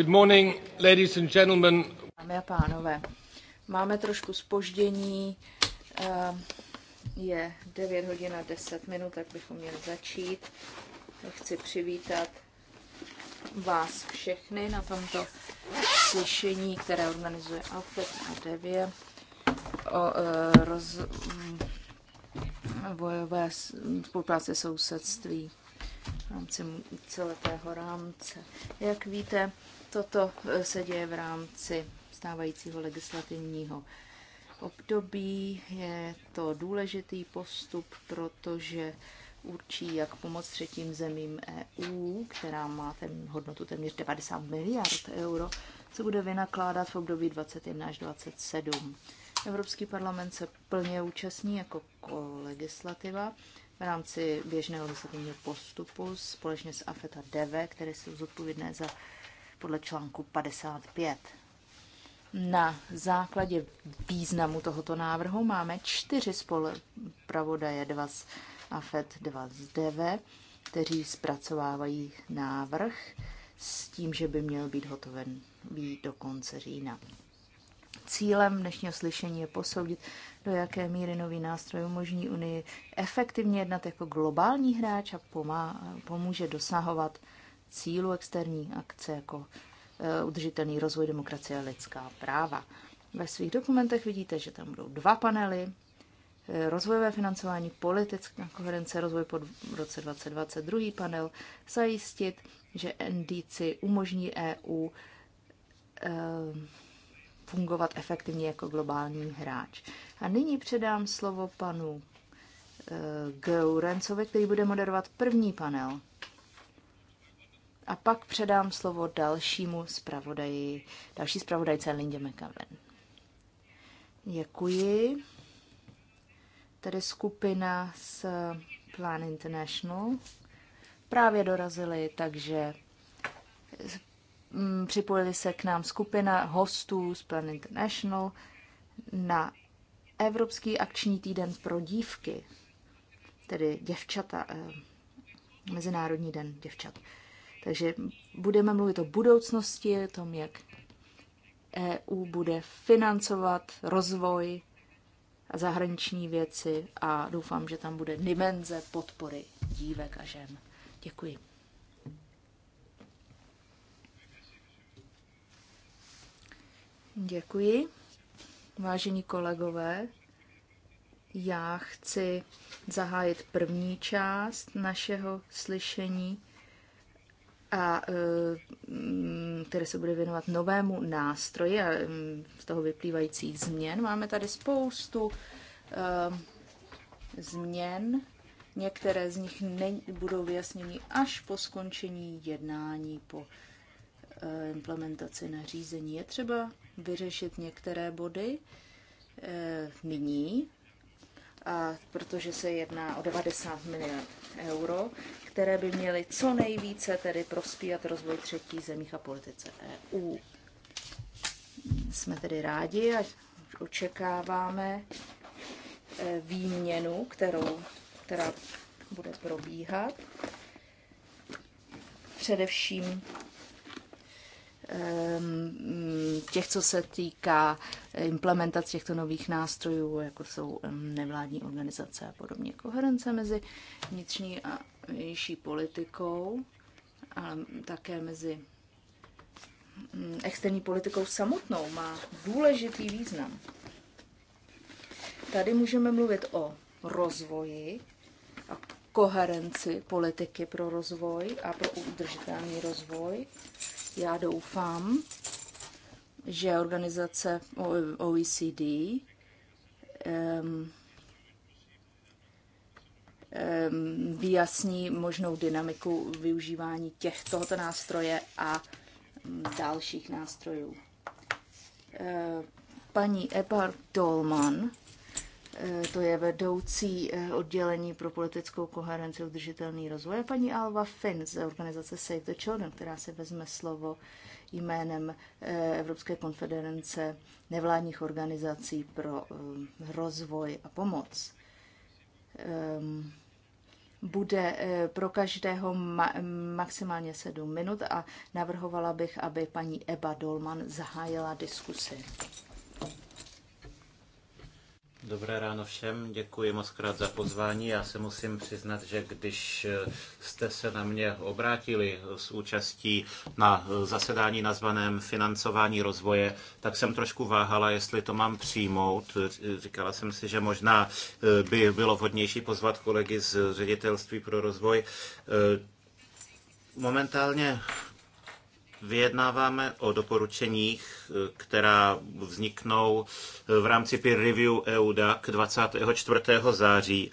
Good morning, ladies and gentlemen. Dámy a pánové, máme trošku spoždění. Ehm, je 9 hodin a 10 minut, tak bychom měli začít. Chci přivítat vás všechny na tomto slyšení, které organizuje Alfred a Devě. o e, roz, rozvojové mm, spolupráce sousedství v rámci celetého rámce. Jak víte, Toto e, se děje v rámci stávajícího legislativního období. Je to důležitý postup, protože určí, jak pomoc třetím zemím EU, která má ten hodnotu téměř 90 miliard euro, se bude vynakládat v období 21 až 27. Evropský parlament se plně účastní jako legislativa v rámci běžného legislativního postupu společně s AFETA DV, které jsou zodpovědné za podle článku 55. Na základě významu tohoto návrhu máme čtyři spolupravodaje, dva z AFED, dva z DV, kteří zpracovávají návrh s tím, že by měl být hotoven být do konce října. Cílem dnešního slyšení je posoudit, do jaké míry nový nástroj umožní Unii efektivně jednat jako globální hráč a pomá- pomůže dosahovat cílu externí akce jako eh, udržitelný rozvoj demokracie a lidská práva. Ve svých dokumentech vidíte, že tam budou dva panely, eh, rozvojové financování, politická koherence, rozvoj pod roce 2020, druhý panel, zajistit, že NDC umožní EU eh, fungovat efektivně jako globální hráč. A nyní předám slovo panu Gourencovi, který bude moderovat první panel a pak předám slovo dalšímu zpravodaji, další zpravodajce Lindě McAven. Děkuji. Tady skupina z Plan International právě dorazili, takže mm, připojili se k nám skupina hostů z Plan International na Evropský akční týden pro dívky, tedy děvčata, eh, Mezinárodní den děvčat. Takže budeme mluvit o budoucnosti, o tom, jak EU bude financovat rozvoj a zahraniční věci a doufám, že tam bude dimenze podpory dívek a žen. Děkuji. Děkuji. Vážení kolegové, já chci zahájit první část našeho slyšení a e, mm, které se bude věnovat novému nástroji a mm, z toho vyplývajících změn. Máme tady spoustu e, změn. Některé z nich ne, budou vyjasněny až po skončení jednání, po e, implementaci nařízení. Je třeba vyřešit některé body nyní, a protože se jedná o 90 miliard euro, které by měly co nejvíce tedy prospívat rozvoj třetí zemích a politice EU. Jsme tedy rádi a očekáváme eh, výměnu, kterou, která bude probíhat. Především Ehm, těch, co se týká implementace těchto nových nástrojů, jako jsou ehm, nevládní organizace a podobně. Koherence mezi vnitřní a vnější politikou, ale také mezi mm, externí politikou samotnou má důležitý význam. Tady můžeme mluvit o rozvoji a koherenci politiky pro rozvoj a pro udržitelný rozvoj já doufám, že organizace OECD um, um, vyjasní možnou dynamiku využívání těch, tohoto nástroje a dalších nástrojů. Eh, paní Ebar Dolman Eh, to je vedoucí eh, oddělení pro politickou koherenci udržitelný rozvoj, a paní Alva Finn z organizace Save the Children, která se vezme slovo jménem eh, Evropské konfederace nevládních organizací pro rozvoj a pomoc. Ehm, bude pro každého maximálně sedm minut a navrhovala bych, aby paní Eba Dolman zahájila diskusi. Dobré ráno všem, děkuji moc krát za pozvání. Já se musím přiznat, že když eh, jste se na mě obrátili eh, s účastí na eh, zasedání nazvaném Financování rozvoje, tak jsem trošku váhala, jestli to mám přijmout. Říkala jsem si, že možná by bylo vhodnější pozvat kolegy z ředitelství pro rozvoj. Momentálně Vyjednáváme o doporučeních, která vzniknou v rámci peer review EUDAC 24. září.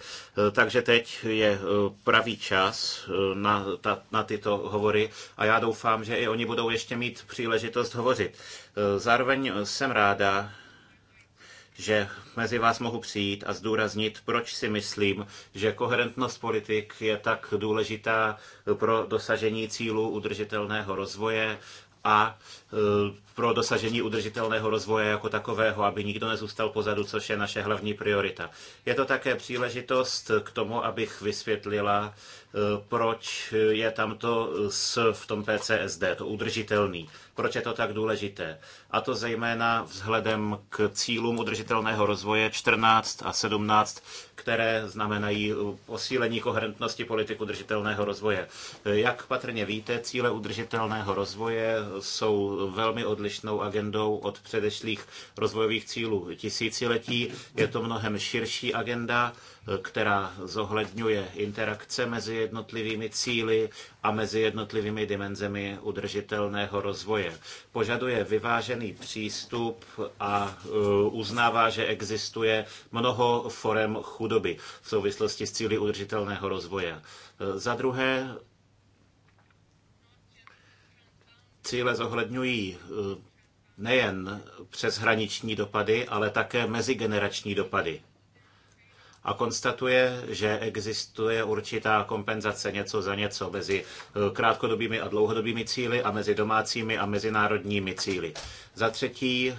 Takže teď je eh, pravý čas eh, na, ta, na tyto hovory a já doufám, že i oni budou ještě mít příležitost hovořit. Eh, zároveň jsem ráda, že mezi vás mohu přijít a zdůraznit, proč si myslím, že koherentnost politik je tak důležitá pro dosažení cílů udržitelného rozvoje a Eh, pro dosažení udržitelného rozvoje jako takového, aby nikdo nezůstal pozadu, což je naše hlavní priorita. Je to také příležitost k tomu, abych vysvětlila, eh, proč je tam to s, v tom PCSD, to udržitelný, proč je to tak důležité. A to zejména vzhledem k cílům udržitelného rozvoje 14 a 17, které znamenají eh, posílení koherentnosti politik udržitelného rozvoje. Jak patrně víte, cíle udržitelného rozvoje jsou velmi odlišnou agendou od předešlých rozvojových cílů tisíciletí. Je to mnohem širší agenda, která zohledňuje interakce mezi jednotlivými cíly a mezi jednotlivými dimenzemi udržitelného rozvoje. Požaduje vyvážený přístup a e, uznává, že existuje mnoho forem chudoby v souvislosti s cíly udržitelného rozvoje. E, za druhé, cíle zohledňují e, nejen přeshraniční dopady, ale také mezigenerační dopady. A konstatuje, že existuje určitá kompenzace něco za něco mezi e, krátkodobými a dlouhodobými cíly a mezi domácími a mezinárodními cíly. Za třetí, e,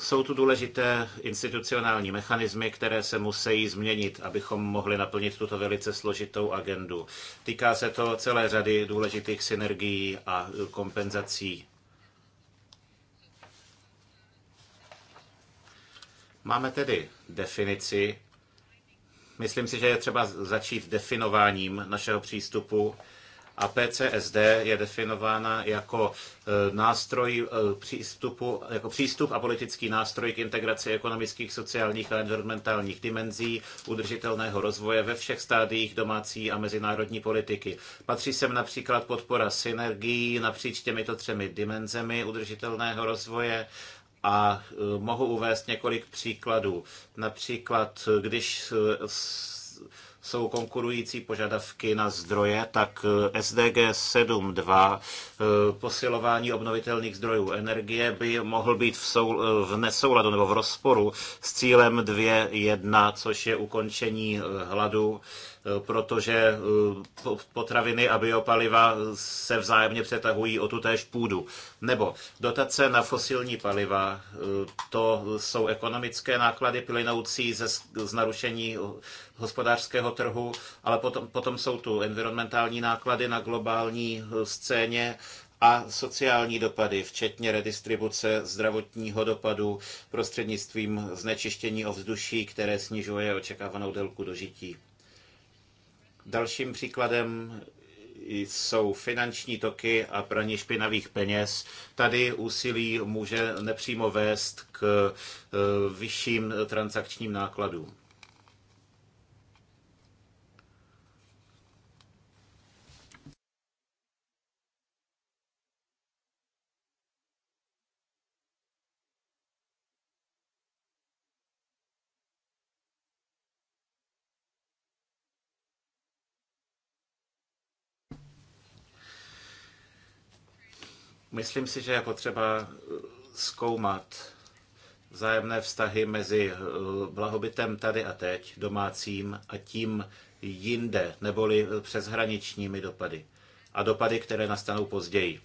jsou tu důležité institucionální mechanismy, které se musí změnit, abychom mohli naplnit tuto velice složitou agendu. Týká se to celé řady důležitých synergií a kompenzací. Máme tedy definici. Myslím si, že je třeba začít definováním našeho přístupu a PCSD je definována jako e, nástroj e, přístupu, jako přístup a politický nástroj k integraci ekonomických, sociálních a environmentálních dimenzí udržitelného rozvoje ve všech stádiích domácí a mezinárodní politiky. Patří sem například podpora synergií napříč těmito třemi dimenzemi udržitelného rozvoje, a e, mohu uvést několik příkladů. Například, když jsou konkurující požadavky na zdroje, tak eh, SDG 7.2 eh, posilování obnovitelných zdrojů energie by mohl být v, sou, eh, v nesouladu nebo v rozporu s cílem 2.1, což je ukončení hladu protože eh, potraviny a biopaliva se vzájemně přetahují o tutéž půdu. Nebo dotace na fosilní paliva, eh, to jsou ekonomické náklady plynoucí ze, z narušení hospodářského trhu, ale potom, potom jsou tu environmentální náklady na globální eh, scéně a sociální dopady, včetně redistribuce zdravotního dopadu prostřednictvím znečištění ovzduší, které snižuje očekávanou délku dožití. Dalším příkladem jsou finanční toky a praní špinavých peněz. Tady úsilí může nepřímo vést k eh, vyšším transakčním nákladům. Myslím si, že je jako potřeba eh, zkoumat vzájemné vztahy mezi eh, blahobytem tady a teď, domácím, a tím jinde, neboli eh, přeshraničními dopady. A dopady, které nastanou později.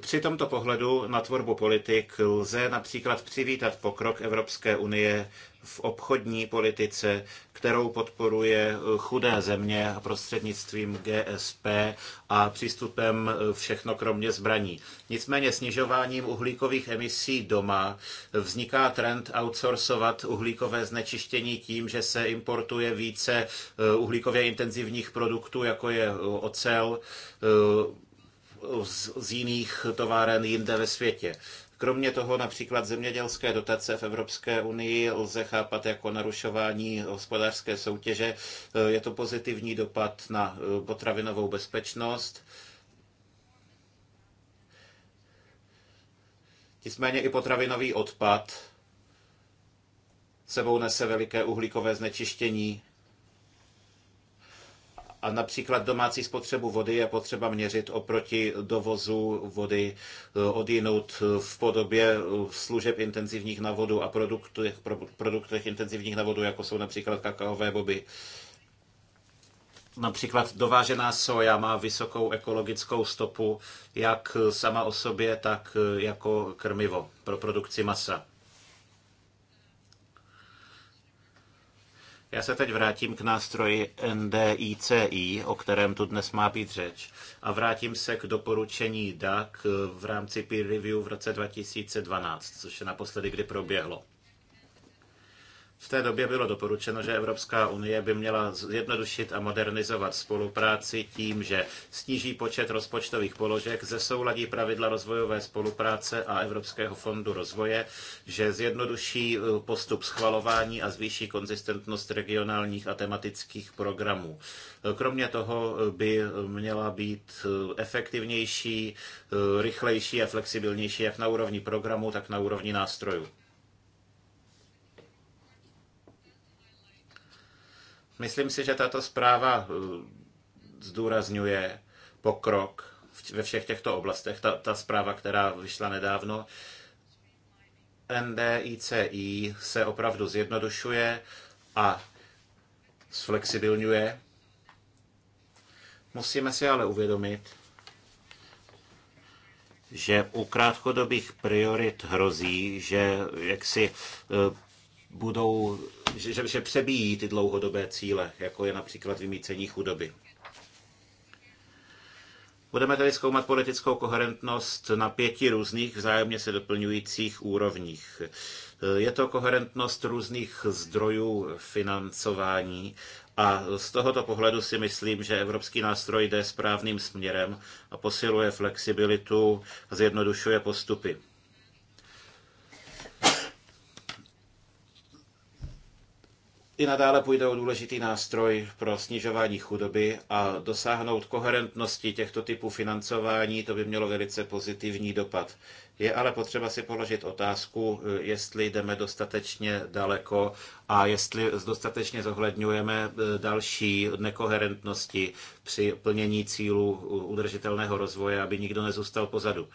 Při tomto pohledu na tvorbu politik lze například přivítat pokrok Evropské unie v obchodní politice, kterou podporuje eh, chudé země prostřednictvím GSP a přístupem eh, všechno kromě zbraní. Nicméně snižováním uhlíkových emisí doma eh, vzniká trend outsourcovat uhlíkové znečištění tím, že se importuje více uhlíkově intenzivních produktů, jako je ocel, z, z jiných továren jinde ve světě. Kromě toho například zemědělské dotace v Evropské unii lze chápat jako narušování hospodářské soutěže. Je to pozitivní dopad na eh, potravinovou bezpečnost. Nicméně i potravinový odpad sebou nese veliké uhlíkové znečištění a například domácí spotřebu vody je potřeba měřit oproti dovozu vody eh, od eh, v podobě eh, služeb intenzivních na vodu a produktech, produktech intenzivních na vodu, jako jsou například kakaové boby. Například dovážená soja má vysokou ekologickou stopu jak sama o sobě, tak jako krmivo pro produkci masa. Já se teď vrátím k nástroji NDICI, o kterém tu dnes má být řeč, a vrátím se k doporučení DAC v rámci peer review v roce 2012, což je naposledy, kdy proběhlo. V té době bylo doporučeno, že Evropská unie by měla zjednodušit a modernizovat spolupráci tím, že sníží počet rozpočtových položek, zesouladí pravidla rozvojové spolupráce a Evropského fondu rozvoje, že zjednoduší eh, postup schvalování a zvýší konzistentnost regionálních a tematických programů. Eh, kromě toho eh, by měla být efektivnější, rychlejší a flexibilnější jak na úrovni programu, tak na úrovni nástrojů. Myslím si, že tato zpráva eh, zdůrazňuje pokrok ve všech těchto oblastech. Ta, ta zpráva, která vyšla nedávno, NDICI se opravdu zjednodušuje a zflexibilňuje. Musíme si ale uvědomit, že u krátkodobých priorit hrozí, že jaksi eh, budou, že, že přebíjí ty dlouhodobé cíle, jako je například vymícení chudoby. Budeme tedy zkoumat politickou koherentnost na pěti různých vzájemně se doplňujících úrovních. Je to koherentnost různých zdrojů financování a z tohoto pohledu si myslím, že evropský nástroj jde správným směrem a posiluje flexibilitu a zjednodušuje postupy. i nadále půjde o důležitý nástroj pro snižování chudoby a dosáhnout koherentnosti těchto typů financování, to by mělo velice pozitivní dopad. Je ale potřeba si položit otázku, eh, jestli jdeme dostatečně daleko a jestli dostatečně zohledňujeme eh, další nekoherentnosti při plnění cílů eh, udržitelného rozvoje, aby nikdo nezůstal pozadu.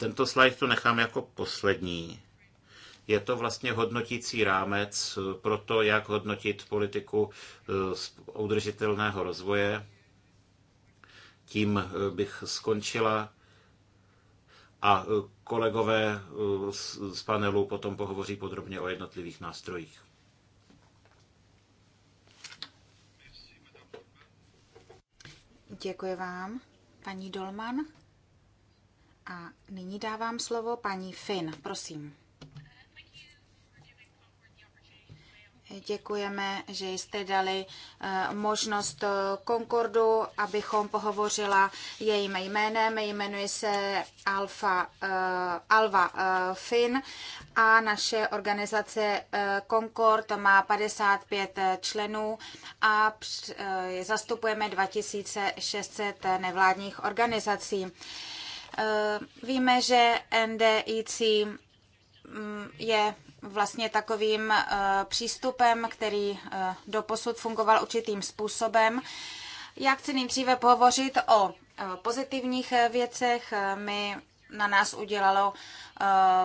Tento slide tu nechám jako poslední. Je to vlastně hodnotící rámec pro to, jak hodnotit politiku eh, udržitelného rozvoje. Tím eh, bych skončila a eh, kolegové z panelu potom pohovoří podrobně o jednotlivých nástrojích. Děkuji vám, paní Dolman. A nyní dávám slovo paní Finn, prosím. Děkujeme, že jste dali eh, možnost eh, Concordu, abychom pohovořila jejím jménem. Jmenuje se Alfa, eh, Alva Finn a naše organizace Concord má 55 členů a zastupujeme 2600 nevládních organizací. Eh, víme, že NDIC mm, je vlastně takovým eh, přístupem, který eh, doposud fungoval určitým způsobem. Já chci nejdříve pohovořit o pozitivních věcech. My na nás udělalo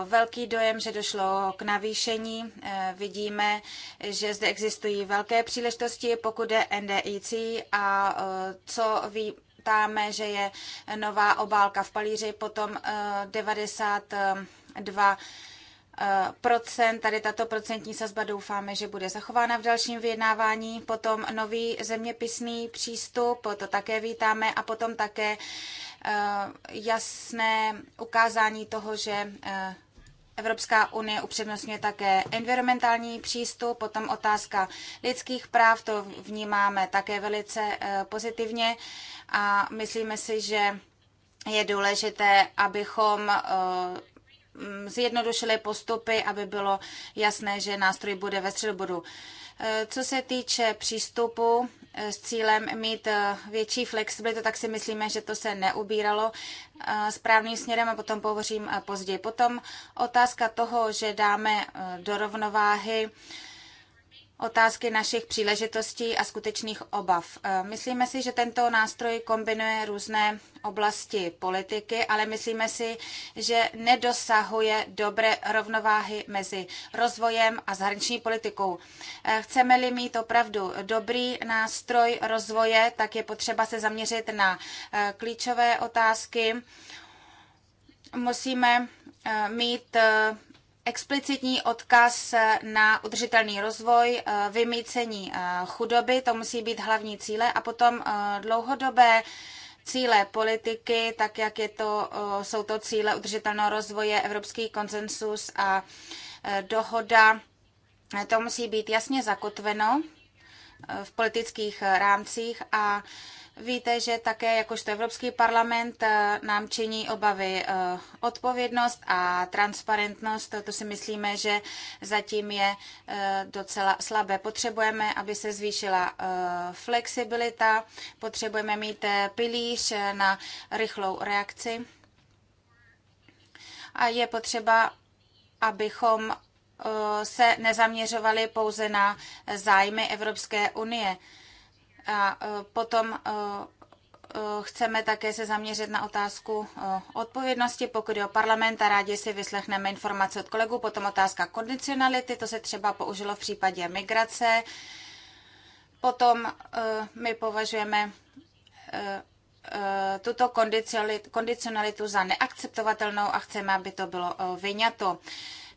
velký dojem, že došlo k navýšení. Vidíme, že zde existují velké příležitosti, pokud je NDIC a co ví, ptáme, že je nová obálka v palíři, potom 92 eh, eh, procent, tady tato procentní sazba doufáme, že bude zachována v dalším vyjednávání, potom nový zeměpisný přístup, to také vítáme a potom také eh, jasné ukázání toho, že Evropská unie upřednostňuje také environmentální přístup, potom otázka lidských práv, to vnímáme také velice eh, pozitivně a myslíme si, že je důležité, abychom eh, zjednodušili postupy, aby bylo jasné, že nástroj bude ve středobodu. Eh, co se týče přístupu eh, s cílem mít eh, větší flexibilitu, tak si myslíme, že to se neubíralo správným směrem a potom pohovořím později. Potom otázka toho, že dáme do rovnováhy otázky našich příležitostí a skutečných obav. E, myslíme si, že tento nástroj kombinuje různé oblasti politiky, ale myslíme si, že nedosahuje dobré rovnováhy mezi rozvojem a zahraniční politikou. E, chceme-li mít opravdu dobrý nástroj rozvoje, tak je potřeba se zaměřit na e, klíčové otázky. Musíme mít explicitní odkaz eh, na udržitelný rozvoj, eh, vymýcení eh, chudoby, to musí být hlavní cíle a potom dlouhodobé cíle politiky, tak jak je to, jsou to cíle udržitelného rozvoje, evropský konsensus a dohoda. To musí být jasně zakotveno v politických rámcích a Víte, že také jakožto Evropský parlament eh, nám činí obavy eh, odpovědnost a transparentnost. To si myslíme, že zatím je eh, docela slabé. Potřebujeme, aby se zvýšila flexibilita, potřebujeme mít pilíř na rychlou reakci a je potřeba, abychom se nezaměřovali pouze na zájmy Evropské unie a e, potom e, e, chceme také se zaměřit na otázku odpovědnosti, pokud je o parlament a rádi si vyslechneme informace od kolegů. Potom otázka kondicionality, to se třeba použilo v případě migrace. Potom my považujeme tuto kondicionalitu za neakceptovatelnou a chceme, aby to bylo vyňato.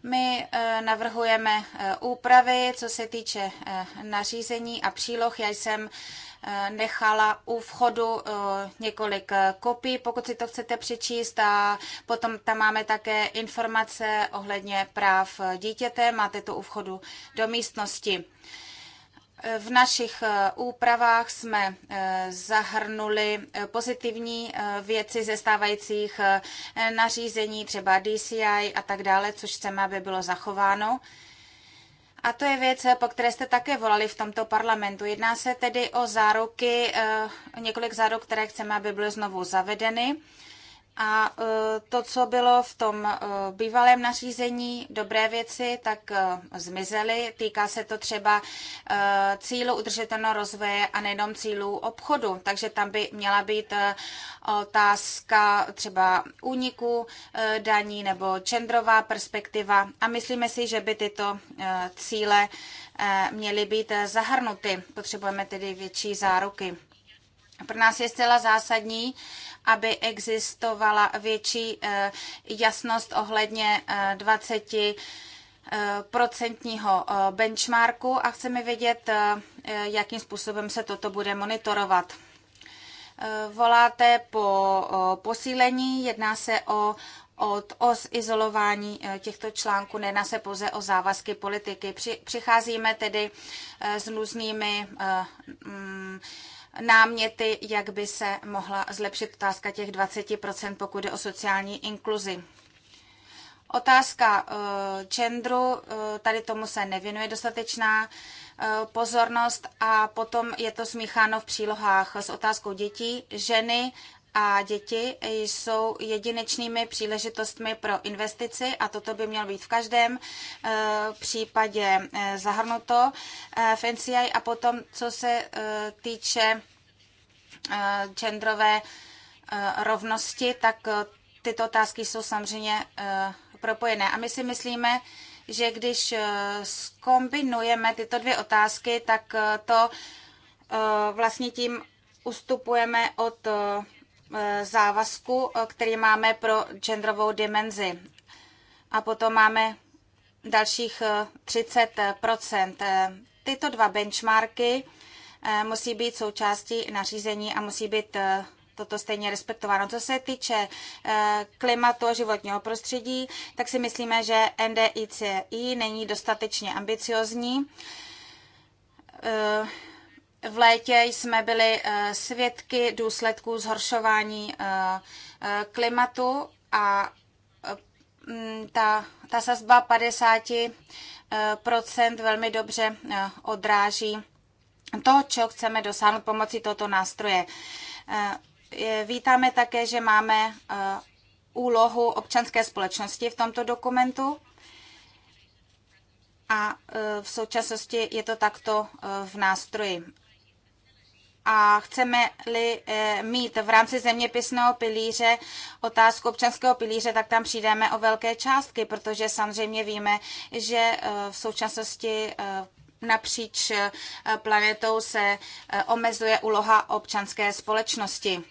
My eh, navrhujeme eh, úpravy, co se týče eh, nařízení a příloh. Já jsem nechala u vchodu několik kopií, pokud si to chcete přečíst. A potom tam máme také informace ohledně práv dítěte. Máte to u vchodu do místnosti. V našich eh, úpravách jsme eh, zahrnuli eh, pozitivní věci ze stávajících nařízení, třeba DCI a tak dále, což chceme, aby bylo zachováno. A to je věc, po které jste také volali v tomto parlamentu. Jedná se tedy o záruky, několik záruk, které chceme, aby byly znovu zavedeny. A e, to, co bylo v tom e, bývalém nařízení, dobré věci, tak e, zmizely. Týká se to třeba cílu udržitelného rozvoje a nejenom cílů obchodu. Takže tam by měla být otázka třeba úniku daní nebo čendrová perspektiva. A myslíme si, že by tyto cíle měly být zahrnuty. Potřebujeme tedy větší záruky. Pro nás je zcela zásadní, aby existovala větší eh, jasnost ohledně 20 eh, eh, procentního benchmarku a chceme vědět, jakým způsobem se toto bude monitorovat. Voláte po posílení, jedná se o od o izolování těchto článků, nejedná se pouze o závazky politiky. Přicházíme tedy s různými mm, náměty, jak by se mohla zlepšit otázka těch 20%, pokud je o sociální inkluzi. Otázka čendru eh, eh, tady tomu se nevěnuje dostatečná eh, pozornost a potom je to smícháno v přílohách s otázkou dětí, ženy a děti jsou jedinečnými příležitostmi pro investici a toto by mělo být v každém eh, případě eh, zahrnuto eh, v NCI a potom, co se týče genderové rovnosti, tak tyto otázky jsou samozřejmě propojené. A my si myslíme, že když skombinujeme tyto dvě otázky, tak to vlastně tím ustupujeme od Eh, závazku, eh, který máme pro genderovou dimenzi. A potom máme dalších 30 eh, Tyto dva benchmarky musí být součástí nařízení a musí být toto stejně respektováno. Co se týče klimatu a životního prostředí, tak si myslíme, že NDICI není dostatečně ambiciozní v létě jsme byli eh, svědky důsledků zhoršování eh, eh, klimatu a mm, ta, ta sazba 50% velmi dobře odráží to, co chceme dosáhnout pomocí tohoto nástroje. Vítáme také, že máme úlohu občanské společnosti v tomto dokumentu a v současnosti je to takto v nástroji a chceme-li eh, mít v rámci zeměpisného pilíře otázku občanského pilíře, tak tam přijdeme o velké částky, protože samozřejmě víme, že eh, v současnosti eh, napříč planetou se omezuje úloha občanské společnosti.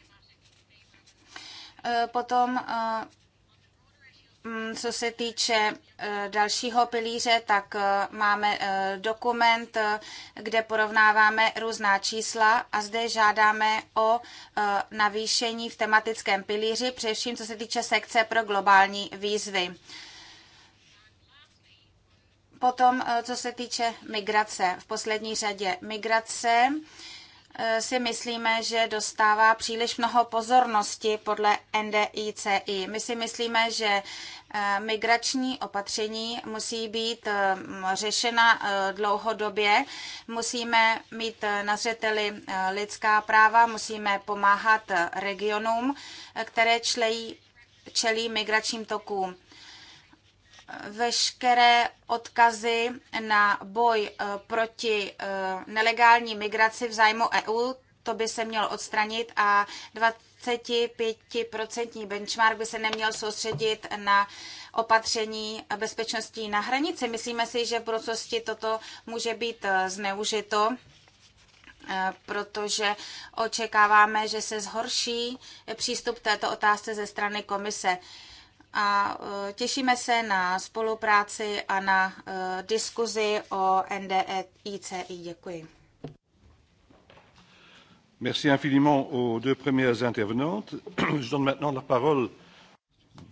Potom Mm, co se týče eh, dalšího pilíře, tak eh, máme eh, dokument, kde porovnáváme různá čísla a zde žádáme o navýšení v tematickém pilíři, především co se týče sekce pro globální výzvy. Potom, co se týče migrace, v poslední řadě migrace, Eh, si myslíme, že dostává příliš mnoho pozornosti podle NDICI. My si myslíme, že eh, migrační opatření musí být mm, řešena eh, dlouhodobě. Musíme mít na zřeteli lidská práva, musíme pomáhat regionům, které člejí, čelí migračním tokům veškeré odkazy na boj eh, proti eh, nelegální migraci v zájmu EU, to by se mělo odstranit a 25% benchmark by se neměl soustředit na opatření bezpečnosti na hranici. Myslíme si, že v budoucnosti toto může být eh, zneužito, protože očekáváme, že se zhorší přístup této otázce ze strany komise a e, těšíme se na spolupráci a na e, diskuzi o NDEICI. Děkuji. Merci infiniment aux deux premières intervenantes. Je donne maintenant la parole.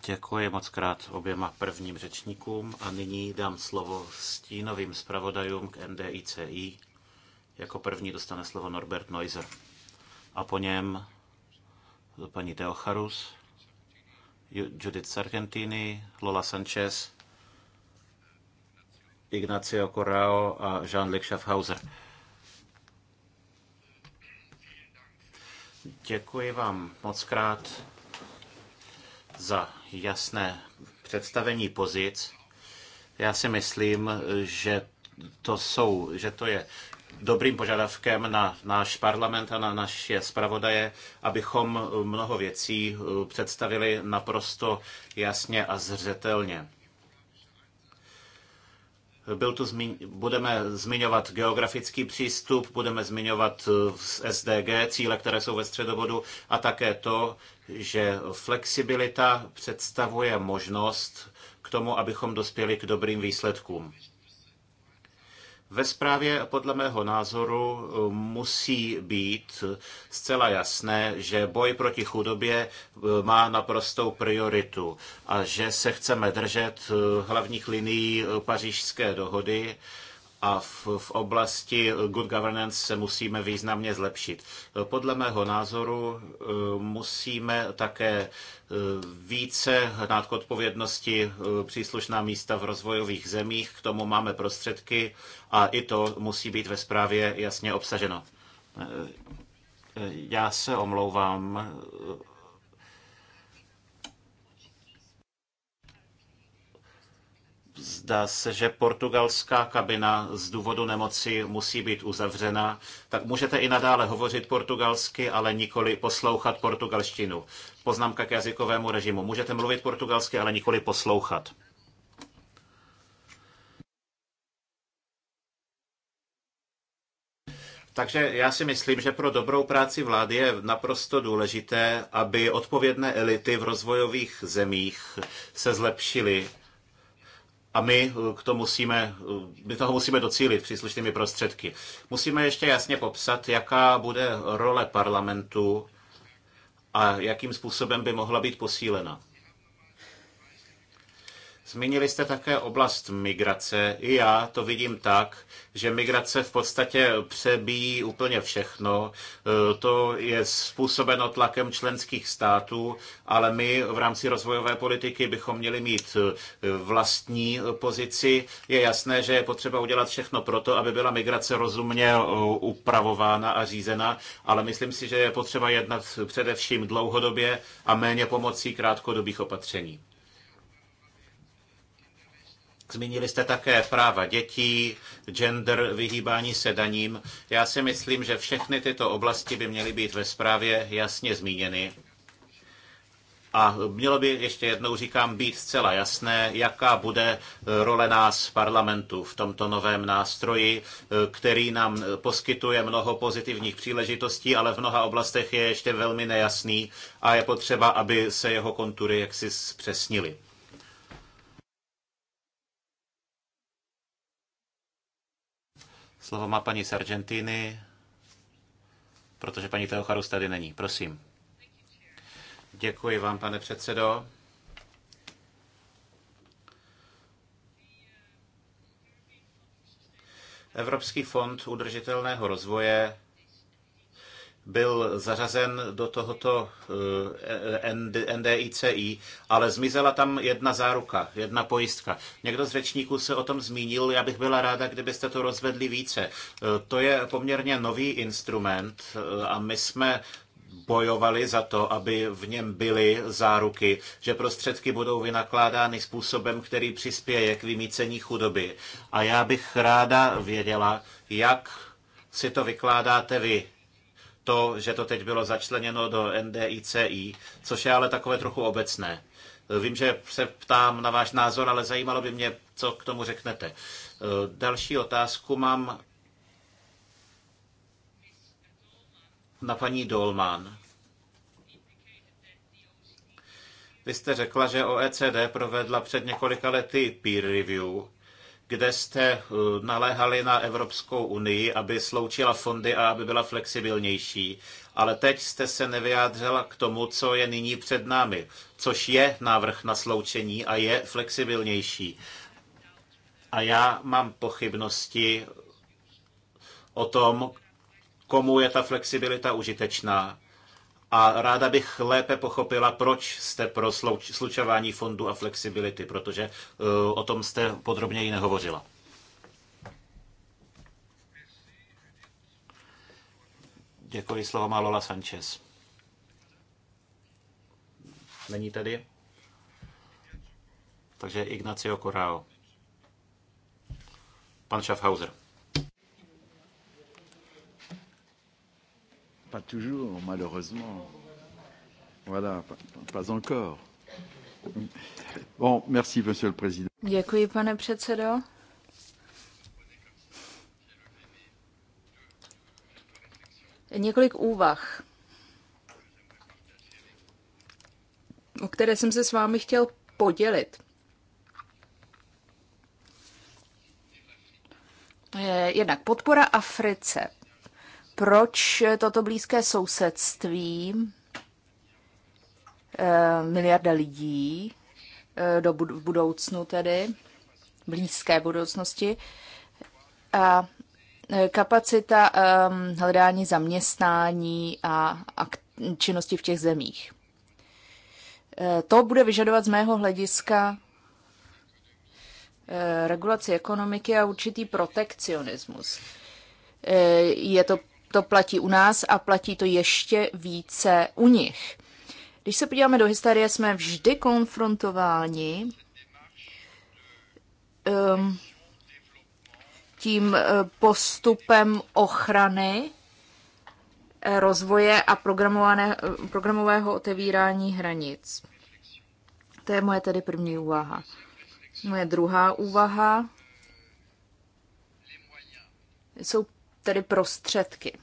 Děkuji moc krát oběma prvním řečníkům a nyní dám slovo stínovým zpravodajům k NDICI. Jako první dostane slovo Norbert Neuser a po něm paní Teocharus Judith Sargentini, Lola Sanchez, Ignacio Corrao a Jean-Luc Schaffhauser. Děkuji vám moc krát za jasné představení pozic. Já si myslím, že to jsou, že to je dobrým požadavkem na náš parlament a na naše zpravodaje, abychom mnoho věcí eh, představili naprosto jasně a zřetelně. Byl tu zmiň, budeme zmiňovat geografický přístup, budeme zmiňovat eh, SDG, cíle, které jsou ve středobodu, a také to, že flexibilita představuje možnost k tomu, abychom dospěli k dobrým výsledkům. Ve zprávě podle mého názoru um, musí být zcela jasné, že boj proti chudobě um, má naprostou prioritu a že se chceme držet uh, hlavních linií uh, pařížské dohody a v, v oblasti good governance se musíme významně zlepšit. Podle mého názoru e, musíme také e, více hnát k odpovědnosti e, příslušná místa v rozvojových zemích, k tomu máme prostředky a i to musí být ve zprávě jasně obsaženo. Já se omlouvám, zdá se, že portugalská kabina z důvodu nemoci musí být uzavřena, tak můžete i nadále hovořit portugalsky, ale nikoli poslouchat portugalštinu. Poznámka k jazykovému režimu. Můžete mluvit portugalsky, ale nikoli poslouchat. Takže já si myslím, že pro dobrou práci vlády je naprosto důležité, aby odpovědné elity v rozvojových zemích se zlepšily a my eh, k tomu musíme, eh, my toho musíme docílit příslušnými prostředky. Musíme ještě jasně popsat, jaká bude role parlamentu a jakým způsobem by mohla být posílena. Zmínili jste také oblast migrace. I já to vidím tak, že migrace v podstatě přebíjí úplně všechno. E, to je způsobeno tlakem členských států, ale my v rámci rozvojové politiky bychom měli mít e, vlastní pozici. Je jasné, že je potřeba udělat všechno proto, aby byla migrace rozumně e, upravována a řízena, ale myslím si, že je potřeba jednat především dlouhodobě a méně pomocí krátkodobých opatření. Zmínili jste také práva dětí, gender, vyhýbání se daním. Já si myslím, že všechny tyto oblasti by měly být ve zprávě jasně zmíněny. A mělo by, ještě jednou říkám, být zcela jasné, jaká bude role nás parlamentu v tomto novém nástroji, který nám poskytuje mnoho pozitivních příležitostí, ale v mnoha oblastech je ještě velmi nejasný a je potřeba, aby se jeho kontury jaksi zpřesnily. Slovo má paní Sargentini, protože paní Teocharus tady není. Prosím. Děkuji vám, pane předsedo. Evropský fond udržitelného rozvoje byl zařazen do tohoto eh, NDICI, ale zmizela tam jedna záruka, jedna pojistka. Někdo z řečníků se o tom zmínil, já bych byla ráda, kdybyste to rozvedli více. Eh, to je poměrně nový instrument eh, a my jsme bojovali za to, aby v něm byly záruky, že prostředky budou vynakládány způsobem, který přispěje k vymícení chudoby. A já bych ráda věděla, jak si to vykládáte vy to, že to teď bylo začleněno do NDICI, což je ale takové trochu obecné. Vím, že se ptám na váš názor, ale zajímalo by mě, co k tomu řeknete. Další otázku mám na paní Dolman. Vy jste řekla, že OECD provedla před několika lety peer review kde jste eh, naléhali na Evropskou unii, aby sloučila fondy a aby byla flexibilnější. Ale teď jste se nevyjádřila k tomu, co je nyní před námi, což je návrh na sloučení a je flexibilnější. A já mám pochybnosti o tom, komu je ta flexibilita užitečná a ráda bych lépe pochopila, proč jste pro slučování fondu a flexibility, protože eh, o tom jste podrobněji nehovořila. Děkuji, slovo má Lola Sanchez. Není tady? Takže Ignacio Corrao. Pan Schaffhauser. Pas toujours, malheureusement. Voilà, pas, pas encore. Bon, merci, monsieur le président. Děkuji, pane předsedo. Několik úvah, o které jsem se s vámi chtěl podělit. Eh, jednak podpora Africe. Proč toto blízké sousedství eh, miliarda lidí eh, do v budoucnu tedy, blízké budoucnosti, a eh, kapacita ehm, hledání zaměstnání a činnosti v těch zemích. To bude vyžadovat z mého hlediska regulaci ekonomiky a určitý protekcionismus. Je to to platí u nás a platí to ještě více u nich. Když se podíváme do historie, jsme vždy konfrontováni um, tím eh, postupem ochrany, eh, rozvoje a eh, programového otevírání hranic. To je moje tedy první úvaha. Moje druhá úvaha jsou tedy prostředky.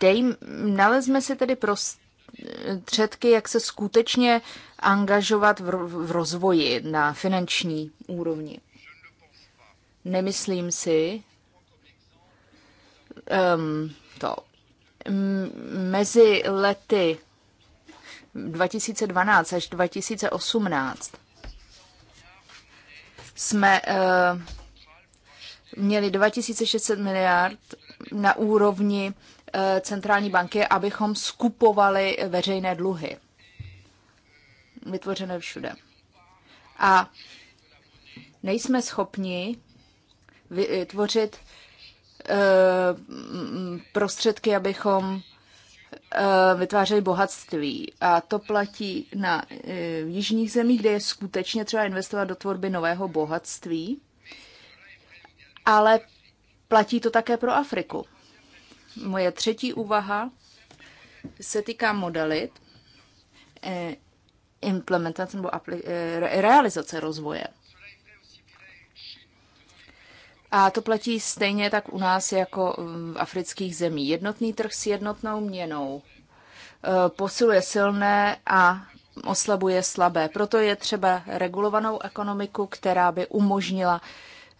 Dej, nalezme si tedy prostředky, jak se skutečně angažovat v, v rozvoji na finanční úrovni. Nemyslím si, um, to mezi lety 2012 až 2018 jsme eh, měli 2600 miliard na úrovni eh, centrální banky, abychom skupovali veřejné dluhy vytvořené všude. A nejsme schopni vytvořit eh, prostředky, abychom Eh, vytvářejí bohatství. A to platí na eh, jižních zemích, kde je skutečně třeba investovat do tvorby nového bohatství, ale platí to také pro Afriku. Moje třetí úvaha se týká modalit eh, implementace nebo realizace rozvoje. A to platí stejně tak u nás jako v afrických zemí. Jednotný trh s jednotnou měnou eh, posiluje silné a oslabuje slabé. Proto je třeba regulovanou ekonomiku, která by umožnila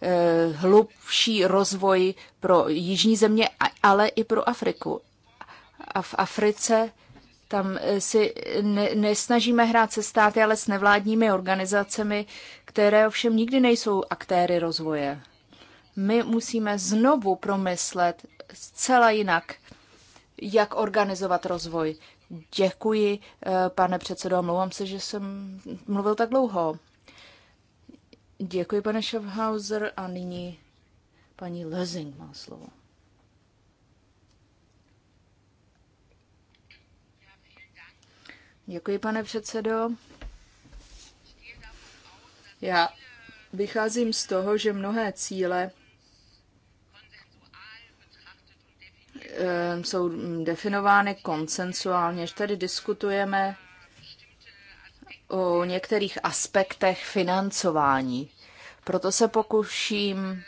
eh, hlubší rozvoj pro jižní země, ale i pro Afriku. A v Africe tam eh, si ne, nesnažíme hrát se státy, ale s nevládními organizacemi, které ovšem nikdy nejsou aktéry rozvoje my musíme znovu promyslet zcela jinak, jak organizovat rozvoj. Děkuji, eh, pane předsedo, omlouvám se, že jsem mluvil tak dlouho. Děkuji, pane Schaffhauser, a nyní paní Lezing má slovo. Děkuji, pane předsedo. Já vycházím z toho, že mnohé cíle Eh, jsou mm, definovány koncensuálně, že tady diskutujeme o některých aspektech financování. Proto se pokuším um,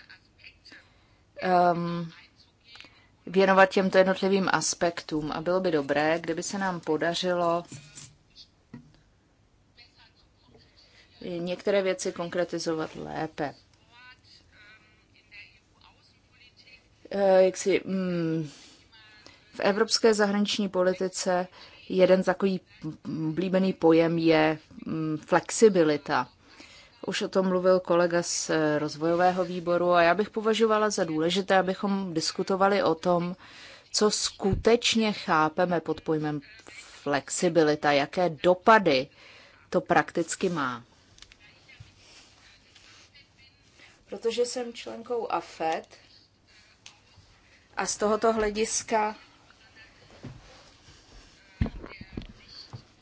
ehm, věnovat těmto jednotlivým aspektům. A bylo by dobré, kdyby se nám podařilo některé věci konkretizovat lépe. Eh, jak si, mm, v evropské zahraniční politice jeden takový blíbený pojem je mm, flexibilita. Už o tom mluvil kolega z eh, rozvojového výboru a já bych považovala za důležité, abychom diskutovali o tom, co skutečně chápeme pod pojmem flexibilita, jaké dopady to prakticky má. Protože jsem členkou AFED a z tohoto hlediska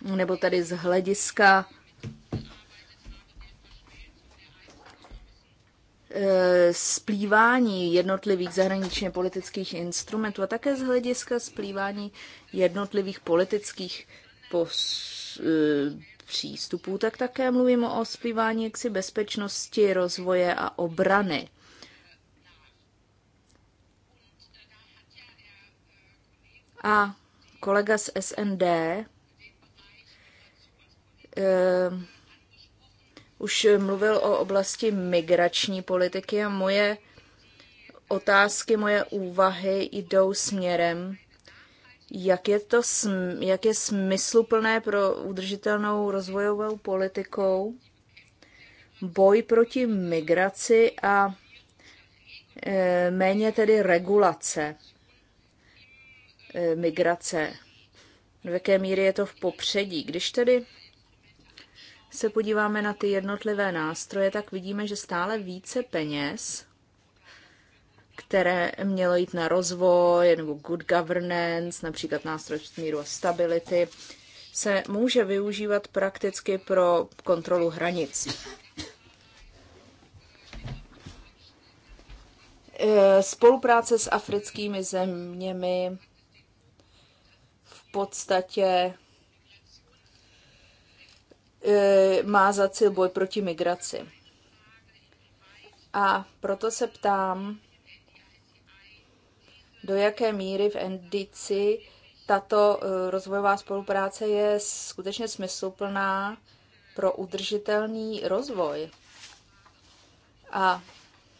nebo tady z hlediska e, splývání jednotlivých zahraničně politických instrumentů a také z hlediska splývání jednotlivých politických pos, e, přístupů, tak také mluvím o splývání jaksi bezpečnosti, rozvoje a obrany. A kolega z SND uh, už mluvil o oblasti migrační politiky a moje otázky, moje úvahy jdou směrem, jak je to jak je smysluplné pro udržitelnou rozvojovou politikou boj proti migraci a e, méně tedy regulace e, migrace. V jaké míry je to v popředí? Když tedy se podíváme na ty jednotlivé nástroje, tak vidíme, že stále více peněz, které mělo jít na rozvoj nebo good governance, například nástroj míru a stability, se může využívat prakticky pro kontrolu hranic. E, spolupráce s africkými zeměmi v podstatě Eh, má za cíl boj proti migraci. A proto se ptám, do jaké míry v NDC tato eh, rozvojová spolupráce je skutečně smysluplná pro udržitelný rozvoj. A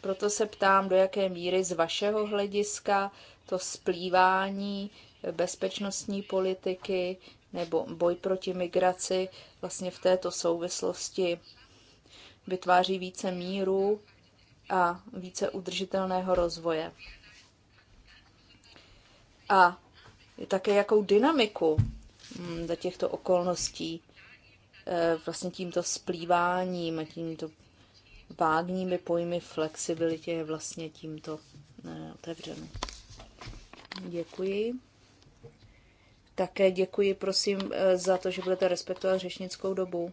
proto se ptám, do jaké míry z vašeho hlediska to splývání bezpečnostní politiky nebo boj proti migraci vlastně v této souvislosti vytváří více míru a více udržitelného rozvoje. A je také jakou dynamiku za mm, těchto okolností eh, vlastně tímto splýváním a tímto vágními pojmy flexibilitě je vlastně tímto eh, otevřeno. Děkuji. Také děkuji, prosím, eh, za to, že budete respektovat řečnickou dobu.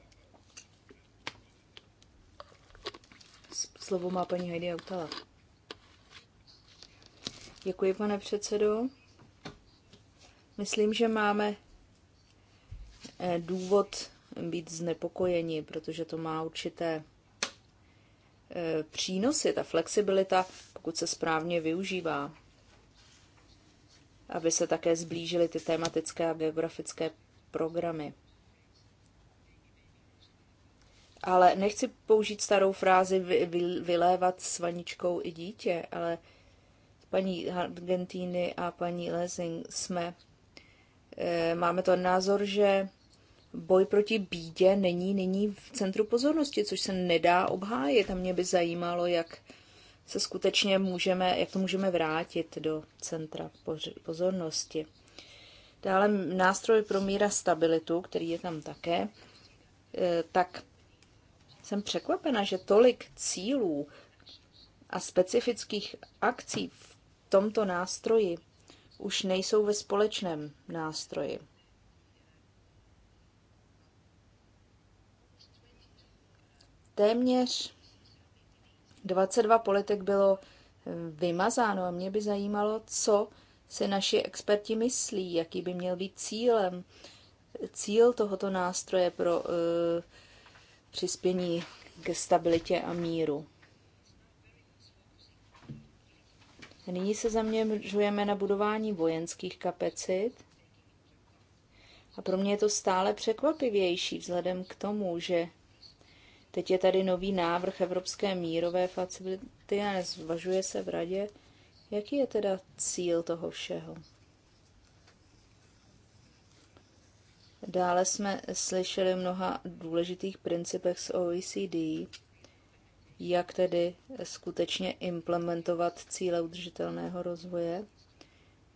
Slovo má paní Heidi Autala. Děkuji, pane předsedo. Myslím, že máme eh, důvod být znepokojeni, protože to má určité eh, přínosy, ta flexibilita, pokud se správně využívá aby se také zblížily ty tematické a geografické programy. Ale nechci použít starou frázi vy, vy, vylévat s vaničkou i dítě, ale paní Argentíny a paní Lezing jsme, e, máme to názor, že boj proti bídě není není v centru pozornosti, což se nedá obhájit. A mě by zajímalo, jak se skutečně můžeme, jak to můžeme vrátit do centra pozornosti. Dále nástroj pro míra stabilitu, který je tam také, e, tak jsem překvapena, že tolik cílů a specifických akcí v tomto nástroji už nejsou ve společném nástroji. Téměř 22 politik bylo eh, vymazáno a mě by zajímalo, co si naši experti myslí, jaký by měl být cílem, cíl tohoto nástroje pro uh, přispění k stabilitě a míru. Nyní se zaměřujeme na budování vojenských kapacit. A pro mě je to stále překvapivější vzhledem k tomu, že Teď je tady nový návrh Evropské mírové facility a zvažuje se v radě, jaký je teda cíl toho všeho. Dále jsme slyšeli mnoha důležitých principech z OECD, jak tedy skutečně implementovat cíle udržitelného rozvoje.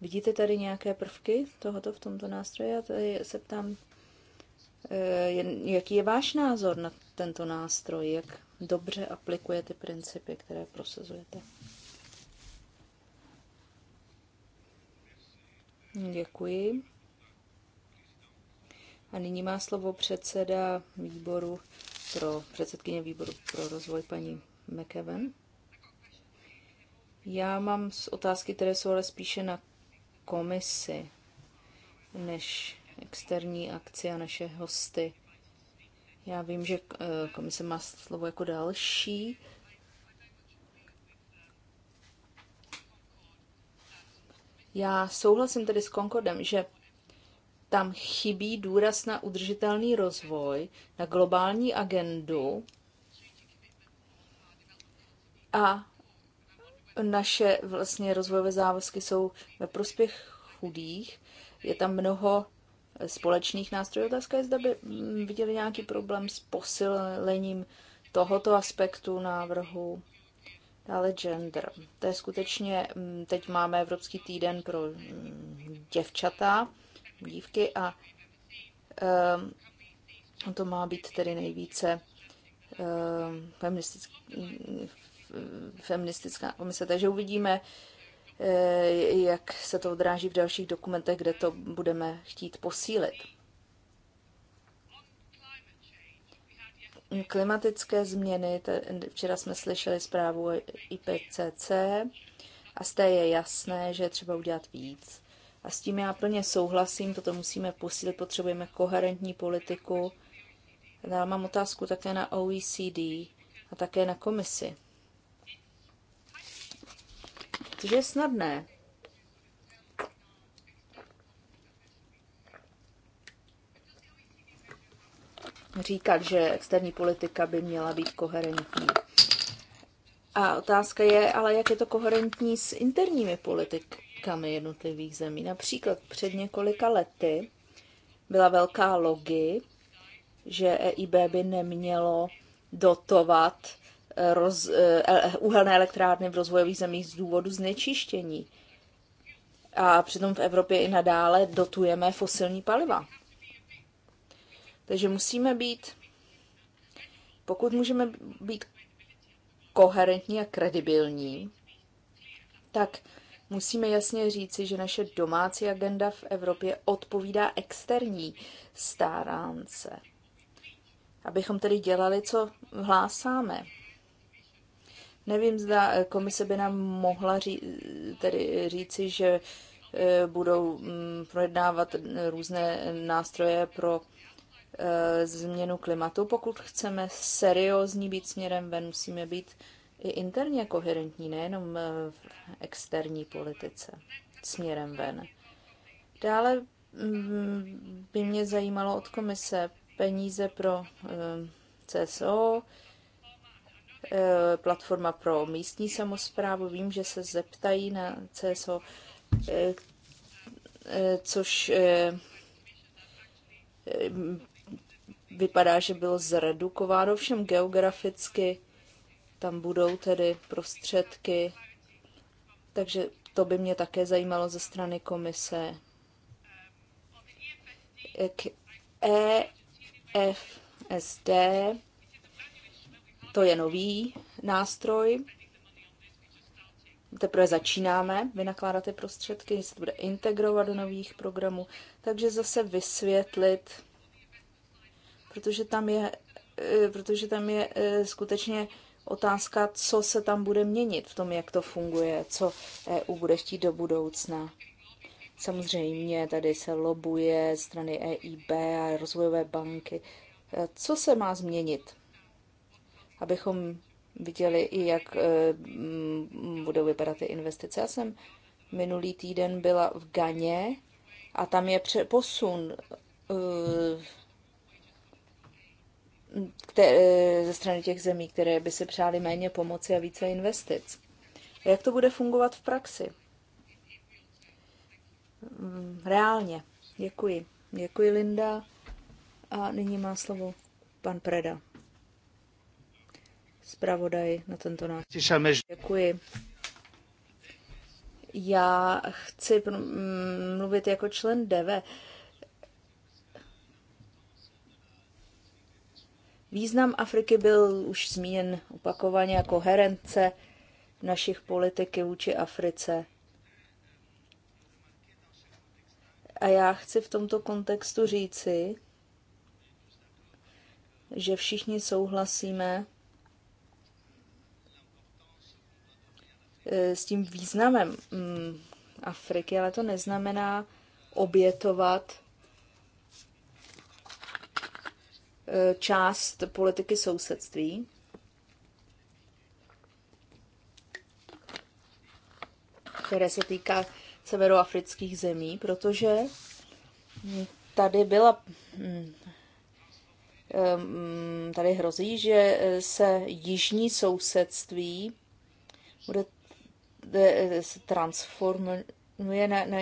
Vidíte tady nějaké prvky tohoto v tomto nástroji? Já tady se ptám, eh, jaký je váš názor na tento nástroj, jak dobře aplikuje ty principy, které prosazujete. Děkuji. A nyní má slovo předseda výboru pro předsedkyně výboru pro rozvoj paní McEwen. Já mám otázky, které jsou ale spíše na komisi než externí akci a naše hosty. Já vím, že eh, komise má slovo jako další. Já souhlasím tedy s Concordem, že tam chybí důraz na udržitelný rozvoj, na globální agendu a naše vlastně rozvojové závazky jsou ve prospěch chudých. Je tam mnoho společných nástrojů. Otázka je, zda by mm, viděli nějaký problém s posilením tohoto aspektu návrhu. Dále gender. To je skutečně, mm, teď máme Evropský týden pro mm, děvčata, dívky a um, to má být tedy nejvíce um, feministická, komise. Takže uvidíme, Eh, jak se to odráží v dalších dokumentech, kde to budeme chtít posílit. Klimatické změny, včera jsme slyšeli zprávu IPCC a z té je jasné, že je třeba udělat víc. A s tím já plně souhlasím, toto musíme posílit, potřebujeme koherentní politiku. Já mám otázku také na OECD a také na komisi což je snadné. Říkat, že externí politika by měla být koherentní. A otázka je, ale jak je to koherentní s interními politikami jednotlivých zemí. Například před několika lety byla velká logi, že EIB by nemělo dotovat roz, eh, uhelné elektrárny v rozvojových zemích z důvodu znečištění. A přitom v Evropě i nadále dotujeme fosilní paliva. Takže musíme být, pokud můžeme být koherentní a kredibilní, tak musíme jasně říci, že naše domácí agenda v Evropě odpovídá externí stáránce. Abychom tedy dělali, co hlásáme. Nevím, zda eh, komise by nám mohla ří, tedy říci, že eh, budou mm, projednávat různé nástroje pro eh, změnu klimatu. Pokud chceme seriózní být směrem ven, musíme být i interně koherentní, nejenom v externí politice směrem ven. Dále mm, by mě zajímalo od komise peníze pro CSO, Eh, platforma pro místní samozprávu. Vím, že se zeptají na CSO, eh, eh, což vypadá, že bylo zredukováno, všem geograficky tam budou tedy prostředky, takže to by mě také zajímalo ze strany komise. K EFSD to je nový nástroj. Teprve začínáme vynakládat ty prostředky, se to bude integrovat do nových programů. Takže zase vysvětlit, protože tam je, eh, protože tam je eh, skutečně otázka, co se tam bude měnit v tom, jak to funguje, co EU bude chtít do budoucna. Samozřejmě tady se lobuje strany EIB a rozvojové banky. Eh, co se má změnit? abychom viděli i, jak eh, budou vypadat ty investice. Já jsem minulý týden byla v Ganě a tam je posun eh, které, eh, ze strany těch zemí, které by si přáli méně pomoci a více investic. Jak to bude fungovat v praxi? Mm, reálně. Děkuji. Děkuji, Linda. A nyní má slovo pan Preda zpravodaj na tento náš. Děkuji. Já chci mm, mluvit jako člen DEVE. Význam Afriky byl už zmíněn opakovaně jako herence našich politiky vůči Africe. A já chci v tomto kontextu říci, že všichni souhlasíme Eh, s tím významem mm, Afriky, ale to neznamená obětovat eh, část politiky sousedství. které se týká severoafrických zemí, protože tady byla mm, eh, mm, tady hrozí, že se jižní sousedství bude Eh, se transformuje na, na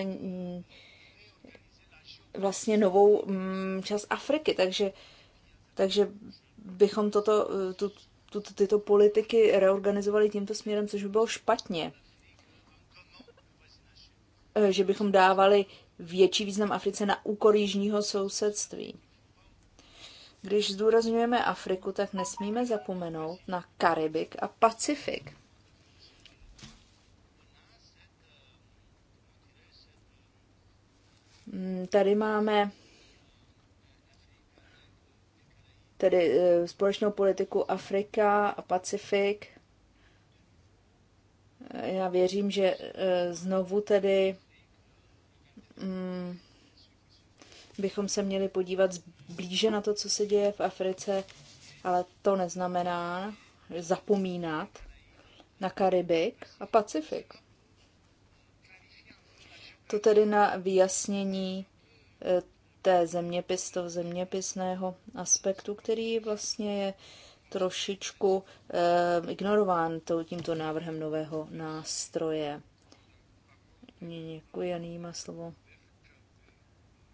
vlastně novou mm, část Afriky. Takže, takže bychom toto, eh, tu, tu, tyto politiky reorganizovali tímto směrem, což by bylo špatně. Eh, že bychom dávali větší význam Africe na úkor jižního sousedství. Když zdůrazňujeme Afriku, tak nesmíme zapomenout na Karibik a Pacifik. Mm, tady máme tedy eh, společnou politiku Afrika a Pacifik. Eh, já věřím, že eh, znovu tedy mm, bychom se měli podívat blíže na to, co se děje v Africe, ale to neznamená zapomínat na Karibik a Pacifik. To tedy na vyjasnění e, té zeměpis, toho zeměpisného aspektu, který vlastně je trošičku eh, ignorován to, tímto návrhem nového nástroje. děkuji a nyní má slovo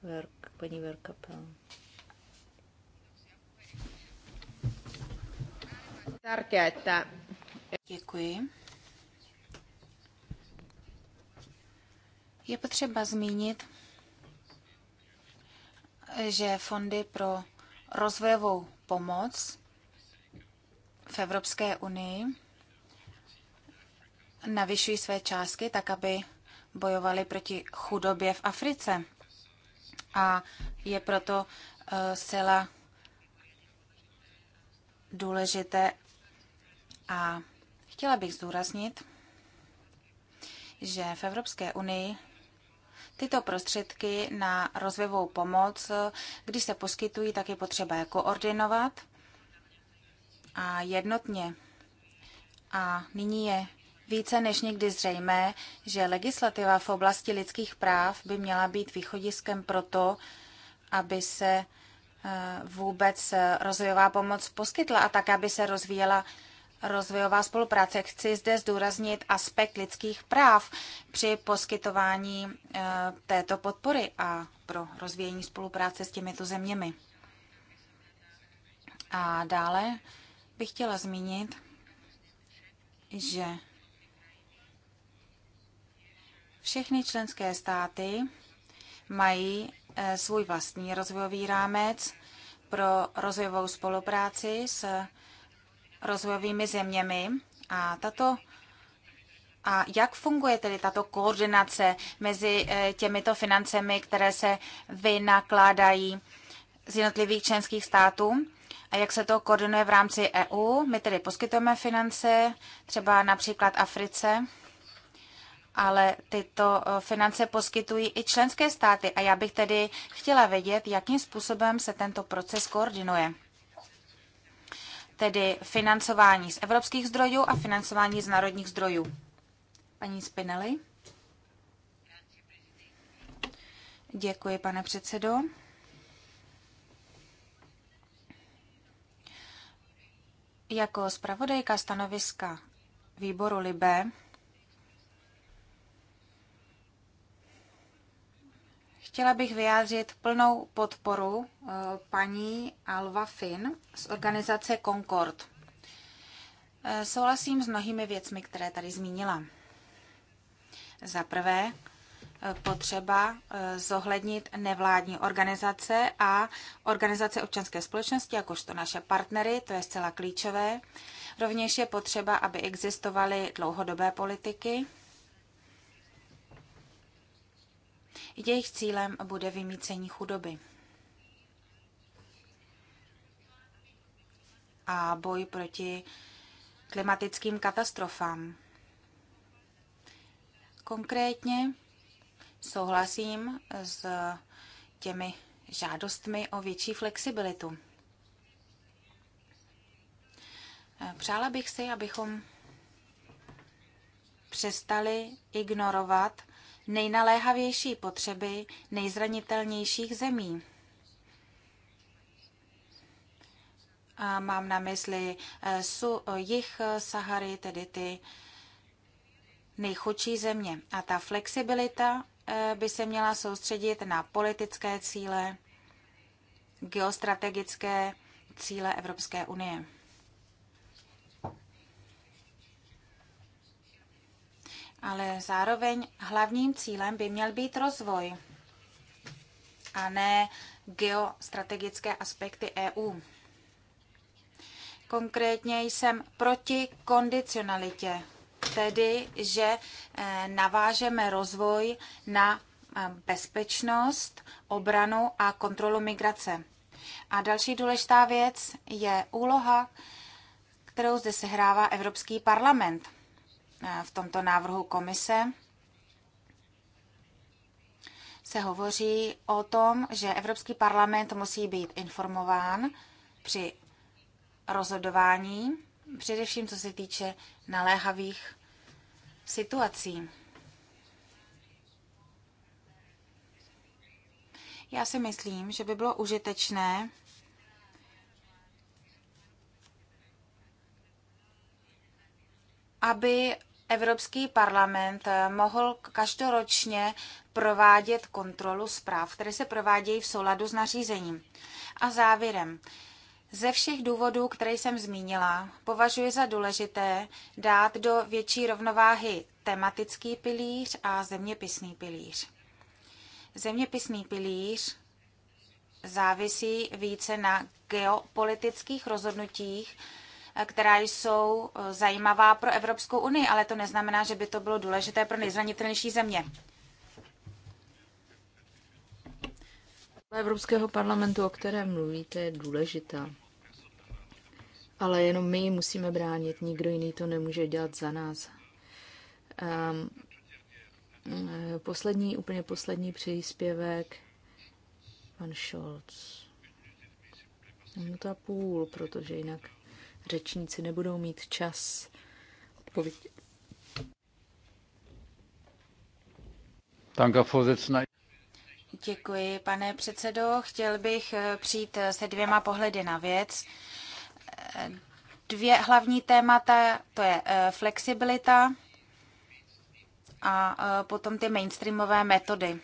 Verk, paní Verka Pell. Děkuji. Je potřeba zmínit, že fondy pro rozvojovou pomoc v Evropské unii navyšují své částky tak, aby bojovali proti chudobě v Africe. A je proto eh, zcela důležité a chtěla bych zdůraznit, že v Evropské unii Tyto prostředky na rozvojovou pomoc, když se poskytují, tak je potřeba je koordinovat a jednotně. A nyní je více než někdy zřejmé, že legislativa v oblasti lidských práv by měla být východiskem to, aby se eh, vůbec eh, rozvojová pomoc poskytla a tak, aby se rozvíjela rozvojová spolupráce. Chci zde zdůraznit aspekt lidských práv při poskytování eh, této podpory a pro rozvíjení spolupráce s těmito zeměmi. A dále bych chtěla zmínit, že všechny členské státy mají eh, svůj vlastní rozvojový rámec pro rozvojovou spolupráci s rozvojovými zeměmi a tato a jak funguje tedy tato koordinace mezi eh, těmito financemi, které se vynakládají z jednotlivých členských států? A jak se to koordinuje v rámci EU? My tedy poskytujeme finance třeba například Africe, ale tyto eh, finance poskytují i členské státy. A já bych tedy chtěla vědět, jakým způsobem se tento proces koordinuje tedy financování z evropských zdrojů a financování z národních zdrojů. Paní Spinelli. Děkuji, pane předsedo. Jako zpravodajka stanoviska výboru Libe Chtěla bych vyjádřit plnou podporu eh, paní Alva Finn z organizace Concord. Eh, souhlasím s mnohými věcmi, které tady zmínila. Za prvé, eh, potřeba zohlednit nevládní organizace a organizace občanské společnosti, jakožto naše partnery, to je zcela klíčové. Rovněž je potřeba, aby existovaly dlouhodobé politiky, Jejich cílem bude vymícení chudoby. A boj proti klimatickým katastrofám. Konkrétně souhlasím s těmi žádostmi o větší flexibilitu. Přála bych si, abychom přestali ignorovat nejnaléhavější potřeby nejzranitelnějších zemí. A mám na mysli eh, su, eh, jich eh, Sahary, tedy ty nejchudší země. A ta flexibilita by se měla soustředit na politické cíle, geostrategické cíle Evropské unie. ale zároveň hlavním cílem by měl být rozvoj a ne geostrategické aspekty EU. Konkrétně jsem proti kondicionalitě, tedy že eh, navážeme rozvoj na eh, bezpečnost, obranu a kontrolu migrace. A další důležitá věc je úloha, kterou zde sehrává Evropský parlament Eh, v tomto návrhu komise se hovoří o tom, že Evropský parlament musí být informován při rozhodování, především co se týče naléhavých situací. Já si myslím, že by bylo užitečné aby Evropský parlament eh, mohl každoročně provádět kontrolu zpráv, které se provádějí v souladu s nařízením. A závěrem. Ze všech důvodů, které jsem zmínila, považuji za důležité dát do větší rovnováhy tematický pilíř a zeměpisný pilíř. Zeměpisný pilíř závisí více na geopolitických rozhodnutích Eh, která jsou eh, zajímavá pro Evropskou unii, ale to neznamená, že by to bylo důležité pro nejzranitelnější země. Evropského parlamentu, o kterém mluvíte, je důležitá. Ale jenom my ji musíme bránit, nikdo jiný to nemůže dělat za nás. Um, poslední, úplně poslední příspěvek, pan Scholz. Minuta půl, protože jinak řečníci nebudou mít čas odpovědět. Děkuji, pane předsedo. Chtěl bych eh, přijít eh, se dvěma pohledy na věc. Eh, dvě hlavní témata, to je flexibilita a potom ty mainstreamové metody.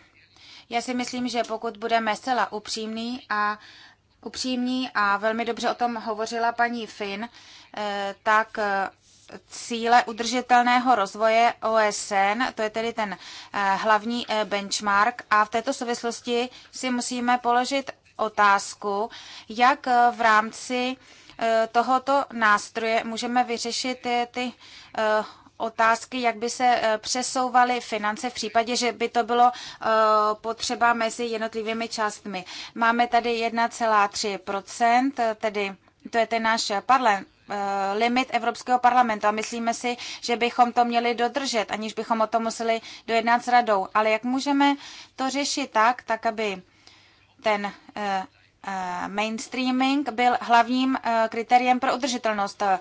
Já si myslím, že pokud budeme zcela upřímní a upřímní a velmi dobře o tom hovořila paní Fin, eh, tak eh, cíle udržitelného rozvoje OSN, to je tedy ten eh, hlavní benchmark a v této souvislosti si musíme položit otázku, jak v rámci tohoto nástroje můžeme vyřešit ty otázky, jak by se eh, přesouvaly finance v případě, že by to bylo eh, potřeba mezi jednotlivými částmi. Máme tady 1,3%, tedy to je ten náš parlament, eh, limit Evropského parlamentu a myslíme si, že bychom to měli dodržet, aniž bychom o tom museli dojednat s radou. Ale jak můžeme to řešit tak, tak aby ten Eh, mainstreaming byl hlavním eh, kritériem pro udržitelnost. Eh,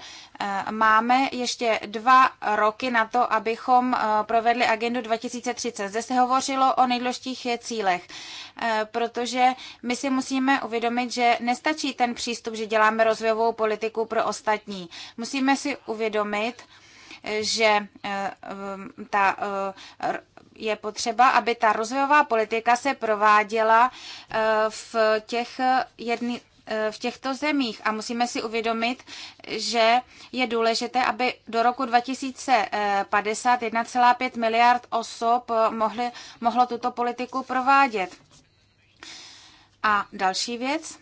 máme ještě dva roky na to, abychom provedli agendu 2030. Zde se hovořilo o nejdůležitých cílech, protože my si musíme uvědomit, že nestačí ten přístup, že děláme rozvojovou politiku pro ostatní. Musíme si uvědomit, že ta je potřeba, aby ta rozvojová politika se prováděla eh, v těch jedných eh, v těchto zemích a musíme si uvědomit, že je důležité, aby do roku 2050 1,5 miliard osob mohly, mohlo tuto politiku provádět. A další věc,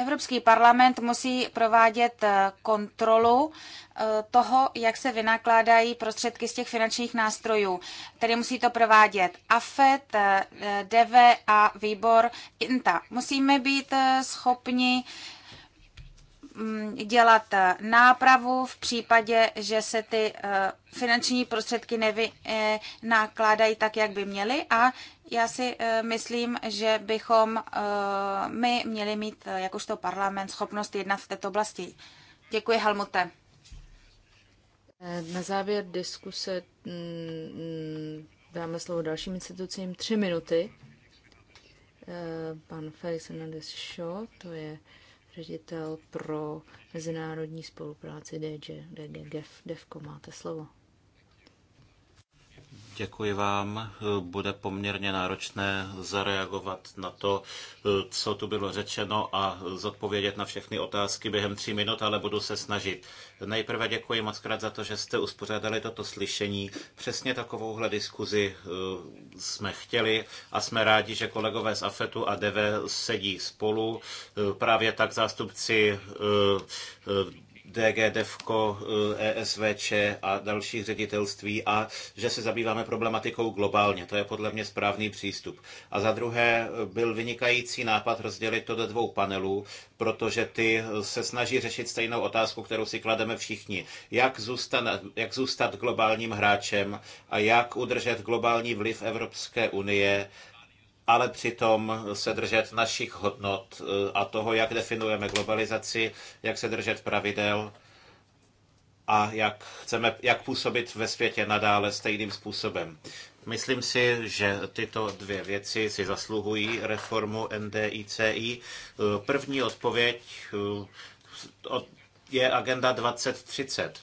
Evropský parlament musí provádět eh, kontrolu eh, toho, jak se vynakládají prostředky z těch finančních nástrojů. Tedy musí to provádět AFET, eh, DV a výbor INTA. Musíme být schopni Mm, dělat eh, nápravu v případě, že se ty eh, finanční prostředky nevynakládají eh, tak, jak by měly a já si myslím, že bychom my měli mít jakožto parlament schopnost jednat v této oblasti. Děkuji, Helmute. Na závěr diskuse mm, dáme slovo dalším institucím. Tři minuty. Pan Felix Hernandez Show, to je ředitel pro mezinárodní spolupráci DG, DG Def, DEFCO. Máte slovo. Děkuji vám. Bude poměrně náročné zareagovat na to, co tu bylo řečeno a zodpovědět na všechny otázky během tří minut, ale budu se snažit. Nejprve děkuji moc krát za to, že jste uspořádali toto slyšení. Přesně takovouhle diskuzi eh, jsme chtěli a jsme rádi, že kolegové z AFETu a DV sedí spolu. Eh, právě tak zástupci eh, DG DEFCO, ESVČ eh, e a dalších ředitelství a že se zabýváme problematikou globálně. To je podle mě správný přístup. A za druhé eh, byl vynikající nápad rozdělit to do dvou panelů, protože ty eh, se snaží řešit stejnou otázku, kterou si klademe všichni. Jak zůstat, jak zůstat globálním hráčem a jak udržet globální vliv Evropské unie ale přitom se držet našich hodnot eh, a toho, jak definujeme globalizaci, jak se držet pravidel a jak, chceme, jak působit ve světě nadále stejným způsobem. Myslím si, že tyto dvě věci si zasluhují reformu NDICI. Eh, první odpověď eh, je agenda 2030.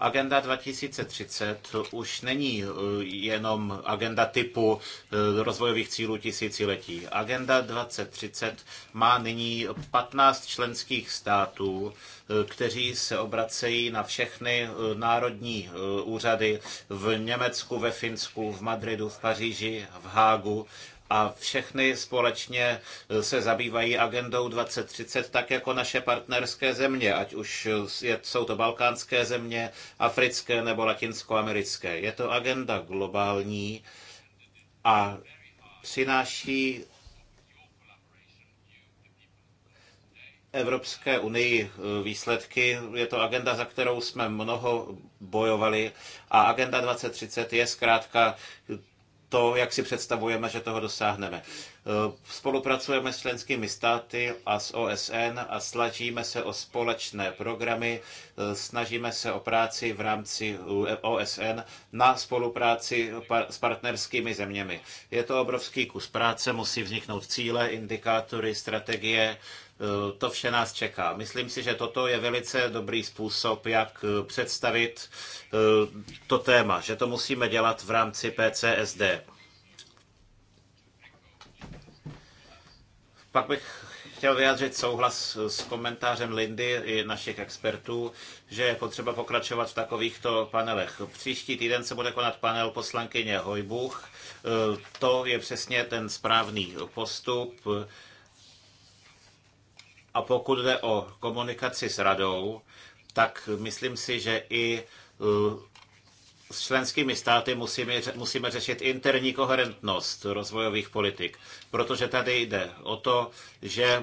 Agenda 2030 už není eh, jenom agenda typu eh, rozvojových cílů tisíciletí. Agenda 2030 má nyní 15 členských států, eh, kteří se obracejí na všechny národní úřady v Německu, ve Finsku, v Madridu, v Paříži, v Hágu, a všechny společně eh, se zabývají agendou 2030, tak jako naše partnerské země, ať už eh, jsou to balkánské země, africké nebo latinskoamerické. Je to agenda globální a přináší Evropské unii eh, výsledky. Je to agenda, za kterou jsme mnoho bojovali a agenda 2030 je zkrátka to, jak si představujeme, že toho dosáhneme. Eh, spolupracujeme s členskými státy a s OSN a snažíme se o společné programy, eh, snažíme se o práci v rámci OSN na spolupráci s partnerskými zeměmi. Je to obrovský kus práce, musí vzniknout cíle, indikátory, strategie, Eh, to vše nás čeká. Myslím si, že toto je velice dobrý způsob, jak eh, představit eh, to téma, že to musíme dělat v rámci PCSD. Pak bych chtěl vyjádřit souhlas s komentářem Lindy i našich expertů, že je potřeba pokračovat v takovýchto panelech. Příští týden se bude konat panel poslankyně Hojbuch. To je přesně ten správný postup. A pokud jde o komunikaci s radou, tak myslím si, že i eh, s členskými státy musíme, musíme řešit interní koherentnost rozvojových politik, protože tady jde o to, že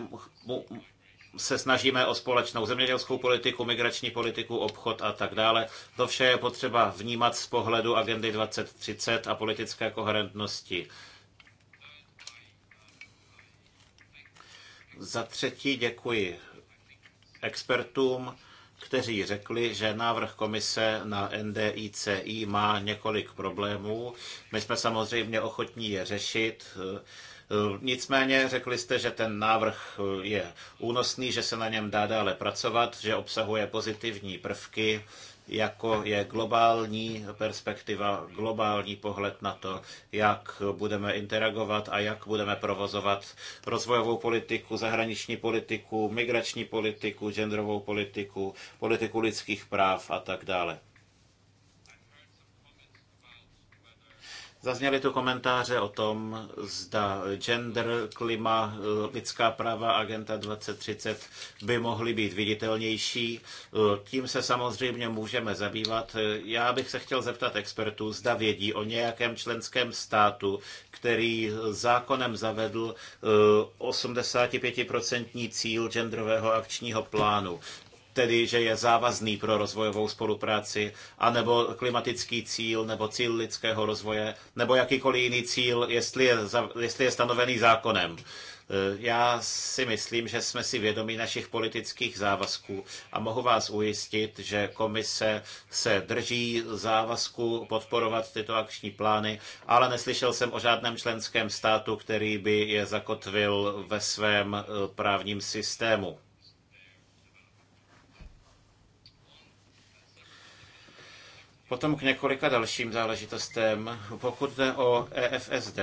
se snažíme o společnou zemědělskou politiku, migrační politiku, obchod a tak dále. To vše je potřeba vnímat z pohledu agendy 2030 a politické koherentnosti Za třetí děkuji expertům, kteří řekli, že návrh komise na NDICI má několik problémů. My jsme samozřejmě ochotní je řešit. Nicméně řekli jste, že ten návrh je únosný, že se na něm dá dále pracovat, že obsahuje pozitivní prvky jako je globální perspektiva, globální pohled na to, jak budeme interagovat a jak budeme provozovat rozvojovou politiku, zahraniční politiku, migrační politiku, genderovou politiku, politiku lidských práv a tak dále. Zazněly tu komentáře o tom, zda gender, klima, lidská práva, agenta 2030 by mohly být viditelnější. Tím se samozřejmě můžeme zabývat. Já bych se chtěl zeptat expertů, zda vědí o nějakém členském státu, který zákonem zavedl 85% eh, cíl genderového akčního plánu tedy že je závazný pro rozvojovou spolupráci, anebo klimatický cíl, nebo cíl lidského rozvoje, nebo jakýkoliv jiný cíl, jestli je, jestli je stanovený zákonem. E, já si myslím, že jsme si vědomi našich politických závazků a mohu vás ujistit, že komise se drží závazku podporovat tyto akční plány, ale neslyšel jsem o žádném členském státu, který by je zakotvil ve svém e, právním systému. Potom k několika dalším záležitostem, pokud jde o EFSD,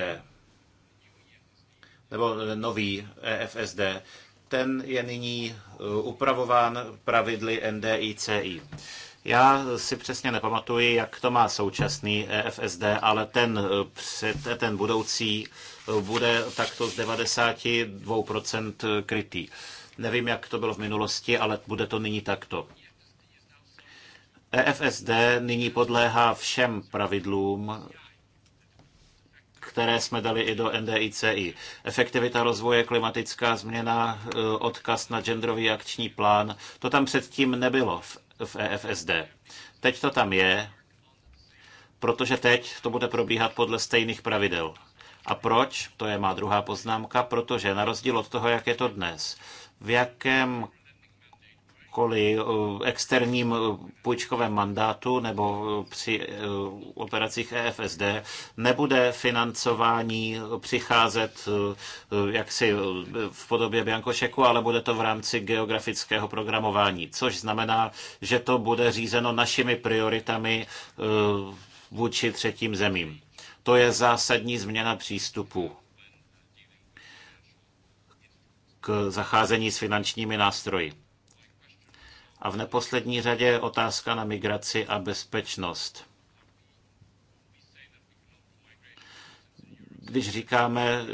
nebo nový EFSD, ten je nyní uh, upravován pravidly NDICI. Já si přesně nepamatuji, jak to má současný EFSD, ale ten, uh, před, ten budoucí uh, bude takto z 92% krytý. Nevím, jak to bylo v minulosti, ale bude to nyní takto. EFSD nyní podléhá všem pravidlům, které jsme dali i do NDICI. Efektivita rozvoje, klimatická změna, eh, odkaz na genderový akční plán, to tam předtím nebylo v EFSD. Teď to tam je, protože teď to bude probíhat podle stejných pravidel. A proč? To je má druhá poznámka, protože na rozdíl od toho, jak je to dnes, v jakém kvůli eh, externím eh, půjčkovém mandátu nebo eh, při operacích EFSD nebude financování přicházet jaksi v podobě Biankošeku, ale bude to v rámci geografického programování, což znamená, že to bude řízeno našimi prioritami vůči třetím zemím. To je zásadní změna přístupu k zacházení s finančními nástroji. A v neposlední řadě otázka na migraci a bezpečnost. když říkáme,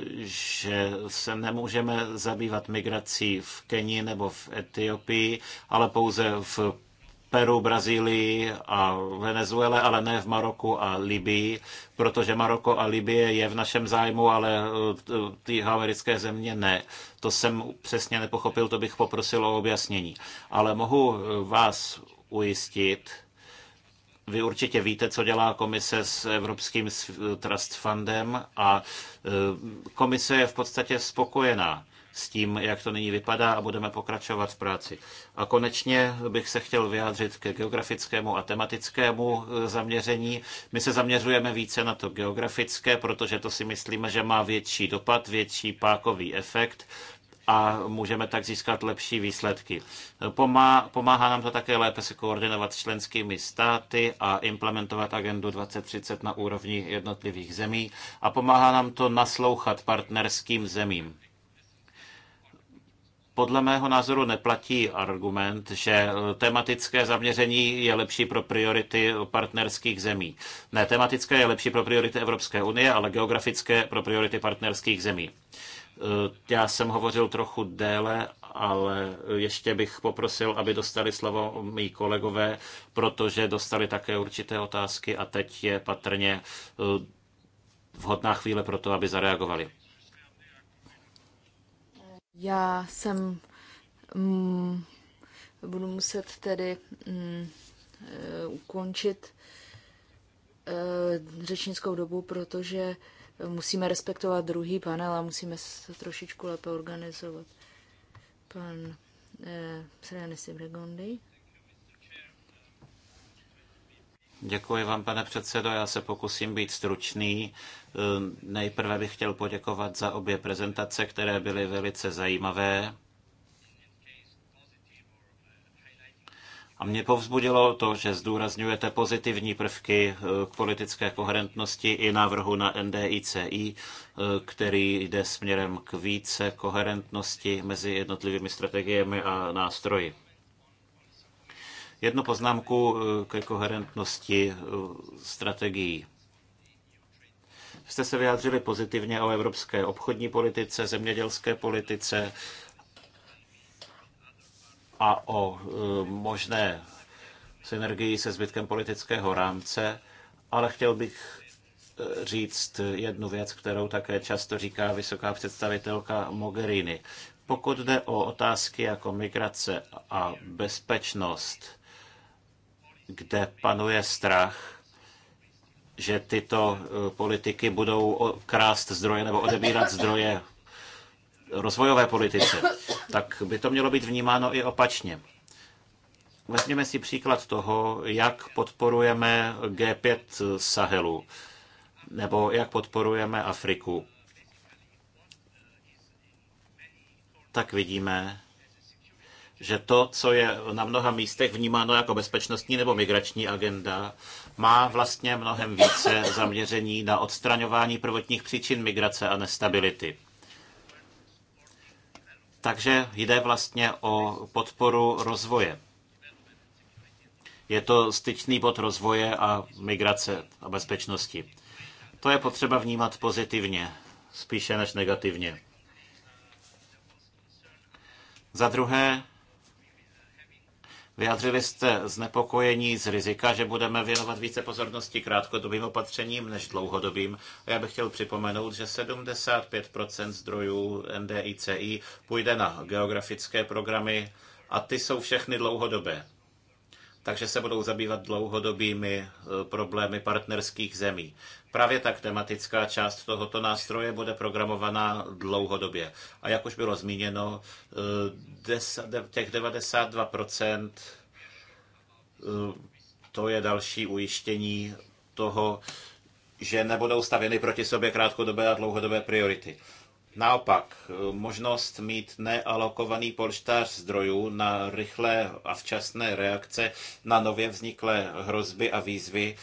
že se nemůžeme zabývat migrací v Keni nebo v Etiopii, ale pouze v Peru, Brazílii a Venezuele, ale ne v Maroku a Libii, protože Maroko a Libie je v našem zájmu, ale eh, ty americké země ne. To jsem přesně nepochopil, to bych poprosil o objasnění. Ale mohu eh, vás ujistit, vy určitě víte, co dělá komise s Evropským Trust Fundem a eh, komise je v podstatě spokojená s tím, jak to nyní vypadá a budeme pokračovat v práci. A konečně bych se chtěl vyjádřit ke geografickému a tematickému e, zaměření. My se zaměřujeme více na to geografické, protože to si myslíme, že má větší dopad, větší pákový efekt a můžeme tak získat lepší výsledky. Pomá, pomáhá nám to také lépe se koordinovat s členskými státy a implementovat agendu 2030 na úrovni jednotlivých zemí a pomáhá nám to naslouchat partnerským zemím podle mého názoru neplatí argument, že tematické zaměření je lepší pro priority partnerských zemí. Ne, tematické je lepší pro priority Evropské unie, ale geografické pro priority partnerských zemí. Eh, já jsem hovořil trochu déle, ale ještě bych poprosil, aby dostali slovo mý kolegové, protože dostali také určité otázky a teď je patrně eh, vhodná chvíle pro to, aby zareagovali. Já jsem mm, budu muset tedy mm, eh, ukončit e, řečnickou dobu, protože musíme respektovat druhý panel a musíme se trošičku lépe organizovat. Pan e, eh, Srenis Regondy. Děkuji vám, pane předsedo. Já se pokusím být stručný. Eh, nejprve bych chtěl poděkovat za obě prezentace, které byly velice zajímavé. A mě povzbudilo to, že zdůrazňujete pozitivní prvky eh, k politické koherentnosti i návrhu na NDICI, eh, který jde směrem k více koherentnosti mezi jednotlivými strategiemi a nástroji. Jednu poznámku eh, ke koherentnosti eh, strategií. Jste se vyjádřili pozitivně o evropské obchodní politice, zemědělské politice a o eh, možné synergii se zbytkem politického rámce, ale chtěl bych říct jednu věc, kterou také často říká vysoká představitelka Mogherini. Pokud jde o otázky jako migrace a bezpečnost, kde panuje strach, že tyto e, politiky budou krást zdroje nebo odebírat zdroje rozvojové politice, tak by to mělo být vnímáno i opačně. Vezměme si příklad toho, jak podporujeme G5 Sahelu nebo jak podporujeme Afriku. Tak vidíme, že to, co je na mnoha místech vnímáno jako bezpečnostní nebo migrační agenda, má vlastně mnohem více zaměření na odstraňování prvotních příčin migrace a nestability. Takže jde vlastně o podporu rozvoje. Je to styčný bod rozvoje a migrace a bezpečnosti. To je potřeba vnímat pozitivně, spíše než negativně. Za druhé, Vyjádřili jste znepokojení z rizika, že budeme věnovat více pozornosti krátkodobým opatřením než dlouhodobým. A já bych chtěl připomenout, že 75 zdrojů NDICI půjde na geografické programy a ty jsou všechny dlouhodobé. Takže se budou zabývat dlouhodobými eh, problémy partnerských zemí. Právě tak tematická část tohoto nástroje bude programovaná dlouhodobě. A jak už bylo zmíněno, eh, těch 92% eh, to je další ujištění toho, že nebudou stavěny proti sobě krátkodobé a dlouhodobé priority. Naopak, eh, možnost mít nealokovaný polštář zdrojů na rychlé a včasné reakce na nově vzniklé hrozby a výzvy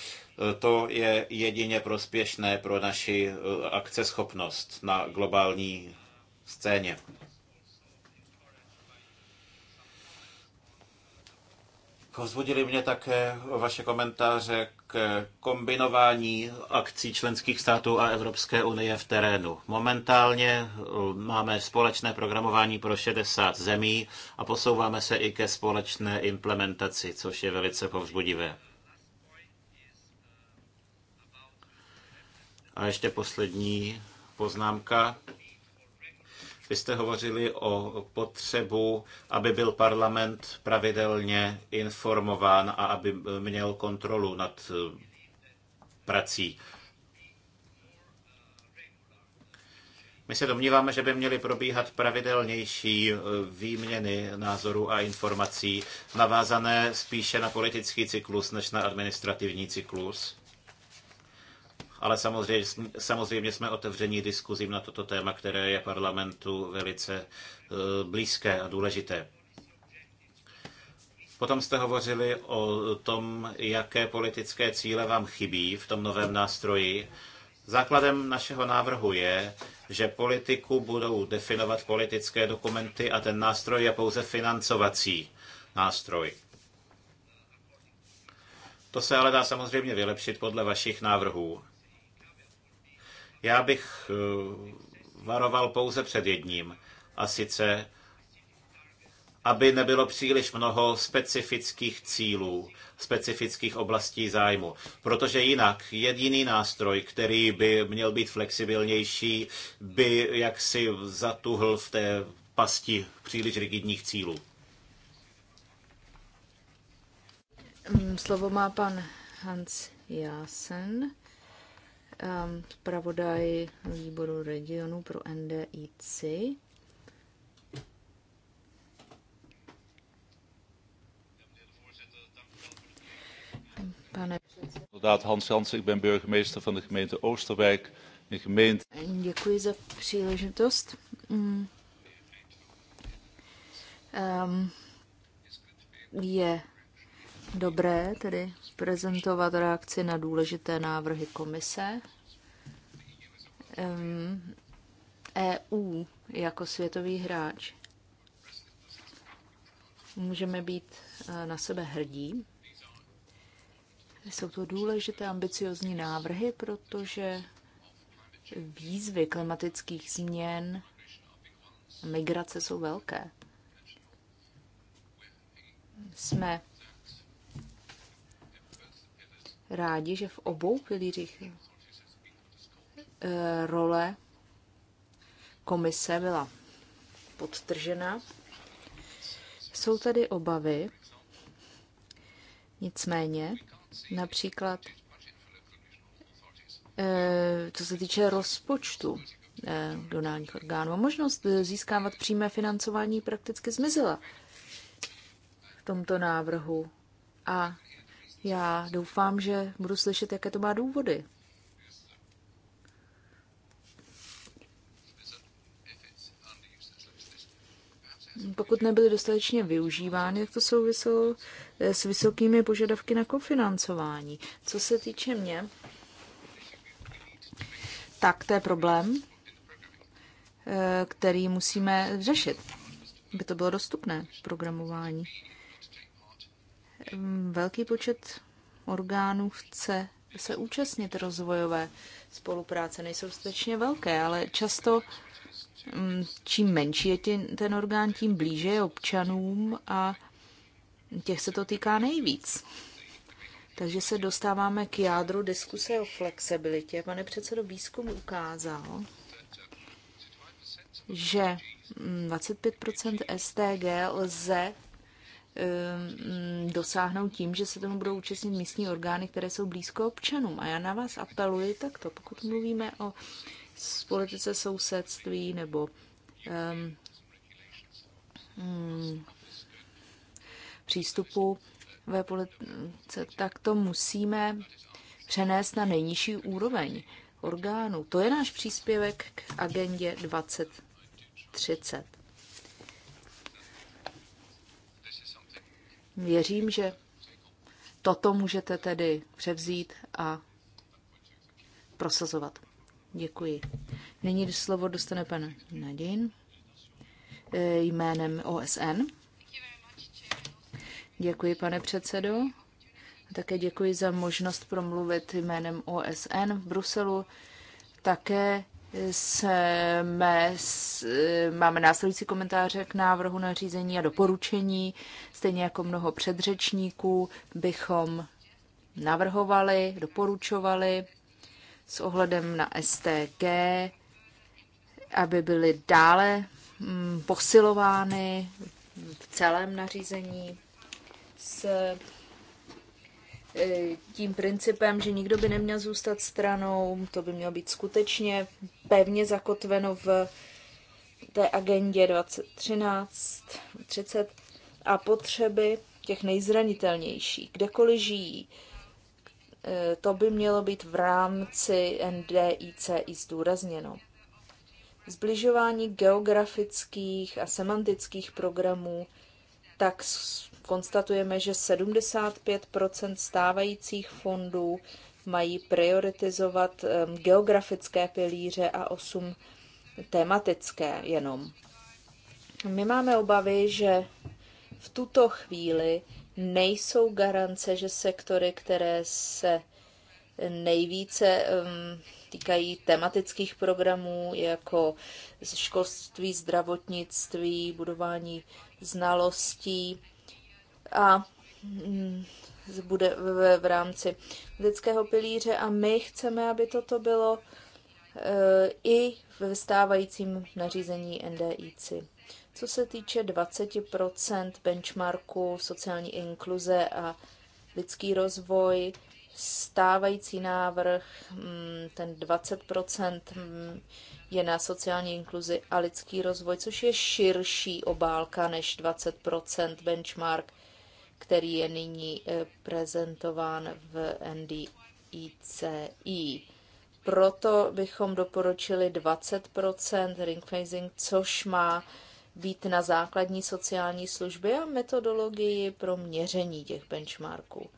to je jedině prospěšné pro naši eh, akceschopnost na globální scéně. Pozbudili mě také vaše komentáře k kombinování akcí členských států a Evropské unie v terénu. Momentálně eh, máme společné programování pro 60 zemí a posouváme se i ke společné implementaci, což je velice povzbudivé. A ještě poslední poznámka. Vy jste hovořili o potřebu, aby byl parlament pravidelně informován a aby měl kontrolu nad eh, prací. My se domníváme, že by měly probíhat pravidelnější eh, výměny názorů a informací, navázané spíše na politický cyklus než na administrativní cyklus ale samozřejmě, samozřejmě jsme otevření diskuzím na toto téma, které je parlamentu velice eh, blízké a důležité. Potom jste hovořili o tom, jaké politické cíle vám chybí v tom novém nástroji. Základem našeho návrhu je, že politiku budou definovat politické dokumenty a ten nástroj je pouze financovací nástroj. To se ale dá samozřejmě vylepšit podle vašich návrhů. Já bych eh, varoval pouze před jedním, a sice, aby nebylo příliš mnoho specifických cílů, specifických oblastí zájmu. Protože jinak jediný nástroj, který by měl být flexibilnější, by jaksi zatuhl v té pasti příliš rigidních cílů. Slovo má pan Hans Jásen. Ehm, zpravodaj výboru regionu pro NDIC. Pane Inderdaad, Hans Jansen, ik ben burgemeester van de gemeente Oosterwijk. Een gemeente... Děkuji za příležitost. Mm. Um, je dobré tedy prezentovat reakci na důležité návrhy komise. EU e jako světový hráč můžeme být eh, na sebe hrdí. Jsou to důležité ambiciozní návrhy, protože výzvy klimatických změn migrace jsou velké. Jsme rádi, že v obou pilířích eh, role komise byla podtržena. Jsou tady obavy, nicméně, například eh, co se týče rozpočtu eh, donálních orgánů. Možnost získávat přímé financování prakticky zmizela v tomto návrhu a já doufám, že budu slyšet, jaké to má důvody. Pokud nebyly dostatečně využívány, jak to souviselo eh, s vysokými požadavky na kofinancování. Co se týče mě, tak to je problém, eh, který musíme řešit, aby to bylo dostupné programování. Mm, velký počet orgánů chce se účastnit rozvojové spolupráce. Nejsou stečně velké, ale často mm, čím menší je ten orgán, tím blíže je občanům a těch se to týká nejvíc. Takže se dostáváme k jádru diskuse o flexibilitě. Pane předsedo, výzkum ukázal, že 25 mm, STG lze Ehm, dosáhnout tím, že se tomu budou účastnit místní orgány, které jsou blízko občanům. A já na vás apeluji takto, pokud mluvíme o politice sousedství nebo um, um, přístupu ve politice, tak to musíme přenést na nejnižší úroveň orgánů. To je náš příspěvek k agendě 2030. Věřím, že toto můžete tedy převzít a prosazovat. Děkuji. Nyní slovo dostane pan Nadin eh, jménem OSN. Děkuji, pane předsedo. Také děkuji za možnost promluvit jménem OSN v Bruselu. Také jsme, eh, máme následující komentáře k návrhu na řízení a doporučení. Stejně jako mnoho předřečníků bychom navrhovali, doporučovali s ohledem na STG, aby byly dále mm, posilovány v celém nařízení s tím principem, že nikdo by neměl zůstat stranou, to by mělo být skutečně pevně zakotveno v té agendě 2013, 30 a potřeby těch nejzranitelnějších, kdekoliv žijí. Eh, to by mělo být v rámci NDIC i zdůrazněno. Zbližování geografických a semantických programů tak konstatujeme, že 75 stávajících fondů mají prioritizovat geografické pilíře a 8 tematické jenom. My máme obavy, že v tuto chvíli nejsou garance, že sektory, které se nejvíce týkají tematických programů jako školství, zdravotnictví, budování znalostí, a mm, bude v, v rámci lidského pilíře a my chceme, aby toto bylo eh, i v stávajícím nařízení NDIC. Co se týče 20% benchmarku sociální inkluze a lidský rozvoj, stávající návrh, mm, ten 20% mm, je na sociální inkluzi a lidský rozvoj, což je širší obálka než 20% benchmark který je nyní eh, prezentován v NDICI. E Proto bychom doporučili 20 ringfacing, což má být na základní sociální služby a metodologii pro měření těch benchmarků.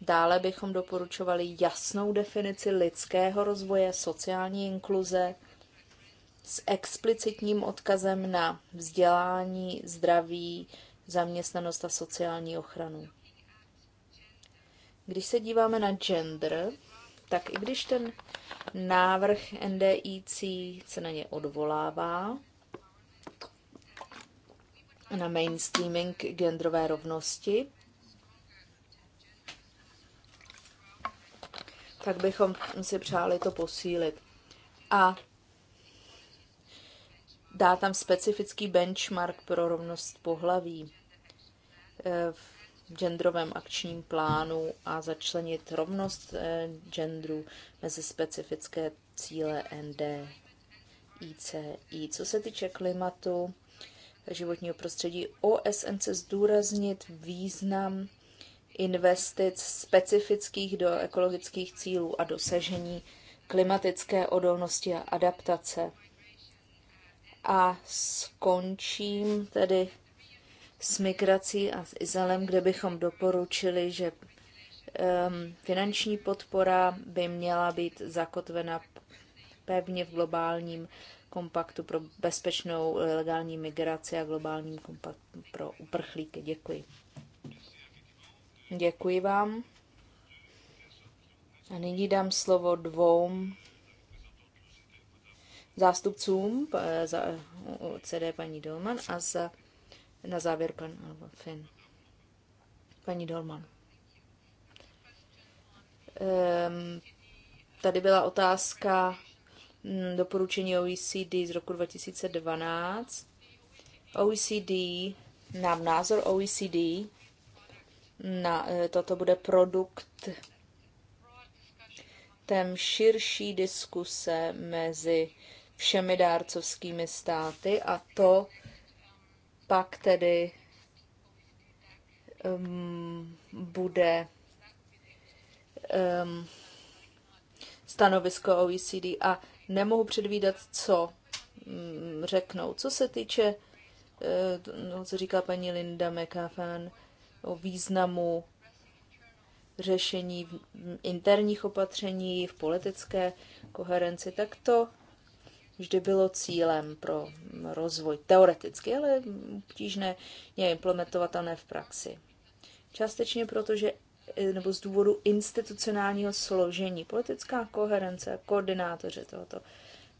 Dále bychom doporučovali jasnou definici lidského rozvoje, sociální inkluze s explicitním odkazem na vzdělání, zdraví, zaměstnanost a sociální ochranu. Když se díváme na gender, tak i když ten návrh NDIC se na ně odvolává, na mainstreaming genderové rovnosti, tak bychom si přáli to posílit. A dá tam specifický benchmark pro rovnost pohlaví. Eh, v genderovém akčním plánu a začlenit rovnost eh, genderu mezi specifické cíle ICI, Co se týče klimatu, životního prostředí, OSN se zdůraznit význam investic specifických do ekologických cílů a dosažení klimatické odolnosti a adaptace. A skončím tedy s migrací a s Izraelem, kde bychom doporučili, že ehm, finanční podpora by měla být zakotvena pevně v globálním kompaktu pro bezpečnou legální migraci a globálním kompaktu pro uprchlíky. Děkuji. Děkuji vám. A nyní dám slovo dvou zástupcům eh, za CD paní Dolman a za na závěr pan Fin. Paní Dolman. Ehm, tady byla otázka hm, doporučení OECD z roku 2012. OECD, nám názor OECD na, e, toto bude produkt tém širší diskuse mezi všemi dárcovskými státy a to pak tedy um, bude um, stanovisko OECD a nemohu předvídat, co um, řeknou. Co se týče, uh, no, co říká paní Linda McAfan o významu řešení interních opatření v politické koherenci, tak to vždy bylo cílem pro rozvoj teoreticky, ale obtížné je implementovatelné v praxi. Částečně proto, že nebo z důvodu institucionálního složení, politická koherence koordinátoři tohoto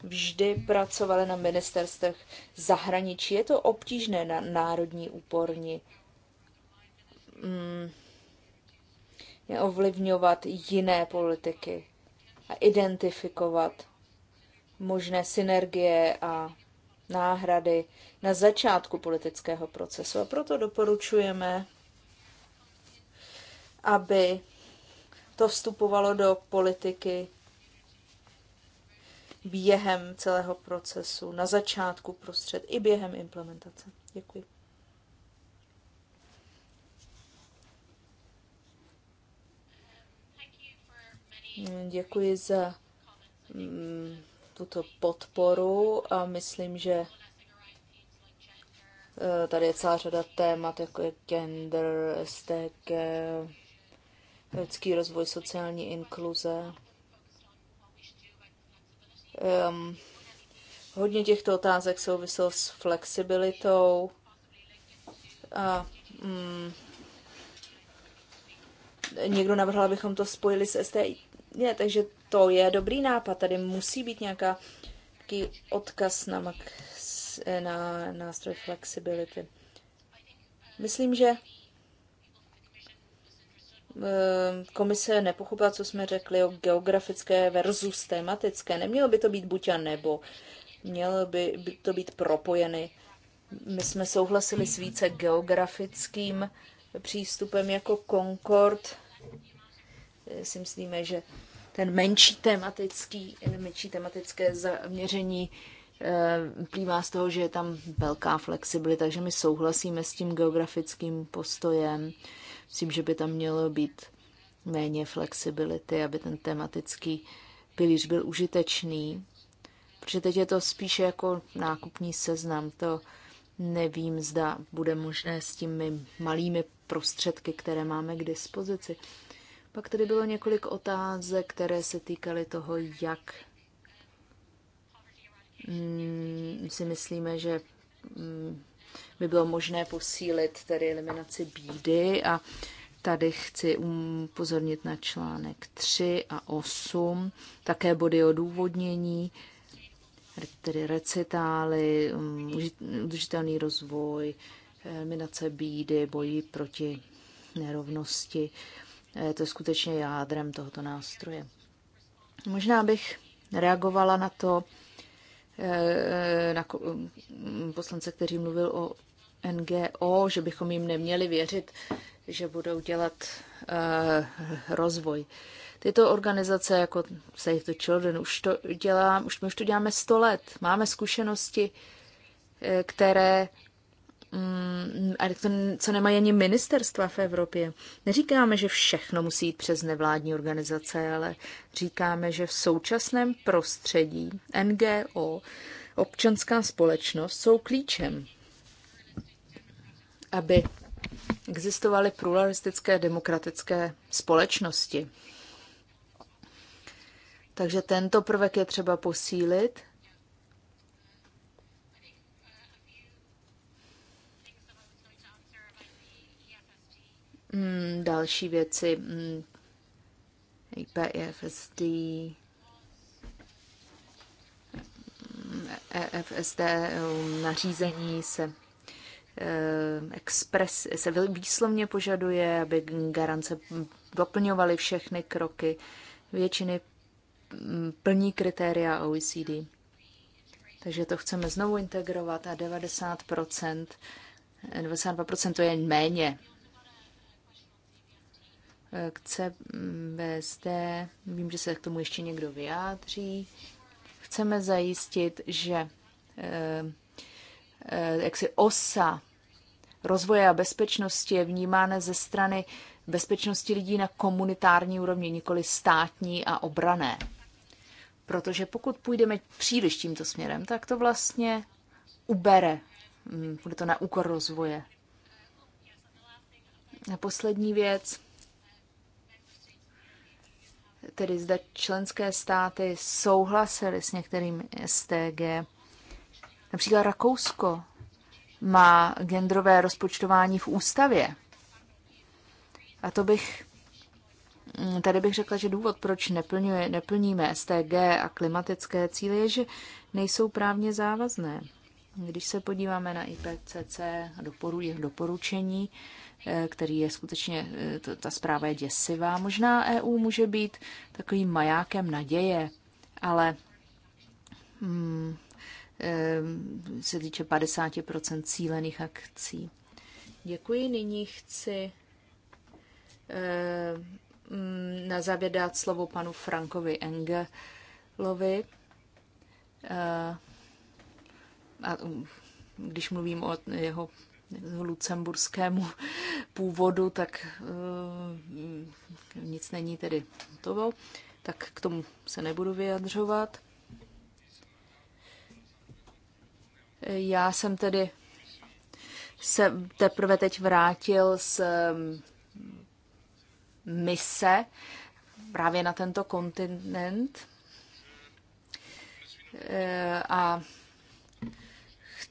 vždy pracovali na ministerstvech zahraničí. Je to obtížné na národní úporni mm, ovlivňovat jiné politiky a identifikovat možné synergie a náhrady na začátku politického procesu. A proto doporučujeme, aby to vstupovalo do politiky během celého procesu, na začátku prostřed i během implementace. Děkuji. Děkuji za tuto podporu a myslím, že e, tady je celá řada témat, jako je gender, STK, lidský rozvoj, sociální inkluze. Um, hodně těchto otázek souviselo s flexibilitou a um, někdo navrhl, abychom to spojili s STI je, takže to je dobrý nápad. Tady musí být nějaká nějaký odkaz na, max, eh, na nástroj flexibility. Myslím, že eh, komise nepochopila, co jsme řekli o geografické versus tematické. Nemělo by to být buď a nebo. Mělo by to být propojeny. My jsme souhlasili s více geografickým přístupem jako Concord si myslíme, že ten menší tematický, menší tematické zaměření eh, plývá z toho, že je tam velká flexibilita, takže my souhlasíme s tím geografickým postojem. Myslím, že by tam mělo být méně flexibility, aby ten tematický pilíř byl užitečný, protože teď je to spíše jako nákupní seznam, to nevím, zda bude možné s těmi malými prostředky, které máme k dispozici. Pak tady bylo několik otázek, které se týkaly toho, jak mm, si myslíme, že mm, by bylo možné posílit tedy eliminaci bídy a tady chci upozornit na článek 3 a 8, také body o důvodnění, tedy recitály, mm, udržitelný rozvoj, eliminace bídy, boji proti nerovnosti je to skutečně jádrem tohoto nástroje. Možná bych reagovala na to, eh, eh, na poslance, který mluvil o NGO, že bychom jim neměli věřit, že budou dělat eh, rozvoj. Tyto organizace jako Save the Children už to dělá, už my už to děláme 100 let. Máme zkušenosti, které Mm, ale to, co nemají ani ministerstva v Evropě. Neříkáme, že všechno musí jít přes nevládní organizace, ale říkáme, že v současném prostředí NGO, občanská společnost jsou klíčem, aby existovaly pluralistické demokratické společnosti. Takže tento prvek je třeba posílit Mm, další věci, mm, IPFSD, mm, EFSD mm, nařízení se eh, Express se výslovně požaduje, aby garance doplňovaly všechny kroky většiny mm, plní kritéria OECD. Takže to chceme znovu integrovat a 90%, 92% to je méně k CBSD. Vím, že se k tomu ještě někdo vyjádří. Chceme zajistit, že eh, eh, jaksi osa rozvoje a bezpečnosti je vnímána ze strany bezpečnosti lidí na komunitární úrovni, nikoli státní a obrané. Protože pokud půjdeme příliš tímto směrem, tak to vlastně ubere. Mm, bude to na úkor rozvoje. A poslední věc tedy zda členské státy souhlasily s některým STG. Například Rakousko má genderové rozpočtování v ústavě. A to bych, mm, tady bych řekla, že důvod, proč neplňuje, neplníme STG a klimatické cíle, je, že nejsou právně závazné. Když se podíváme na IPCC a doporu, doporučení, eh, který je skutečně, eh, ta zpráva je děsivá, možná EU může být takovým majákem naděje, ale hmm, se týče 50% cílených akcí. Děkuji, nyní chci mm, na závěr dát slovo panu Frankovi Engelovi a um, když mluvím o jeho lucemburskému původu, tak uh, nic není tedy hotovo, tak k tomu se nebudu vyjadřovat. Já jsem tedy se teprve teď vrátil z um, mise právě na tento kontinent uh, a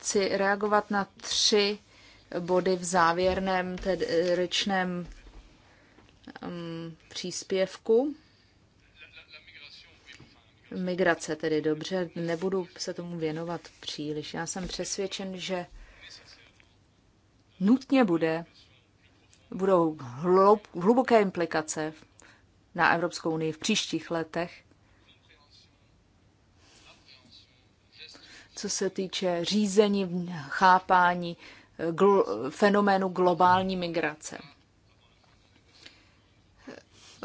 chci reagovat na tři body v závěrném tedy eh, rečném um, příspěvku. Migrace tedy dobře, nebudu se tomu věnovat příliš. Já jsem přesvědčen, že nutně bude, budou hlub, hluboké implikace na Evropskou unii v příštích letech co se týče řízení, chápání eh, gl- fenoménu globální migrace.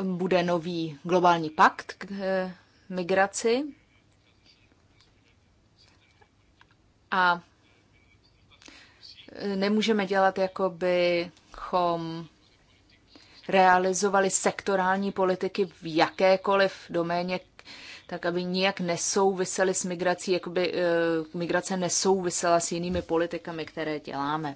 Bude nový globální pakt k eh, migraci a eh, nemůžeme dělat, jako bychom realizovali sektorální politiky v jakékoliv doméně tak aby nijak nesouvisely s migrací, jakoby eh, migrace nesouvisela s jinými politikami, které děláme.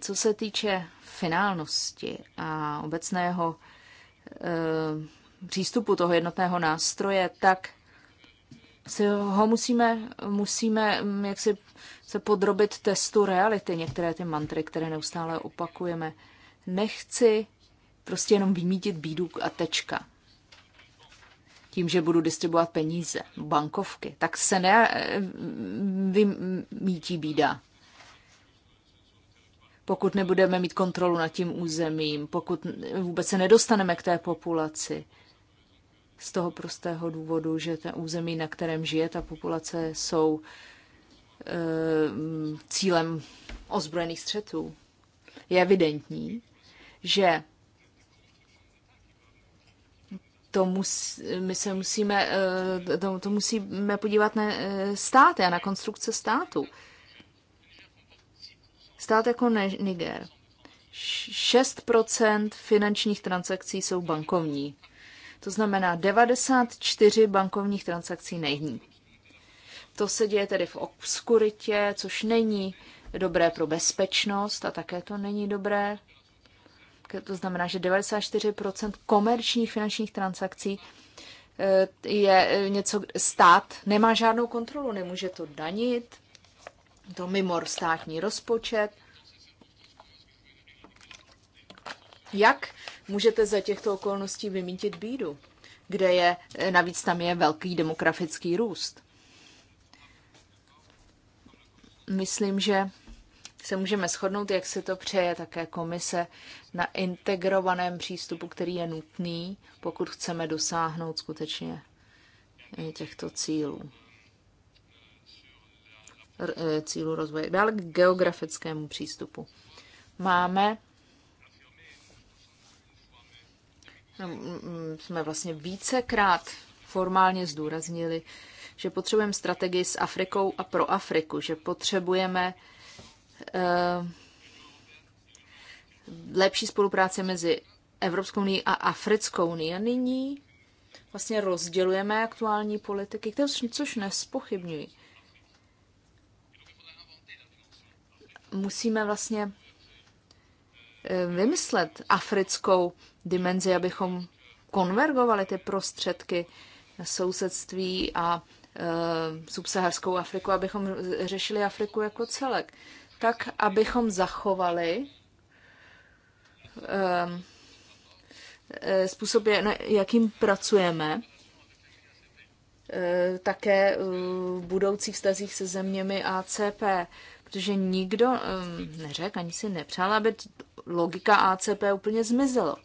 Co se týče finálnosti a obecného eh, přístupu toho jednotného nástroje, tak si ho musíme, musíme mm, jaksi se podrobit testu reality, některé ty mantry, které neustále opakujeme. Nechci prostě jenom vymítit bídu a tečka tím, že budu distribuovat peníze, bankovky, tak se ne eh, vymítí bída. Pokud nebudeme mít kontrolu nad tím územím, pokud vůbec se nedostaneme k té populaci, z toho prostého důvodu, že ten území, na kterém žije ta populace, jsou e, cílem ozbrojených střetů. Je evidentní, že to mus, my se musíme, eh, to, to musíme podívat na eh, státy a na konstrukce státu. Stát jako Niger. 6% finančních transakcí jsou bankovní. To znamená 94 bankovních transakcí není. To se děje tedy v obskuritě, což není dobré pro bezpečnost a také to není dobré to znamená, že 94% komerčních finančních transakcí eh, je eh, něco, stát nemá žádnou kontrolu, nemůže to danit, to mimo státní rozpočet. Jak můžete za těchto okolností vymítit bídu, kde je, eh, navíc tam je velký demografický růst? Myslím, že se můžeme shodnout, jak si to přeje také komise, na integrovaném přístupu, který je nutný, pokud chceme dosáhnout skutečně eh, těchto cílů. Eh, Cílu rozvoje. Dále k geografickému přístupu. Máme mm, mm, jsme vlastně vícekrát formálně zdůraznili, že potřebujeme strategii s Afrikou a pro Afriku, že potřebujeme Eh, lepší spolupráce mezi Evropskou unii a Africkou unii. A nyní vlastně rozdělujeme aktuální politiky, které, což nespochybňují. Musíme vlastně eh, vymyslet africkou dimenzi, abychom konvergovali ty prostředky sousedství a e, subsaharskou Afriku, abychom řešili Afriku jako celek tak abychom zachovali um, způsob, jakým pracujeme, e, také v budoucích vztazích se zeměmi ACP, protože nikdo ehm, neřekl, ani si nepřál, aby logika ACP úplně zmizela.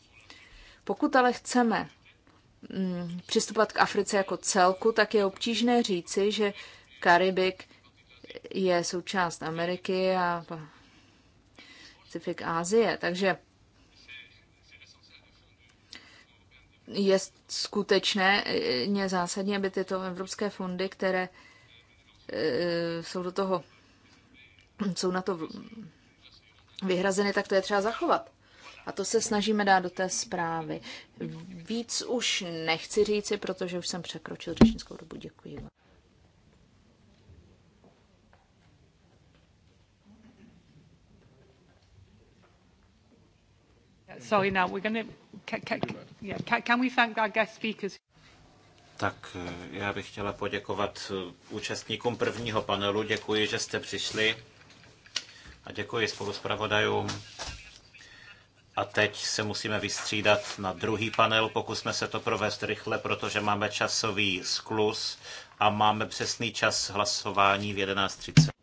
Pokud ale chceme mm, přistupovat k Africe jako celku, tak je obtížné říci, že Karibik je součást Ameriky a Pacifik Asie. Takže je skutečné, ně zásadně, aby tyto evropské fondy, které e, jsou do toho, jsou na to vyhrazeny, tak to je třeba zachovat. A to se snažíme dát do té zprávy. Víc už nechci říci, protože už jsem překročil řečnickou dobu. Děkuji. Sorry now, we're gonna... yeah, can we thank our guest speakers? Tak eh, já bych chtěla poděkovat eh, účastníkům prvního panelu. Děkuji, že jste přišli a děkuji spoluspravodajům. A teď se musíme vystřídat na druhý panel. Pokusme se to provést rychle, protože máme časový sklus a máme přesný čas hlasování v 11.30.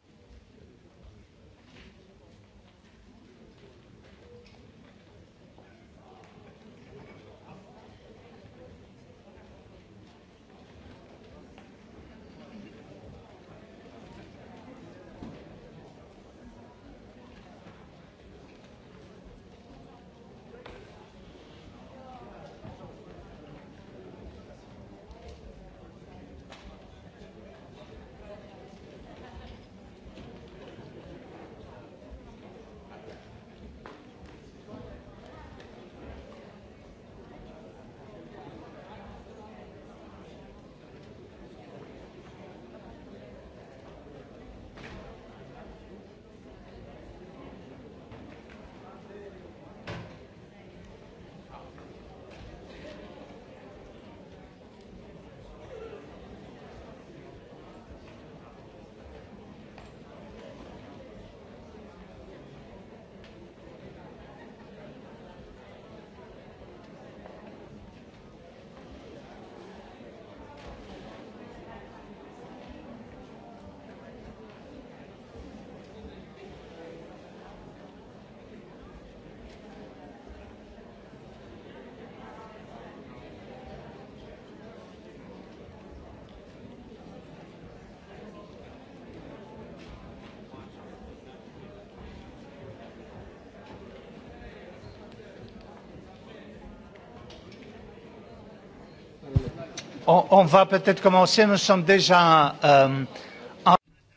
on, va peut-être commencer, nous sommes déjà... Euh,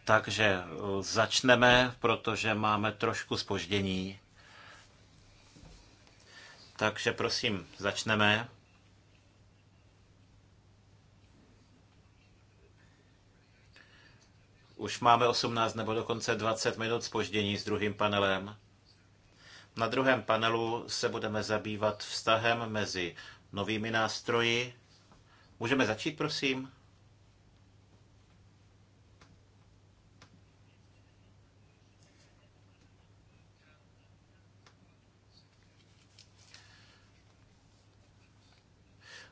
Takže uh, začneme, protože máme trošku spoždění. Takže prosím, začneme. Už máme 18 nebo dokonce 20 minut spoždění s druhým panelem. Na druhém panelu se budeme zabývat vztahem mezi novými nástroji Můžeme začít, prosím?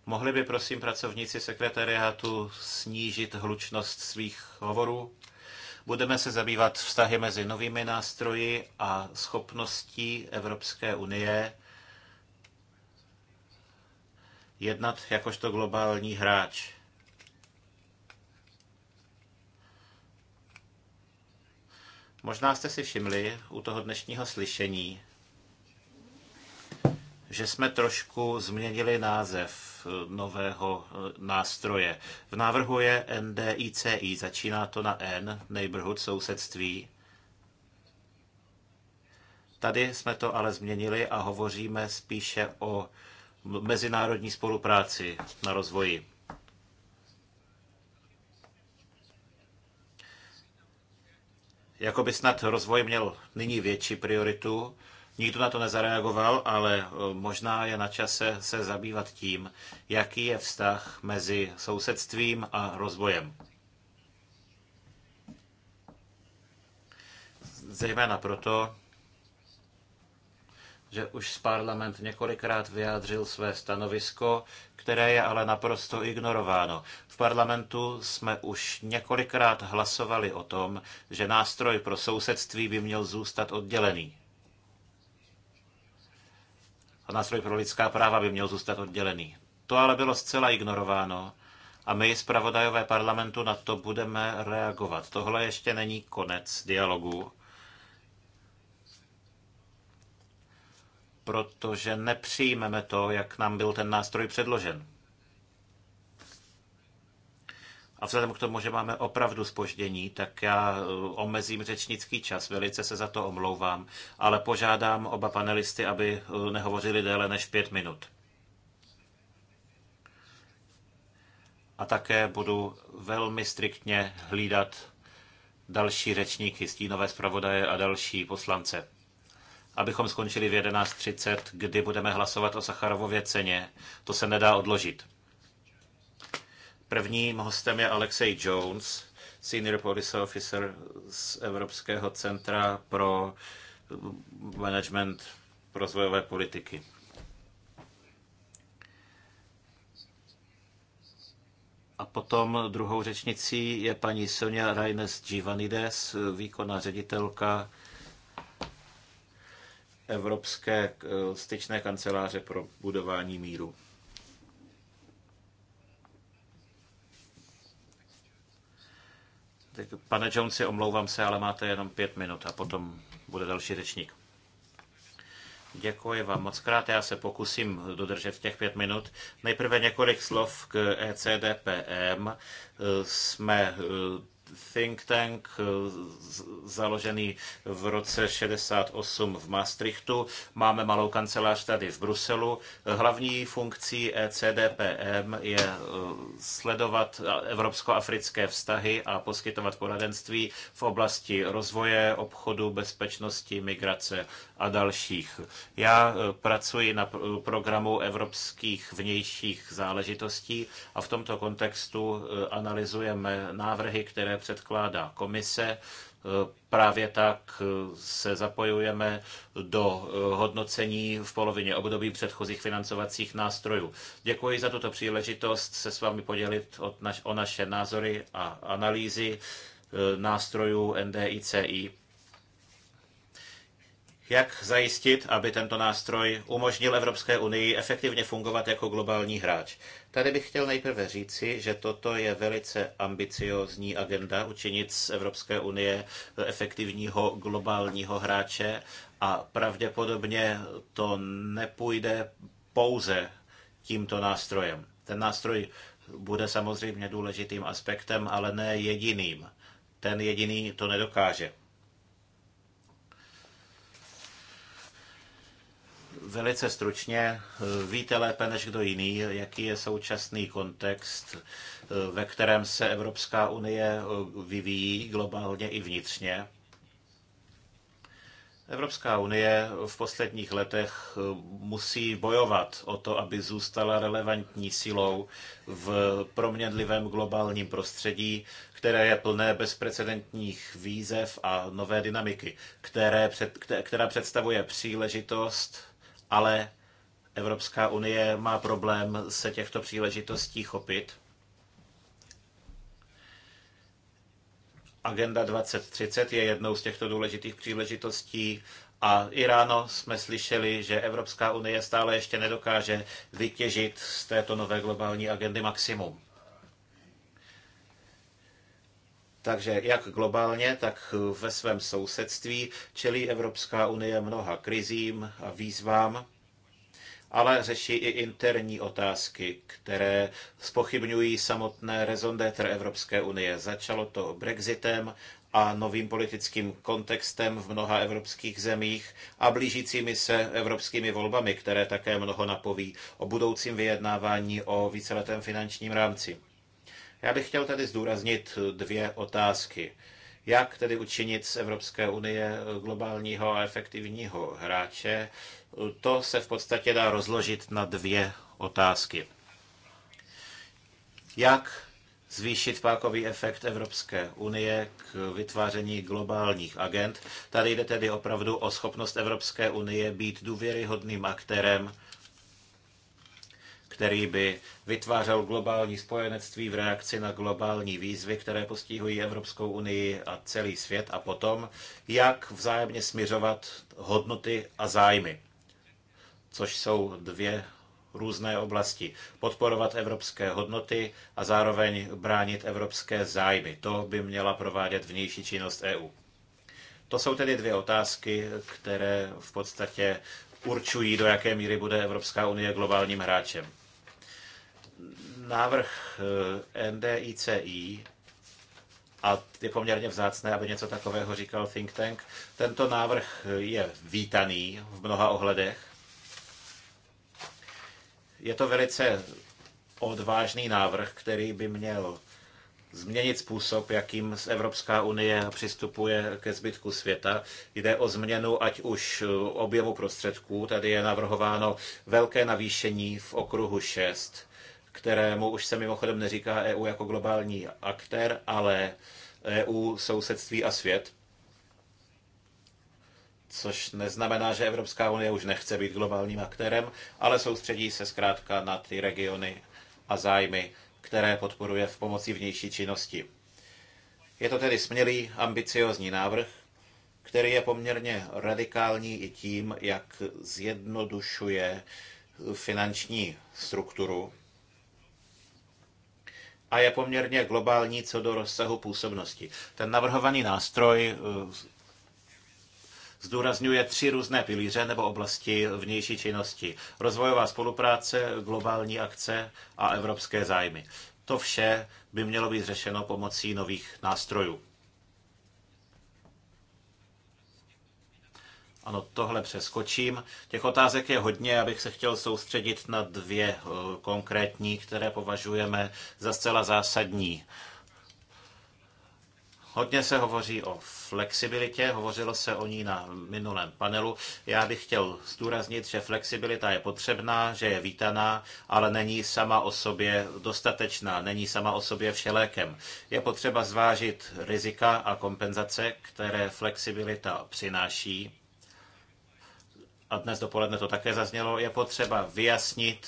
Mohli by prosím pracovníci sekretariátu snížit hlučnost svých hovorů? Budeme se zabývat vztahy mezi novými nástroji a schopností Evropské unie jednat jakožto globální hráč. Možná jste si všimli u toho dnešního slyšení, že jsme trošku změnili název eh, nového eh, nástroje. V návrhu je NDICI, začíná to na N, neighborhood sousedství. Tady jsme to ale změnili a hovoříme spíše o mezinárodní spolupráci na rozvoji. Jakoby snad rozvoj měl nyní větší prioritu. Nikdo na to nezareagoval, ale e, možná je na čase se zabývat tím, jaký je vztah mezi sousedstvím a rozvojem. Zejména proto, že už parlament několikrát vyjádřil své stanovisko, které je ale naprosto ignorováno. V parlamentu jsme už několikrát hlasovali o tom, že nástroj pro sousedství by měl zůstat oddělený. A nástroj pro lidská práva by měl zůstat oddělený. To ale bylo zcela ignorováno a my, zpravodajové parlamentu, na to budeme reagovat. Tohle ještě není konec dialogu protože nepřijmeme to, jak nám byl ten nástroj předložen. A vzhledem k tomu, že máme opravdu spoždění, tak já uh, omezím řečnický čas, velice se za to omlouvám, ale požádám oba panelisty, aby uh, nehovořili déle než pět minut. A také budu velmi striktně hlídat další řečníky, stínové zpravodaje a další poslance abychom skončili v 11.30, kdy budeme hlasovat o Sacharovově ceně. To se nedá odložit. Prvním hostem je Alexej Jones, senior policy officer z Evropského centra pro management rozvojové politiky. A potom druhou řečnicí je paní Sonja Reines Givanides, výkonná ředitelka Evropské eh, styčné kanceláře pro budování míru. Tak, pane Jonesi, omlouvám se, ale máte jenom pět minut a potom bude další řečník. Děkuji vám moc krát, já se pokusím dodržet těch pět minut. Nejprve několik slov k ECDPM. Eh, jsme eh, think tank eh, založený v roce 68 v Maastrichtu. Máme malou kancelář tady v Bruselu. Hlavní funkcí ECDPM je eh, sledovat eh, evropsko-africké vztahy a poskytovat poradenství v oblasti rozvoje, obchodu, bezpečnosti, migrace a dalších. Já eh, pracuji na programu evropských vnějších záležitostí a v tomto kontextu eh, analyzujeme návrhy, které předkládá komise, eh, Právě tak se zapojujeme do hodnocení v polovině období předchozích financovacích nástrojů. Děkuji za tuto příležitost se s vámi podělit o naše názory a analýzy nástrojů NDICI jak zajistit, aby tento nástroj umožnil Evropské unii efektivně fungovat jako globální hráč? Tady bych chtěl nejprve říci, že toto je velice ambiciózní agenda učinit z Evropské unie efektivního globálního hráče a pravděpodobně to nepůjde pouze tímto nástrojem. Ten nástroj bude samozřejmě důležitým aspektem, ale ne jediným. Ten jediný to nedokáže. Velice stručně, eh, víte lépe než kdo jiný, jaký je současný kontext, eh, ve kterém se Evropská unie eh, vyvíjí globálně i vnitřně. Evropská unie v posledních letech musí bojovat o to, aby zůstala relevantní silou v proměnlivém globálním prostředí, které je plné bezprecedentních výzev a nové dynamiky, které před, která představuje příležitost ale Evropská unie má problém se těchto příležitostí chopit. Agenda 2030 je jednou z těchto důležitých příležitostí a i ráno jsme slyšeli, že Evropská unie stále ještě nedokáže vytěžit z této nové globální agendy maximum. Takže jak globálně, tak ve svém sousedství čelí Evropská unie mnoha krizím a výzvám, ale řeší i interní otázky, které spochybňují samotné raison Evropské unie. Začalo to Brexitem a novým politickým kontextem v mnoha evropských zemích a blížícími se evropskými volbami, které také mnoho napoví o budoucím vyjednávání o víceletém finančním rámci. Já bych chtěl tedy zdůraznit dvě otázky. Jak tedy učinit z Evropské unie globálního a efektivního hráče? To se v podstatě dá rozložit na dvě otázky. Jak zvýšit pákový efekt Evropské unie k vytváření globálních agent. Tady jde tedy opravdu o schopnost Evropské unie být důvěryhodným aktérem který by vytvářel globální spojenectví v reakci na globální výzvy, které postihují Evropskou unii a celý svět a potom, jak vzájemně směřovat hodnoty a zájmy, což jsou dvě různé oblasti. Podporovat evropské hodnoty a zároveň bránit evropské zájmy. To by měla provádět vnější činnost EU. To jsou tedy dvě otázky, které v podstatě určují, do jaké míry bude Evropská unie globálním hráčem návrh eh, NDICI, a je poměrně vzácné, aby něco takového říkal think tank, tento návrh je vítaný v mnoha ohledech. Je to velice odvážný návrh, který by měl změnit způsob, jakým z Evropská unie přistupuje ke zbytku světa. Jde o změnu ať už objemu prostředků, tady je navrhováno velké navýšení v okruhu 6 kterému už se mimochodem neříká EU jako globální aktér, ale EU sousedství a svět. Což neznamená, že Evropská unie už nechce být globálním aktérem, ale soustředí se zkrátka na ty regiony a zájmy, které podporuje v pomoci vnější činnosti. Je to tedy smělý, ambiciozní návrh, který je poměrně radikální i tím, jak zjednodušuje finanční strukturu a je poměrně globální co do rozsahu působnosti. Ten navrhovaný nástroj eh, zdůrazňuje tři různé pilíře nebo oblasti vnější činnosti. Rozvojová spolupráce, globální akce a evropské zájmy. To vše by mělo být řešeno pomocí nových nástrojů. Ano, tohle přeskočím. Těch otázek je hodně, abych se chtěl soustředit na dvě eh, konkrétní, které považujeme za zcela zásadní. Hodně se hovoří o flexibilitě, hovořilo se o ní na minulém panelu. Já bych chtěl zdůraznit, že flexibilita je potřebná, že je vítaná, ale není sama o sobě dostatečná, není sama o sobě všelékem. Je potřeba zvážit rizika a kompenzace, které flexibilita přináší a dnes dopoledne to také zaznělo, je potřeba vyjasnit,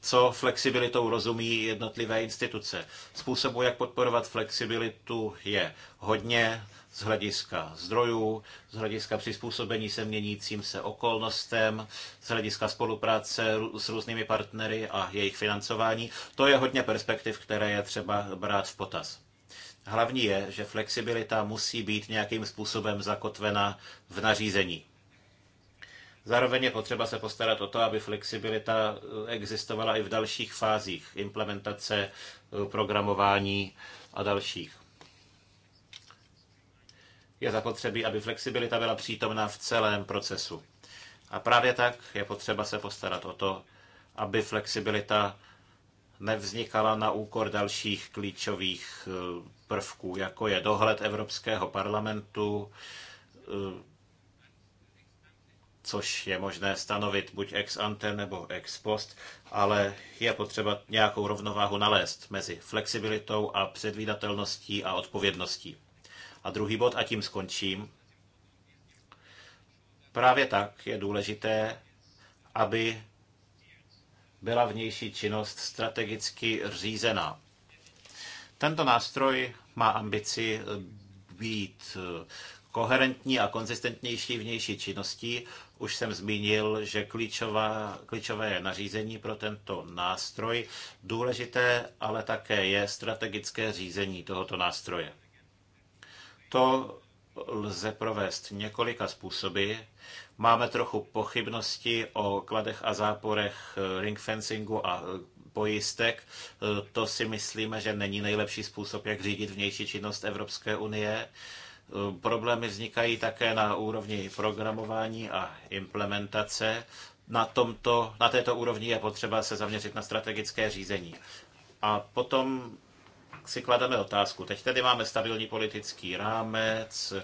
co flexibilitou rozumí jednotlivé instituce. Způsobů, jak podporovat flexibilitu, je hodně z hlediska zdrojů, z hlediska přizpůsobení se měnícím se okolnostem, z hlediska spolupráce s různými partnery a jejich financování. To je hodně perspektiv, které je třeba brát v potaz. Hlavní je, že flexibilita musí být nějakým způsobem zakotvena v nařízení. Zároveň je potřeba se postarat o to, aby flexibilita eh, existovala i v dalších fázích implementace, eh, programování a dalších. Je zapotřebí, aby flexibilita byla přítomná v celém procesu. A právě tak je potřeba se postarat o to, aby flexibilita nevznikala na úkor dalších klíčových eh, prvků, jako je dohled Evropského parlamentu, což je možné stanovit buď ex ante nebo ex post, ale je potřeba nějakou rovnováhu nalézt mezi flexibilitou a předvídatelností a odpovědností. A druhý bod, a tím skončím. Právě tak je důležité, aby byla vnější činnost strategicky řízená. Tento nástroj má ambici být koherentní a konzistentnější vnější činností. Už jsem zmínil, že klíčová, klíčové je nařízení pro tento nástroj. Důležité ale také je strategické řízení tohoto nástroje. To lze provést několika způsoby. Máme trochu pochybnosti o kladech a záporech eh, ring fencingu a eh, pojistek. Eh, to si myslíme, že není nejlepší způsob, jak řídit vnější činnost Evropské unie. Problémy vznikají také na úrovni programování a implementace. Na, tomto, na této úrovni je potřeba se zaměřit na strategické řízení. A potom si klademe otázku. Teď tady máme stabilní politický rámec, eh,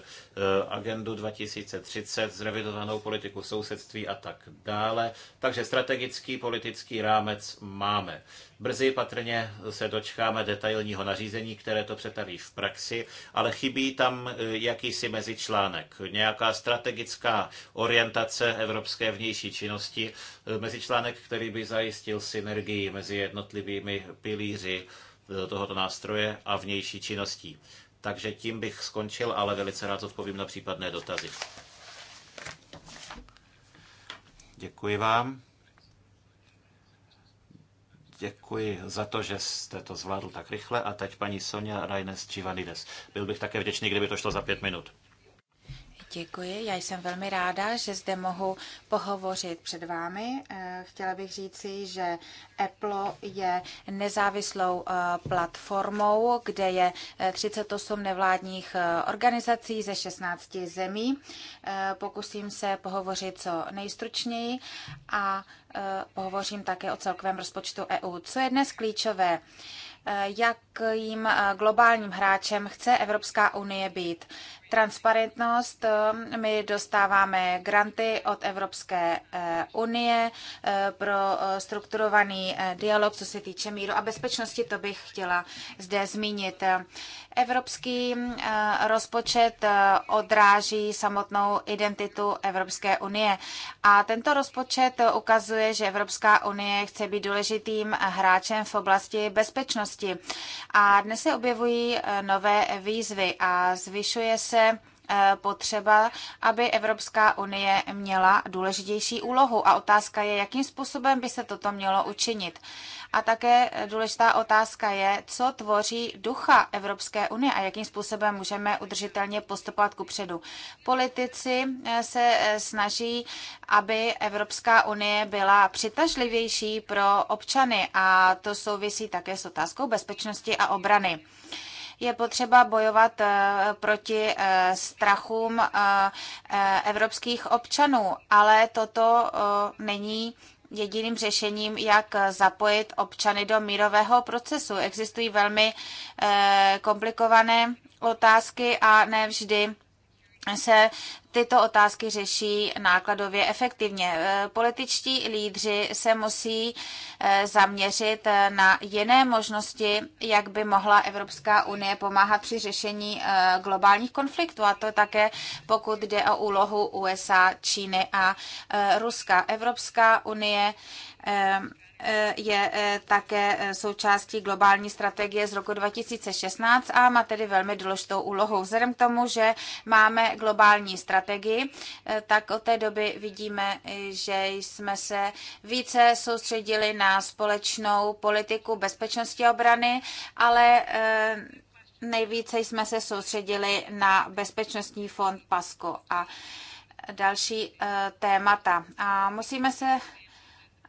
agendu 2030, zrevidovanou politiku sousedství a tak dále. Takže strategický politický rámec máme. Brzy patrně se dočkáme detailního nařízení, které to přetaví v praxi, ale chybí tam eh, jakýsi mezičlánek, nějaká strategická orientace evropské vnější činnosti, eh, mezičlánek, který by zajistil synergii mezi jednotlivými pilíři tohoto nástroje a vnější činností. Takže tím bych skončil, ale velice rád odpovím na případné dotazy. Děkuji vám. Děkuji za to, že jste to zvládl tak rychle. A teď paní Sonja Rajnes Čivanides. Byl bych také vděčný, kdyby to šlo za pět minut. Děkuji, já jsem velmi ráda, že zde mohu pohovořit před vámi. Eh, chtěla bych říci, že Apple je nezávislou eh, platformou, kde je 38 eh, nevládních organizací ze 16 zemí. Pokusím se pohovořit co nejstručněji a pohovořím také o celkovém rozpočtu EU. Co je dnes klíčové? jakým globálním hráčem chce Evropská unie být transparentnost. My dostáváme granty od Evropské eh, unie eh, pro eh, strukturovaný dialog, co se týče míru a bezpečnosti. To bych chtěla zde zmínit. Evropský eh, rozpočet eh, odráží samotnou identitu Evropské unie a tento rozpočet ukazuje, že Evropská unie chce být důležitým hráčem v oblasti bezpečnosti. A dnes se objevují eh, nové výzvy a zvyšuje se potřeba, aby Evropská unie měla důležitější úlohu. A otázka je, jakým způsobem by se toto mělo učinit. A také důležitá otázka je, co tvoří ducha Evropské unie a jakým způsobem můžeme udržitelně postupovat ku předu. Politici eh, se eh, snaží, aby Evropská unie byla přitažlivější pro občany a to souvisí také s otázkou bezpečnosti a obrany je potřeba bojovat eh, proti strachům evropských občanů, ale toto není jediným řešením, jak zapojit občany do mírového procesu. Existují velmi eh, komplikované otázky a nevždy. vždy se tyto otázky řeší nákladově efektivně. E, političtí lídři se musí e, zaměřit e, na jiné možnosti, jak by mohla Evropská unie pomáhat při řešení globálních konfliktů, a to také pokud jde o úlohu USA, Číny a Ruska. Evropská unie Eh, je eh, také eh, součástí globální strategie z roku 2016 a má tedy velmi důležitou úlohu. Vzhledem k tomu, že máme globální strategii, tak od té doby vidíme, že jsme se více soustředili na společnou politiku bezpečnosti a obrany, ale nejvíce jsme se soustředili na bezpečnostní fond PASCO a další témata. A musíme se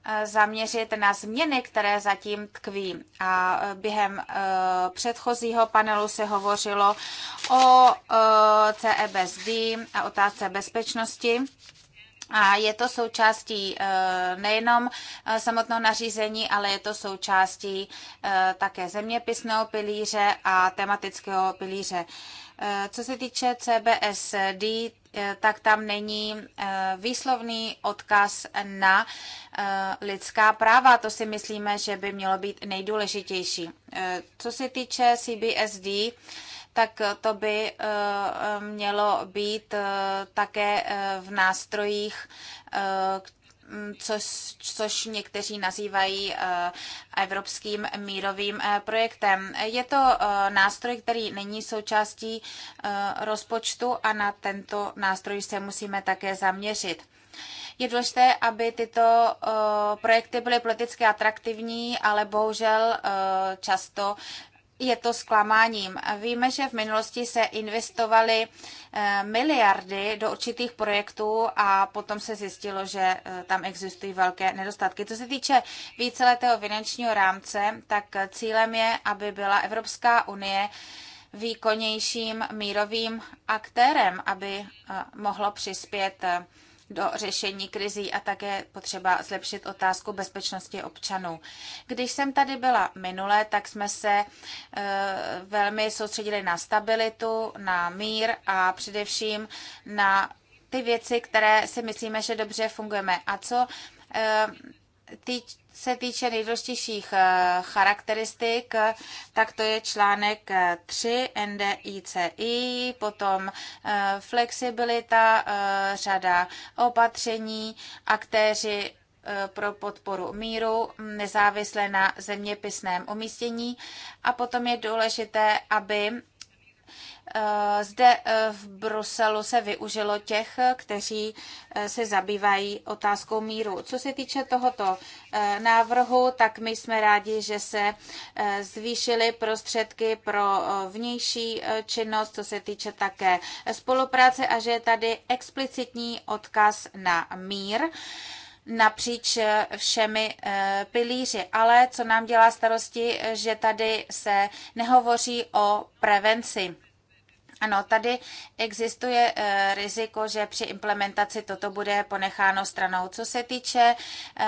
Eh, zaměřit na změny, které zatím tkví. A eh, během eh, předchozího panelu se hovořilo o CEBSD a otázce bezpečnosti. A je to součástí nejenom samotného nařízení, ale je to součástí také zeměpisného pilíře a tematického pilíře. Co se týče CBSD, tak tam není eh, výslovný odkaz na eh, lidská práva. To si myslíme, že by mělo být nejdůležitější. Eh, co se týče CBSD, tak to by mělo být také v nástrojích, Mm, což, což někteří nazývají eh, evropským mírovým eh, projektem. Je to eh, nástroj, který není součástí rozpočtu a na tento nástroj se musíme také zaměřit. Je důležité, aby tyto projekty byly politicky atraktivní, ale bohužel často je to zklamáním. Víme, že v minulosti se investovaly eh, miliardy do určitých projektů a potom se zjistilo, že eh, tam existují velké nedostatky. Co se týče víceletého finančního rámce, tak cílem je, aby byla Evropská unie výkonnějším mírovým aktérem, aby eh, mohlo přispět do řešení krizí a také potřeba zlepšit otázku bezpečnosti občanů. Když jsem tady byla minule, tak jsme se e, velmi soustředili na stabilitu, na mír a především na ty věci, které si myslíme, že dobře fungujeme. A co e, týč, se týče nejdůležitějších eh, charakteristik, tak to je článek 3 eh, NDICI, potom eh, flexibilita, řada opatření, aktéři pro podporu míru, nezávisle na zeměpisném umístění. A potom je důležité, aby Eh, zde eh, v Bruselu se využilo těch, eh, kteří se zabývají otázkou míru. Co se týče tohoto návrhu, tak my jsme rádi, že se zvýšily prostředky pro vnější činnost, co se týče také spolupráce a že je tady explicitní odkaz na mír napříč všemi pilíři. Ale co nám dělá starosti, že tady se nehovoří o prevenci. Ano, tady existuje eh, riziko, že při implementaci toto bude ponecháno stranou. Co se týče eh,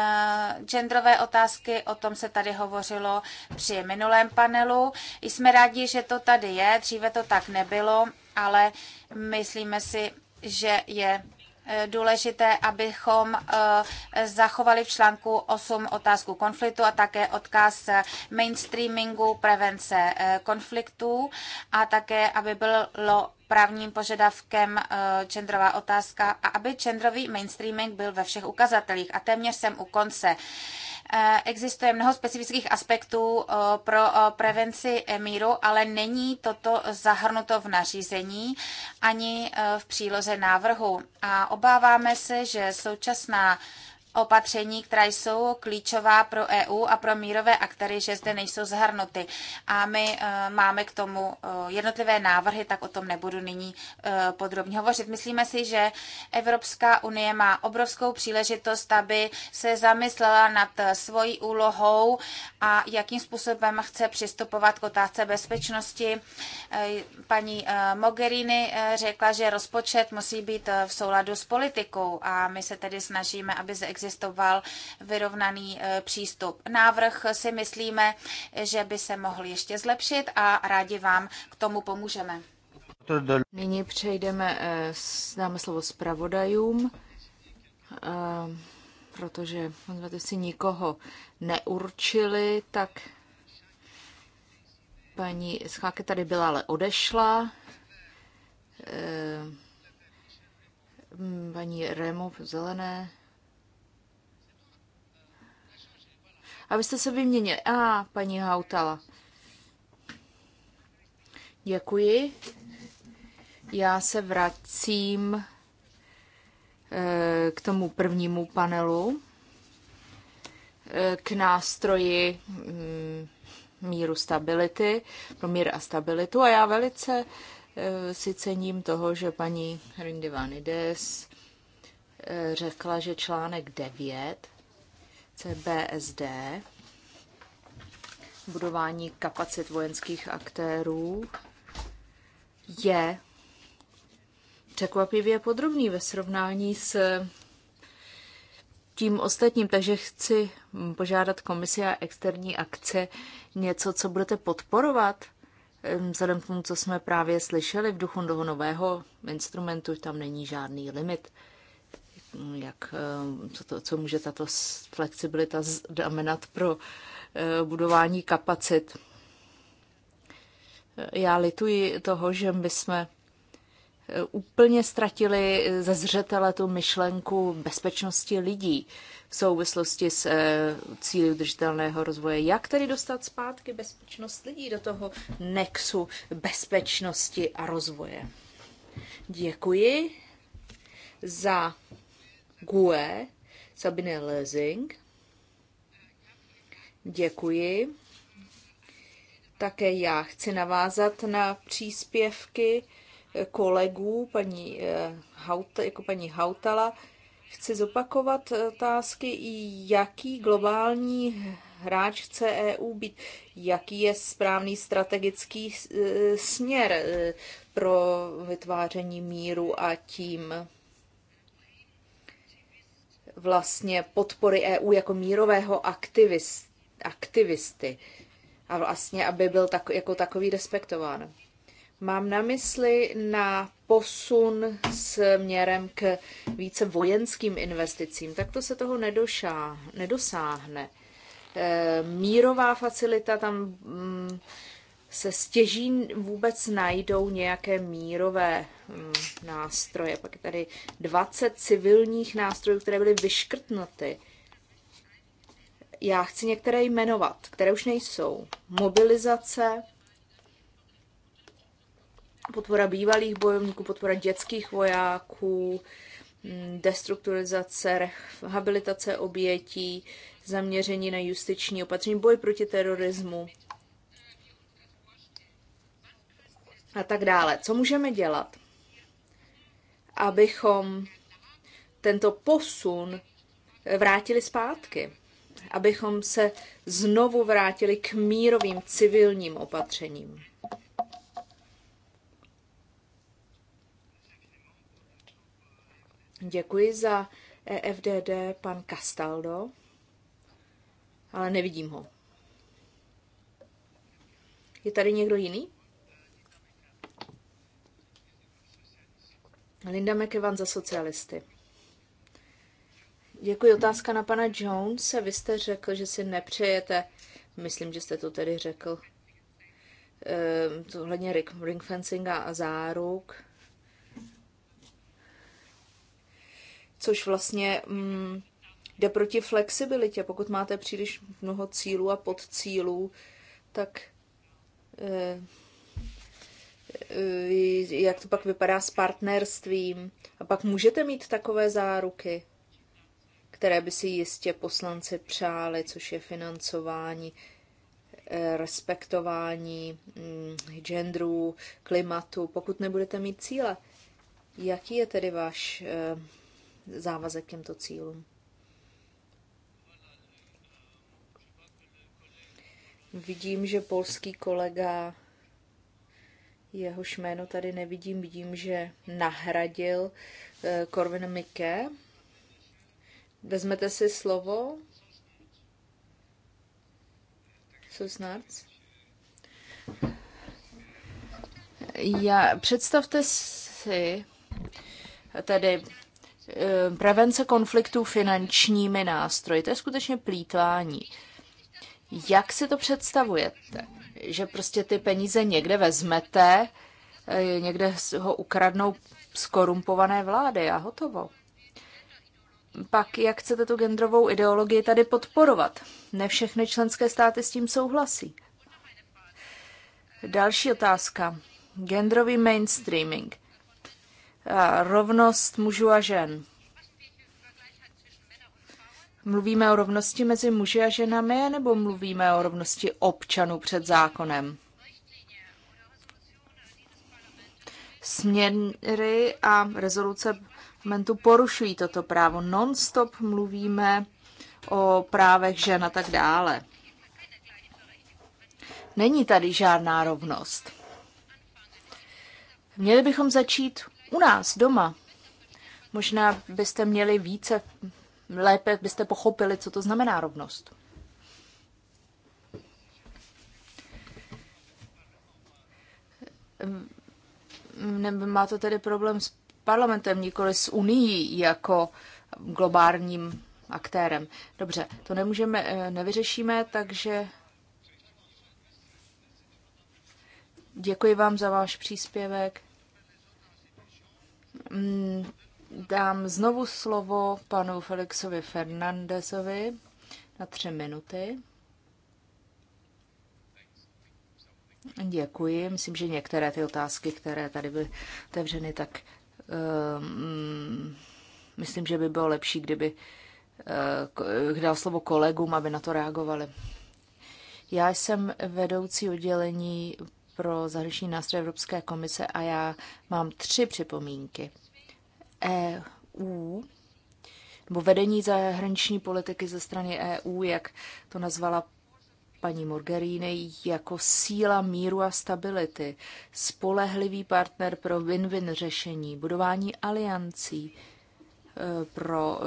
genderové otázky, o tom se tady hovořilo při minulém panelu. Jsme rádi, že to tady je, dříve to tak nebylo, ale myslíme si, že je Eh, důležité, abychom eh, zachovali v článku 8 otázku konfliktu a také odkaz mainstreamingu prevence eh, konfliktů a také, aby bylo právním požadavkem čendrová otázka a aby čendrový mainstreaming byl ve všech ukazatelích. A téměř jsem u konce. Eh, existuje mnoho specifických aspektů eh, pro eh, prevenci míru, ale není toto zahrnuto v nařízení ani v příloze návrhu. A obáváme se, že současná opatření, která jsou klíčová pro EU a pro mírové aktéry, že zde nejsou zahrnuty. A my e, máme k tomu e, jednotlivé návrhy, tak o tom nebudu nyní e, podrobně hovořit. Myslíme si, že Evropská unie má obrovskou příležitost, aby se zamyslela nad svojí úlohou a jakým způsobem chce přistupovat k otázce bezpečnosti. Paní Mogherini řekla, že rozpočet musí být v souladu s politikou a my se tedy snažíme, aby se existoval vyrovnaný e, přístup. Návrh si myslíme, že by se mohl ještě zlepšit a rádi vám k tomu pomůžeme. Nyní přejdeme, e, dáme slovo zpravodajům, e, protože jsme si nikoho neurčili, tak paní Scháke tady byla, ale odešla. Paní Remov zelené abyste se vyměnili. A, ah, paní Hautala. Děkuji. Já se vracím eh, k tomu prvnímu panelu, eh, k nástroji mm, míru stability, pro mír a stabilitu. A já velice eh, si cením toho, že paní Rindivanides řekla, že článek 9 akce BSD, budování kapacit vojenských aktérů, je překvapivě podrobný ve srovnání s tím ostatním, takže chci požádat komisi a externí akce něco, co budete podporovat, vzhledem k tomu, co jsme právě slyšeli v duchu toho nového instrumentu, tam není žádný limit jak, eh, co, to, co může tato flexibilita znamenat pro eh, budování kapacit. Eh, já lituji toho, že my jsme úplně ztratili ze zřetele tu myšlenku bezpečnosti lidí v souvislosti s cíly udržitelného rozvoje. Jak tedy dostat zpátky bezpečnost lidí do toho nexu bezpečnosti a rozvoje? Děkuji za GUE, Sabine Lezing. Děkuji. Také já chci navázat na příspěvky kolegů, paní, eh, Hauta, jako paní Hautala. Chci zopakovat otázky, jaký globální hráč chce EU být, jaký je správný strategický eh, směr eh, pro vytváření míru a tím vlastně podpory EU jako mírového aktivist, aktivisty a vlastně, aby byl tak, jako takový respektován. Mám na mysli na posun směrem k více vojenským investicím. Tak to se toho nedošá, nedosáhne. E, mírová facilita tam mm, se stěží vůbec najdou nějaké mírové hm, nástroje. Pak je tady 20 civilních nástrojů, které byly vyškrtnuty. Já chci některé jmenovat, které už nejsou. Mobilizace, podpora bývalých bojovníků, podpora dětských vojáků, hm, destrukturizace, rehabilitace obětí, zaměření na justiční opatření, boj proti terorismu, a tak dále. Co můžeme dělat, abychom tento posun vrátili zpátky? Abychom se znovu vrátili k mírovým civilním opatřením. Děkuji za EFDD, pan Castaldo, ale nevidím ho. Je tady někdo jiný? Linda McEvan za socialisty. Děkuji. Otázka na pana Jones. Vy jste řekl, že si nepřejete, myslím, že jste to tedy řekl, ehm, ohledně ring fencing a záruk, což vlastně mm, jde proti flexibilitě. Pokud máte příliš mnoho cílů a podcílů, tak ehm, E, jak to pak vypadá s partnerstvím. A pak můžete mít takové záruky, které by si jistě poslanci přáli, což je financování, e, respektování mm, genderu, klimatu, pokud nebudete mít cíle. Jaký je tedy váš e, závazek k těmto cílům? Vidím, že polský kolega jehož jméno tady nevidím, vidím, že nahradil eh, Corvina Mike. Vezmete si slovo? Susnarc? Já, představte si, tedy eh, prevence konfliktů finančními nástroji. To je skutečně plítvání. Jak si to představujete? že prostě ty peníze někde vezmete, eh, někde ho ukradnou skorumpované vlády a hotovo. Pak, jak chcete tu genderovou ideologii tady podporovat? Ne všechny členské státy s tím souhlasí. Další otázka. Genderový mainstreaming. A rovnost mužů a žen. Mluvíme o rovnosti mezi muži a ženami, nebo mluvíme o rovnosti občanů před zákonem? Směry a rezoluce parlamentu porušují toto právo. Non-stop mluvíme o právech žen a tak dále. Není tady žádná rovnost. Měli bychom začít u nás doma. Možná byste měli více lépe byste pochopili, co to znamená rovnost. Má to tedy problém s parlamentem, nikoli s Unii jako globálním aktérem. Dobře, to nemůžeme, eh, nevyřešíme, takže děkuji vám za váš příspěvek mm, dám znovu slovo panu Felixovi Fernandezovi na tři minuty. Děkuji. Myslím, že některé ty otázky, které tady byly otevřeny, tak um, myslím, že by bylo lepší, kdyby uh, dal slovo kolegům, aby na to reagovali. Já jsem vedoucí oddělení pro zahraniční nástroje Evropské komise a já mám tři připomínky. EU, nebo vedení zahraniční politiky ze strany EU, jak to nazvala paní Morgerini, jako síla míru a stability, spolehlivý partner pro win-win řešení, budování aliancí, e, pro e,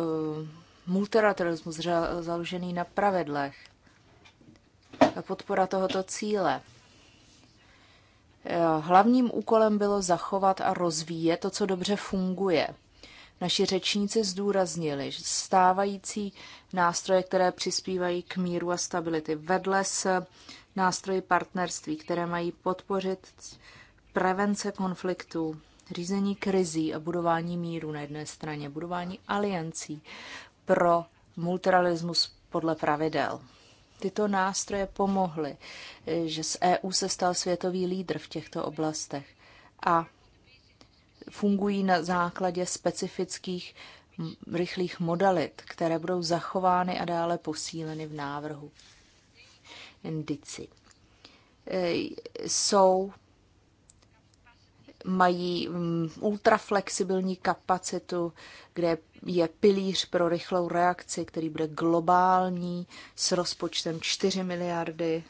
multilateralismus založený na pravidlech, podpora tohoto cíle. E, hlavním úkolem bylo zachovat a rozvíjet to, co dobře funguje – Naši řečníci zdůraznili, že stávající nástroje, které přispívají k míru a stability, vedle s nástroji partnerství, které mají podpořit prevence konfliktů, řízení krizí a budování míru na jedné straně, budování aliancí pro multilateralismus podle pravidel. Tyto nástroje pomohly, že z EU se stal světový lídr v těchto oblastech a fungují na základě specifických rychlých modalit, které budou zachovány a dále posíleny v návrhu. Indici e, jsou, mají ultraflexibilní kapacitu, kde je pilíř pro rychlou reakci, který bude globální s rozpočtem 4 miliardy.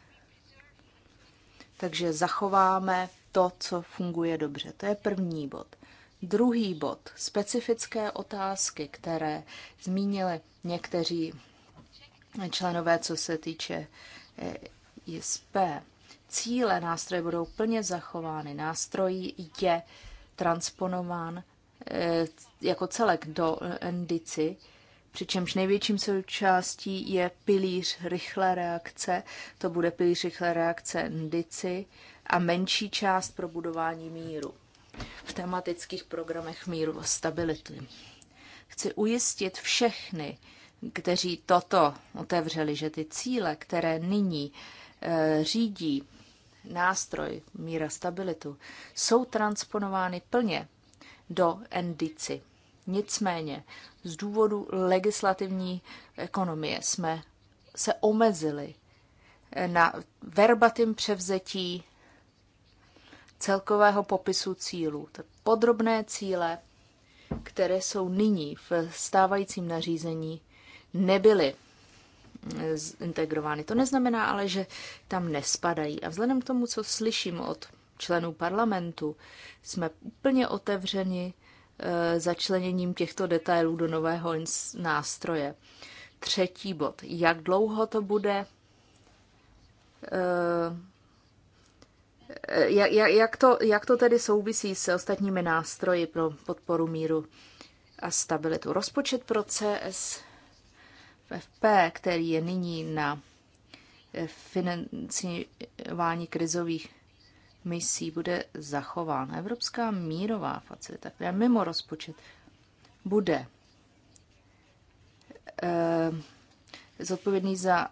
Takže zachováme to, co funguje dobře. To je první bod. Druhý bod. Specifické otázky, které zmínili někteří členové, co se týče eh, ISP. Cíle nástroje budou plně zachovány. Nástroj je transponován eh, jako celek do NDICI, přičemž největším součástí je pilíř rychlé reakce. To bude pilíř rychlé reakce NDICI a menší část pro budování míru v tematických programech míru a stability. Chci ujistit všechny, kteří toto otevřeli, že ty cíle, které nyní e, řídí nástroj míra stabilitu, jsou transponovány plně do NDC. Nicméně z důvodu legislativní ekonomie jsme se omezili na verbatim převzetí celkového popisu cílů. Podrobné cíle, které jsou nyní v stávajícím nařízení, nebyly mm, integrovány. To neznamená ale, že tam nespadají. A vzhledem k tomu, co slyším od členů parlamentu, jsme úplně otevřeni e, začleněním těchto detailů do nového nástroje. Třetí bod. Jak dlouho to bude? E, Eh, jak, to, jak to tedy souvisí s ostatními nástroji pro podporu míru a stabilitu? Rozpočet pro CSFP, který je nyní na eh, financování krizových misí, bude zachován. Evropská mírová facilita, která mimo rozpočet, bude eh, zodpovědný za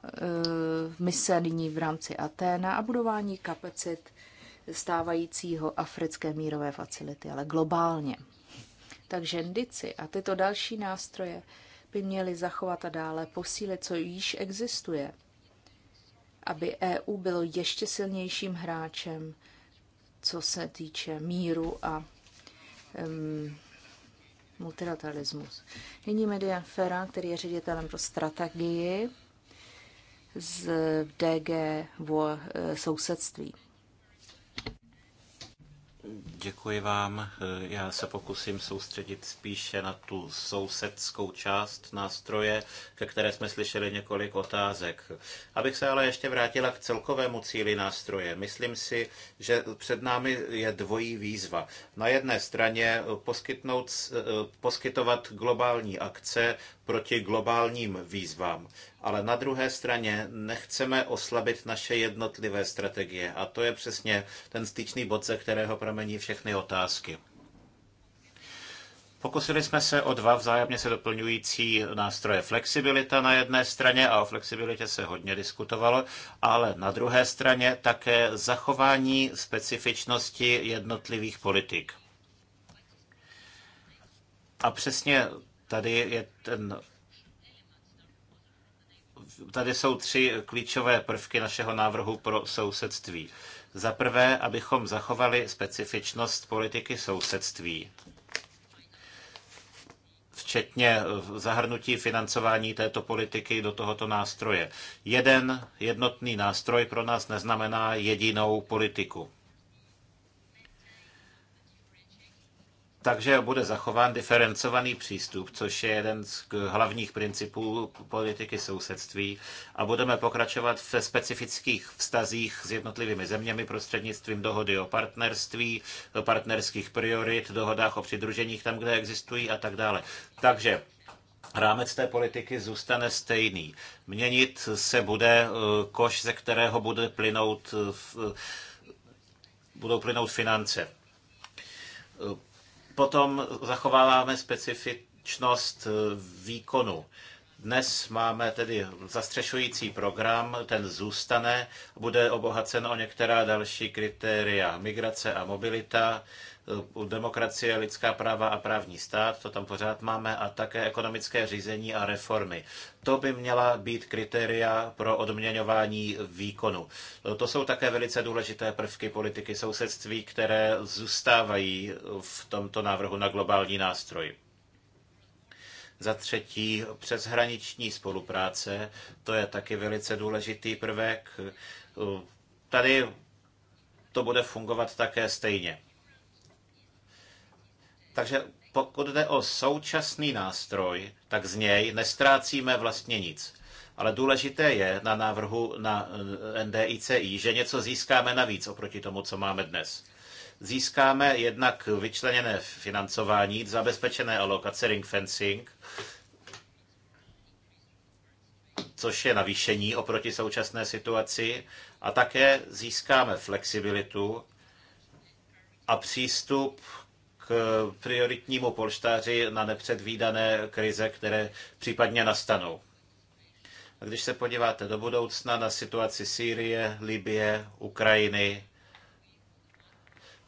mise nyní v rámci Aténa a budování kapacit stávajícího africké mírové facility, ale globálně. Takže ndici a tyto další nástroje by měly zachovat a dále posílit, co již existuje, aby EU bylo ještě silnějším hráčem, co se týče míru a um, multilateralismus. Nyní Median Fera, který je ředitelem pro strategii z DG e, eh, sousedství. Děkuji vám. Já se pokusím soustředit spíše na tu sousedskou část nástroje, ke které jsme slyšeli několik otázek. Abych se ale ještě vrátila k celkovému cíli nástroje. Myslím si, že před námi je dvojí výzva. Na jedné straně poskytnout, eh, poskytovat globální akce proti globálním výzvám, ale na druhé straně nechceme oslabit naše jednotlivé strategie. A to je přesně ten styčný bod, ze kterého pramení všechny otázky. Pokusili jsme se o dva vzájemně se doplňující nástroje. Flexibilita na jedné straně, a o flexibilitě se hodně diskutovalo, ale na druhé straně také zachování specifičnosti jednotlivých politik. A přesně Tady je ten Tady jsou tři klíčové prvky našeho návrhu pro sousedství. Za prvé, abychom zachovali specifičnost politiky sousedství včetně eh, zahrnutí financování této politiky do tohoto nástroje. Jeden jednotný nástroj pro nás neznamená jedinou politiku. Takže bude zachován diferencovaný přístup, což je jeden z hlavních principů politiky sousedství a budeme pokračovat ve specifických vztazích s jednotlivými zeměmi prostřednictvím dohody o partnerství, partnerských priorit, dohodách o přidruženích tam, kde existují a tak dále. Takže rámec té politiky zůstane stejný. Měnit se bude e, koš, ze kterého bude plynout, e, e, budou plynout finance Potom zachováváme specifičnost eh, výkonu. Dnes máme tedy zastřešující program, ten zůstane, bude obohacen o některá další kritéria. Migrace a mobilita, Eh, demokracie, lidská práva a právní stát, to tam pořád máme, a také ekonomické řízení a reformy. To by měla být kritéria pro odměňování výkonu. Eh, to jsou také velice důležité prvky politiky sousedství, které zůstávají v tomto návrhu na globální nástroj. Za třetí, přeshraniční spolupráce. To je taky velice důležitý prvek. Eh, tady to bude fungovat také stejně. Takže pokud jde o současný nástroj, tak z něj nestrácíme vlastně nic. Ale důležité je na návrhu na eh, NDICI, že něco získáme navíc oproti tomu, co máme dnes. Získáme jednak vyčleněné financování, zabezpečené alokace ring fencing, což je navýšení oproti současné situaci, a také získáme flexibilitu a přístup k prioritnímu polštáři na nepředvídané krize, které případně nastanou. A když se podíváte do budoucna na situaci Sýrie, Libie, Ukrajiny,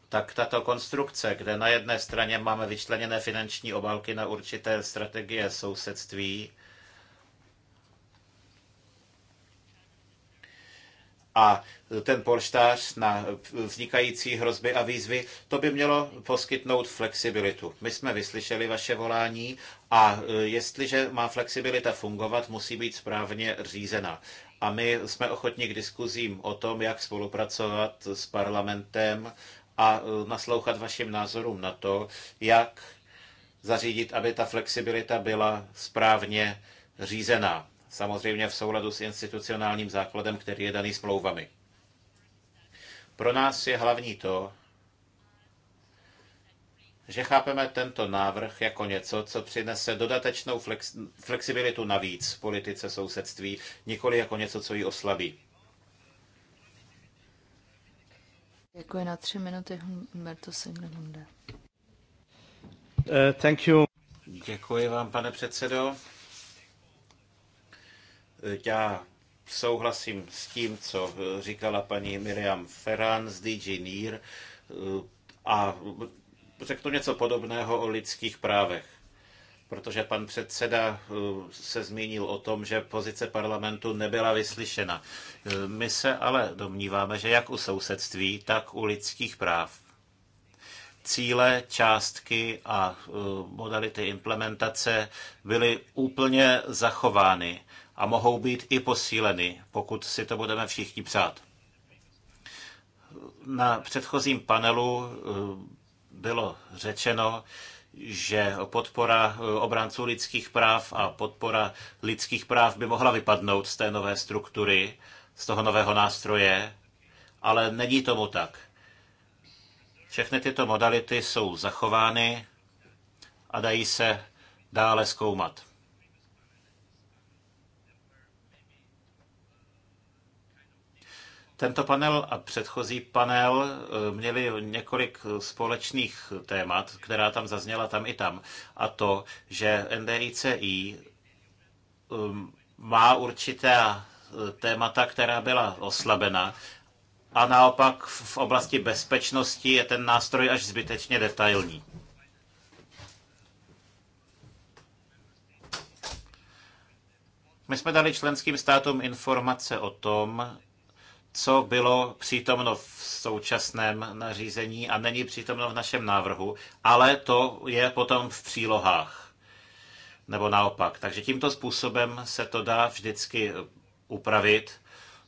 tak tato konstrukce, kde na jedné straně máme vyčleněné finanční obálky na určité strategie sousedství, a ten polštář na vznikající hrozby a výzvy, to by mělo poskytnout flexibilitu. My jsme vyslyšeli vaše volání a e, jestliže má flexibilita fungovat, musí být správně řízena. A my jsme ochotni k diskuzím o tom, jak spolupracovat s parlamentem a e, naslouchat vašim názorům na to, jak zařídit, aby ta flexibilita byla správně řízená samozřejmě v souladu s institucionálním základem, který je daný smlouvami. Pro nás je hlavní to, že chápeme tento návrh jako něco, co přinese dodatečnou flex, flexibilitu navíc v politice sousedství, nikoli jako něco, co ji oslabí. Děkuji na tři minuty, Humberto Signalunde. Uh, thank you. Děkuji vám, pane předsedo. Já souhlasím s tím, co eh, říkala paní Miriam Ferran z DG Nier eh, a řeknu něco podobného o lidských právech protože pan předseda eh, se zmínil o tom, že pozice parlamentu nebyla vyslyšena. My se ale domníváme, že jak u sousedství, tak u lidských práv cíle, částky a modality implementace byly úplně zachovány a mohou být i posíleny, pokud si to budeme všichni přát. Na předchozím panelu eh, bylo řečeno, že podpora eh, obránců lidských práv a podpora lidských práv by mohla vypadnout z té nové struktury, z toho nového nástroje, ale není tomu tak. Všechny tyto modality jsou zachovány a dají se dále zkoumat. Tento panel a předchozí panel eh, měli několik společných témat, která tam zazněla tam i tam. A to, že NDICI ehm, má určitá eh, témata, která byla oslabena, a naopak v oblasti bezpečnosti je ten nástroj až zbytečně detailní. My jsme dali členským státům informace o tom, co bylo přítomno v současném nařízení a není přítomno v našem návrhu, ale to je potom v přílohách. Nebo naopak. Takže tímto způsobem se to dá vždycky upravit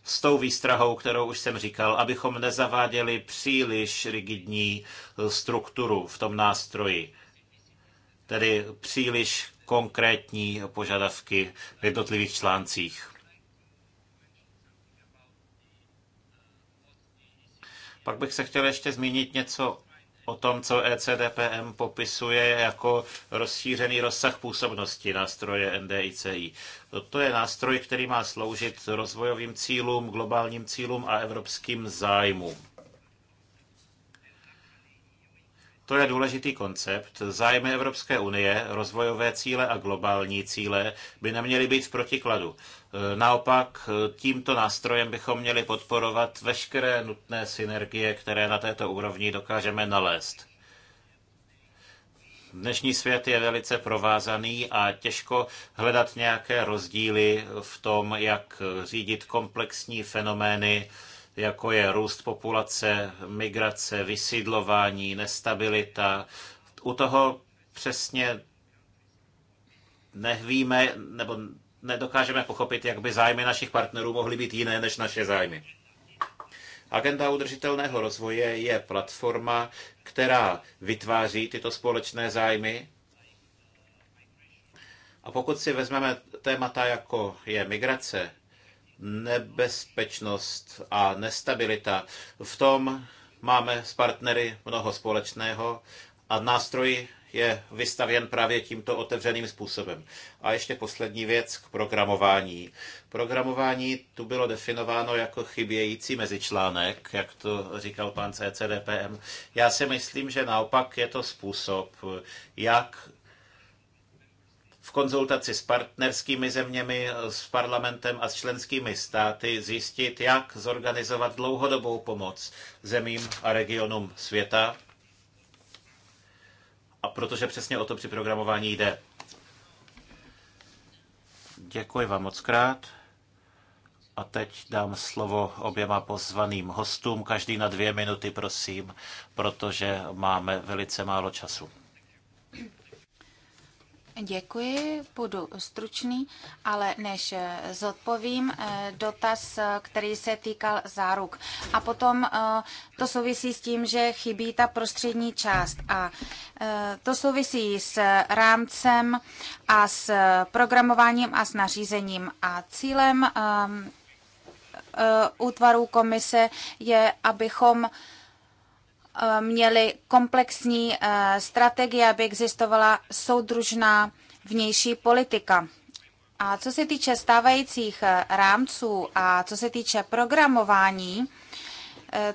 s tou výstrahou, kterou už jsem říkal, abychom nezaváděli příliš rigidní strukturu v tom nástroji. Tedy příliš konkrétní požadavky v jednotlivých článcích. Pak bych se chtěl ještě zmínit něco o tom, co ECDPM popisuje jako rozšířený rozsah působnosti nástroje NDICI. To je nástroj, který má sloužit rozvojovým cílům, globálním cílům a evropským zájmům. To je důležitý koncept. Zájmy Evropské unie, rozvojové cíle a globální cíle by neměly být v protikladu. E, naopak e, tímto nástrojem bychom měli podporovat veškeré nutné synergie, které na této úrovni dokážeme nalézt. Dnešní svět je velice provázaný a těžko hledat nějaké rozdíly v tom, jak řídit komplexní fenomény, jako je růst populace, migrace, vysídlování, nestabilita. U toho přesně nevíme nebo nedokážeme pochopit, jak by zájmy našich partnerů mohly být jiné než naše zájmy. Agenda udržitelného rozvoje je platforma, která vytváří tyto společné zájmy. A pokud si vezmeme témata, jako je migrace, nebezpečnost a nestabilita. V tom máme s partnery mnoho společného a nástroj je vystavěn právě tímto otevřeným způsobem. A ještě poslední věc k programování. Programování tu bylo definováno jako chybějící mezičlánek, jak to říkal pan CCDPM. Já si myslím, že naopak je to způsob, jak konzultaci s partnerskými zeměmi, s parlamentem a s členskými státy zjistit, jak zorganizovat dlouhodobou pomoc zemím a regionům světa. A protože přesně o to při programování jde. Děkuji vám moc krát. A teď dám slovo oběma pozvaným hostům, každý na dvě minuty, prosím, protože máme velice málo času. Děkuji, budu stručný, ale než zodpovím eh, dotaz, který se týkal záruk. A potom eh, to souvisí s tím, že chybí ta prostřední část. A eh, to souvisí s rámcem a s programováním a s nařízením. A cílem útvarů komise je, abychom Eh, měli komplexní eh, strategii, aby existovala soudružná vnější politika. A co se týče stávajících eh, rámců a co se týče programování,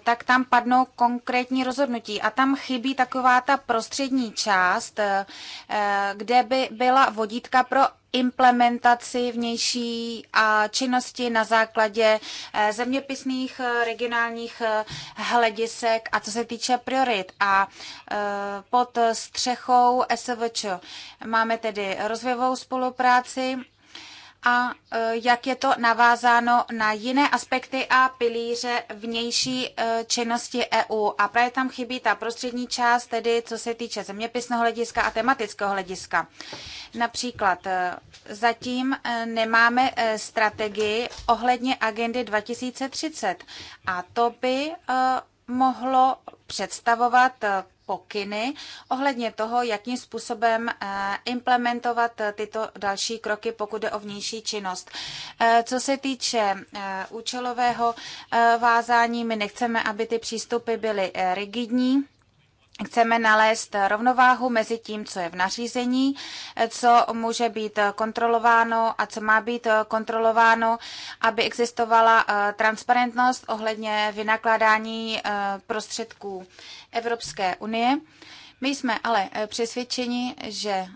tak tam padnou konkrétní rozhodnutí. A tam chybí taková ta prostřední část, kde by byla vodítka pro implementaci vnější a činnosti na základě eh, zeměpisných eh, regionálních eh, hledisek a co se týče priorit. A pod střechou SVČ máme tedy rozvojovou spolupráci a e, jak je to navázáno na jiné aspekty a pilíře vnější e, činnosti EU. A právě tam chybí ta prostřední část, tedy co se týče zeměpisného hlediska a tematického hlediska. Například e, zatím nemáme strategii ohledně agendy 2030 a to by mohlo představovat pokyny ohledně toho, jakým způsobem eh, implementovat tyto další kroky, pokud jde o vnější činnost. Eh, co se týče eh, účelového vázání, my nechceme, aby ty přístupy byly rigidní, Chceme nalézt rovnováhu mezi tím, co je v nařízení, co může být kontrolováno a co má být kontrolováno, aby existovala eh, transparentnost ohledně vynakládání eh, prostředků Evropské unie. My jsme ale eh, přesvědčeni, že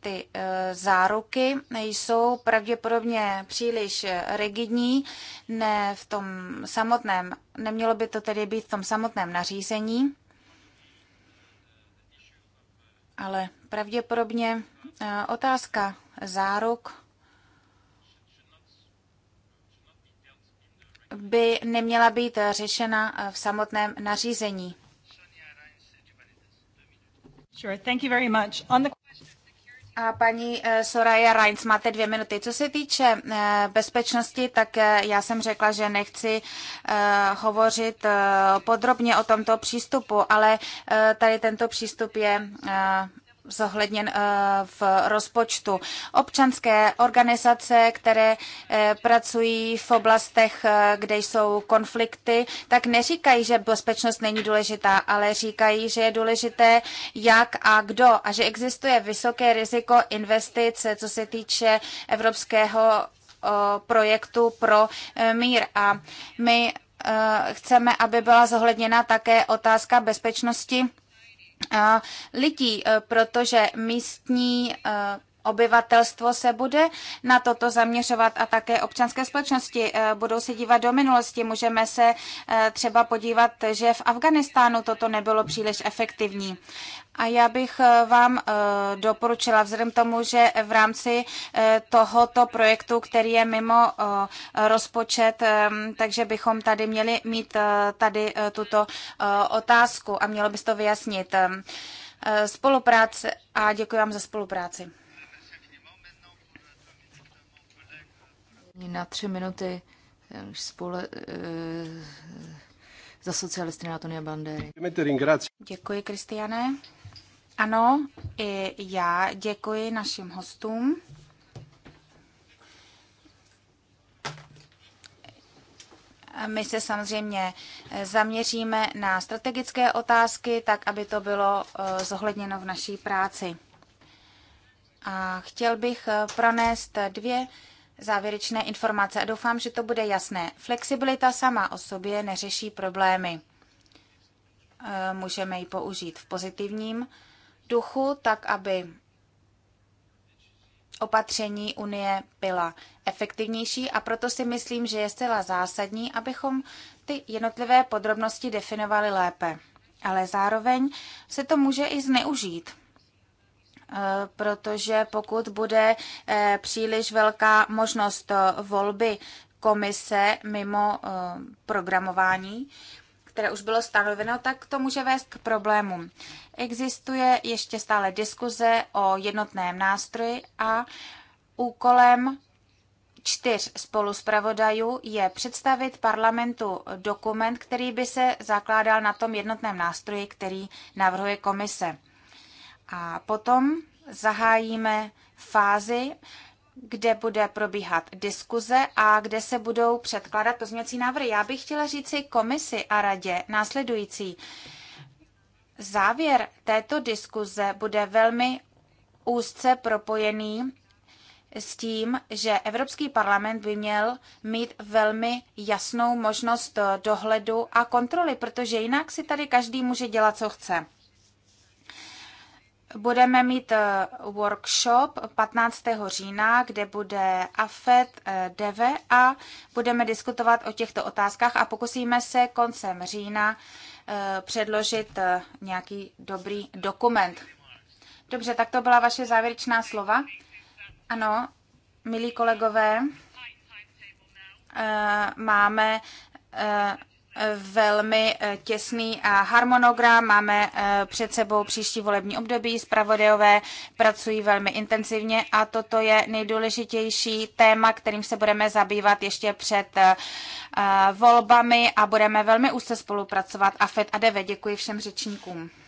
ty záruky jsou pravděpodobně příliš rigidní ne v tom samotném, nemělo by to tedy být v tom samotném nařízení ale pravděpodobně eh, otázka záruk by neměla být řešena eh, v samotném nařízení. Sure, thank you very much. On the... A paní eh, Soraya Reins, máte dvě minuty. Co se týče eh, bezpečnosti, tak eh, já jsem řekla, že nechci hovořit podrobně o tomto přístupu, ale tady tento přístup je zohledněn eh, v rozpočtu. Občanské organizace, které eh, pracují v oblastech, eh, kde jsou konflikty, tak neříkají, že bezpečnost není důležitá, ale říkají, že je důležité jak a kdo a že existuje vysoké riziko investice, co se týče evropského projektu pro mír. A my chceme, aby byla zohledněna také otázka bezpečnosti lidí, e, protože místní e, obyvatelstvo se bude na toto zaměřovat a také občanské společnosti e, budou se dívat do minulosti. Můžeme se třeba podívat, že v Afganistánu toto nebylo příliš efektivní. A já bych eh, vám eh, doporučila, vzhledem tomu, že v rámci eh, tohoto projektu, který je mimo rozpočet, takže bychom tady měli mít tady tuto otázku a mělo by se to vyjasnit. Spolupráce a děkuji vám za spolupráci. Na tři minuty spole, za socialisty Antonia Bandery. Děkuji, Kristiane. Ano, i já děkuji našim hostům. My se samozřejmě zaměříme na strategické otázky, tak aby to bylo eh, zohledněno v naší práci. A chtěl bych eh, pronést dvě závěrečné informace a doufám, že to bude jasné. Flexibilita sama o sobě neřeší problémy. Eh, můžeme ji použít v pozitivním duchu, tak aby opatření Unie byla efektivnější a proto si myslím, že je zcela zásadní, abychom ty jednotlivé podrobnosti definovali lépe. Ale zároveň se to může i zneužít, eh, protože pokud bude eh, příliš velká možnost eh, volby komise mimo programování, které už bylo stanoveno, tak to může vést k problémům. Existuje ještě stále diskuze o jednotném nástroji a úkolem čtyř spoluspravodajů je představit parlamentu dokument, který by se zakládal na tom jednotném nástroji, který navrhuje komise. A potom zahájíme fázi kde bude probíhat diskuze a kde se budou předkládat pozměňovací návrhy. Já bych chtěla říci komisi a radě následující. Závěr této diskuze bude velmi úzce propojený s tím, že Evropský parlament by měl mít velmi jasnou možnost dohledu a kontroly, protože jinak si tady každý může dělat, co chce. Budeme mít eh, workshop 15. října, kde bude AFET eh, DEVE a budeme diskutovat o těchto otázkách a pokusíme se koncem října eh, předložit nějaký dobrý dokument. Dobře, tak to byla vaše závěrečná slova. Ano, milí kolegové, máme velmi eh, těsný harmonogram. Máme eh, před sebou příští volební období. zpravodajové pracují velmi intenzivně a toto je nejdůležitější téma, kterým se budeme zabývat ještě před eh, volbami a budeme velmi úzce spolupracovat. AFED a DV, Děkuji všem řečníkům.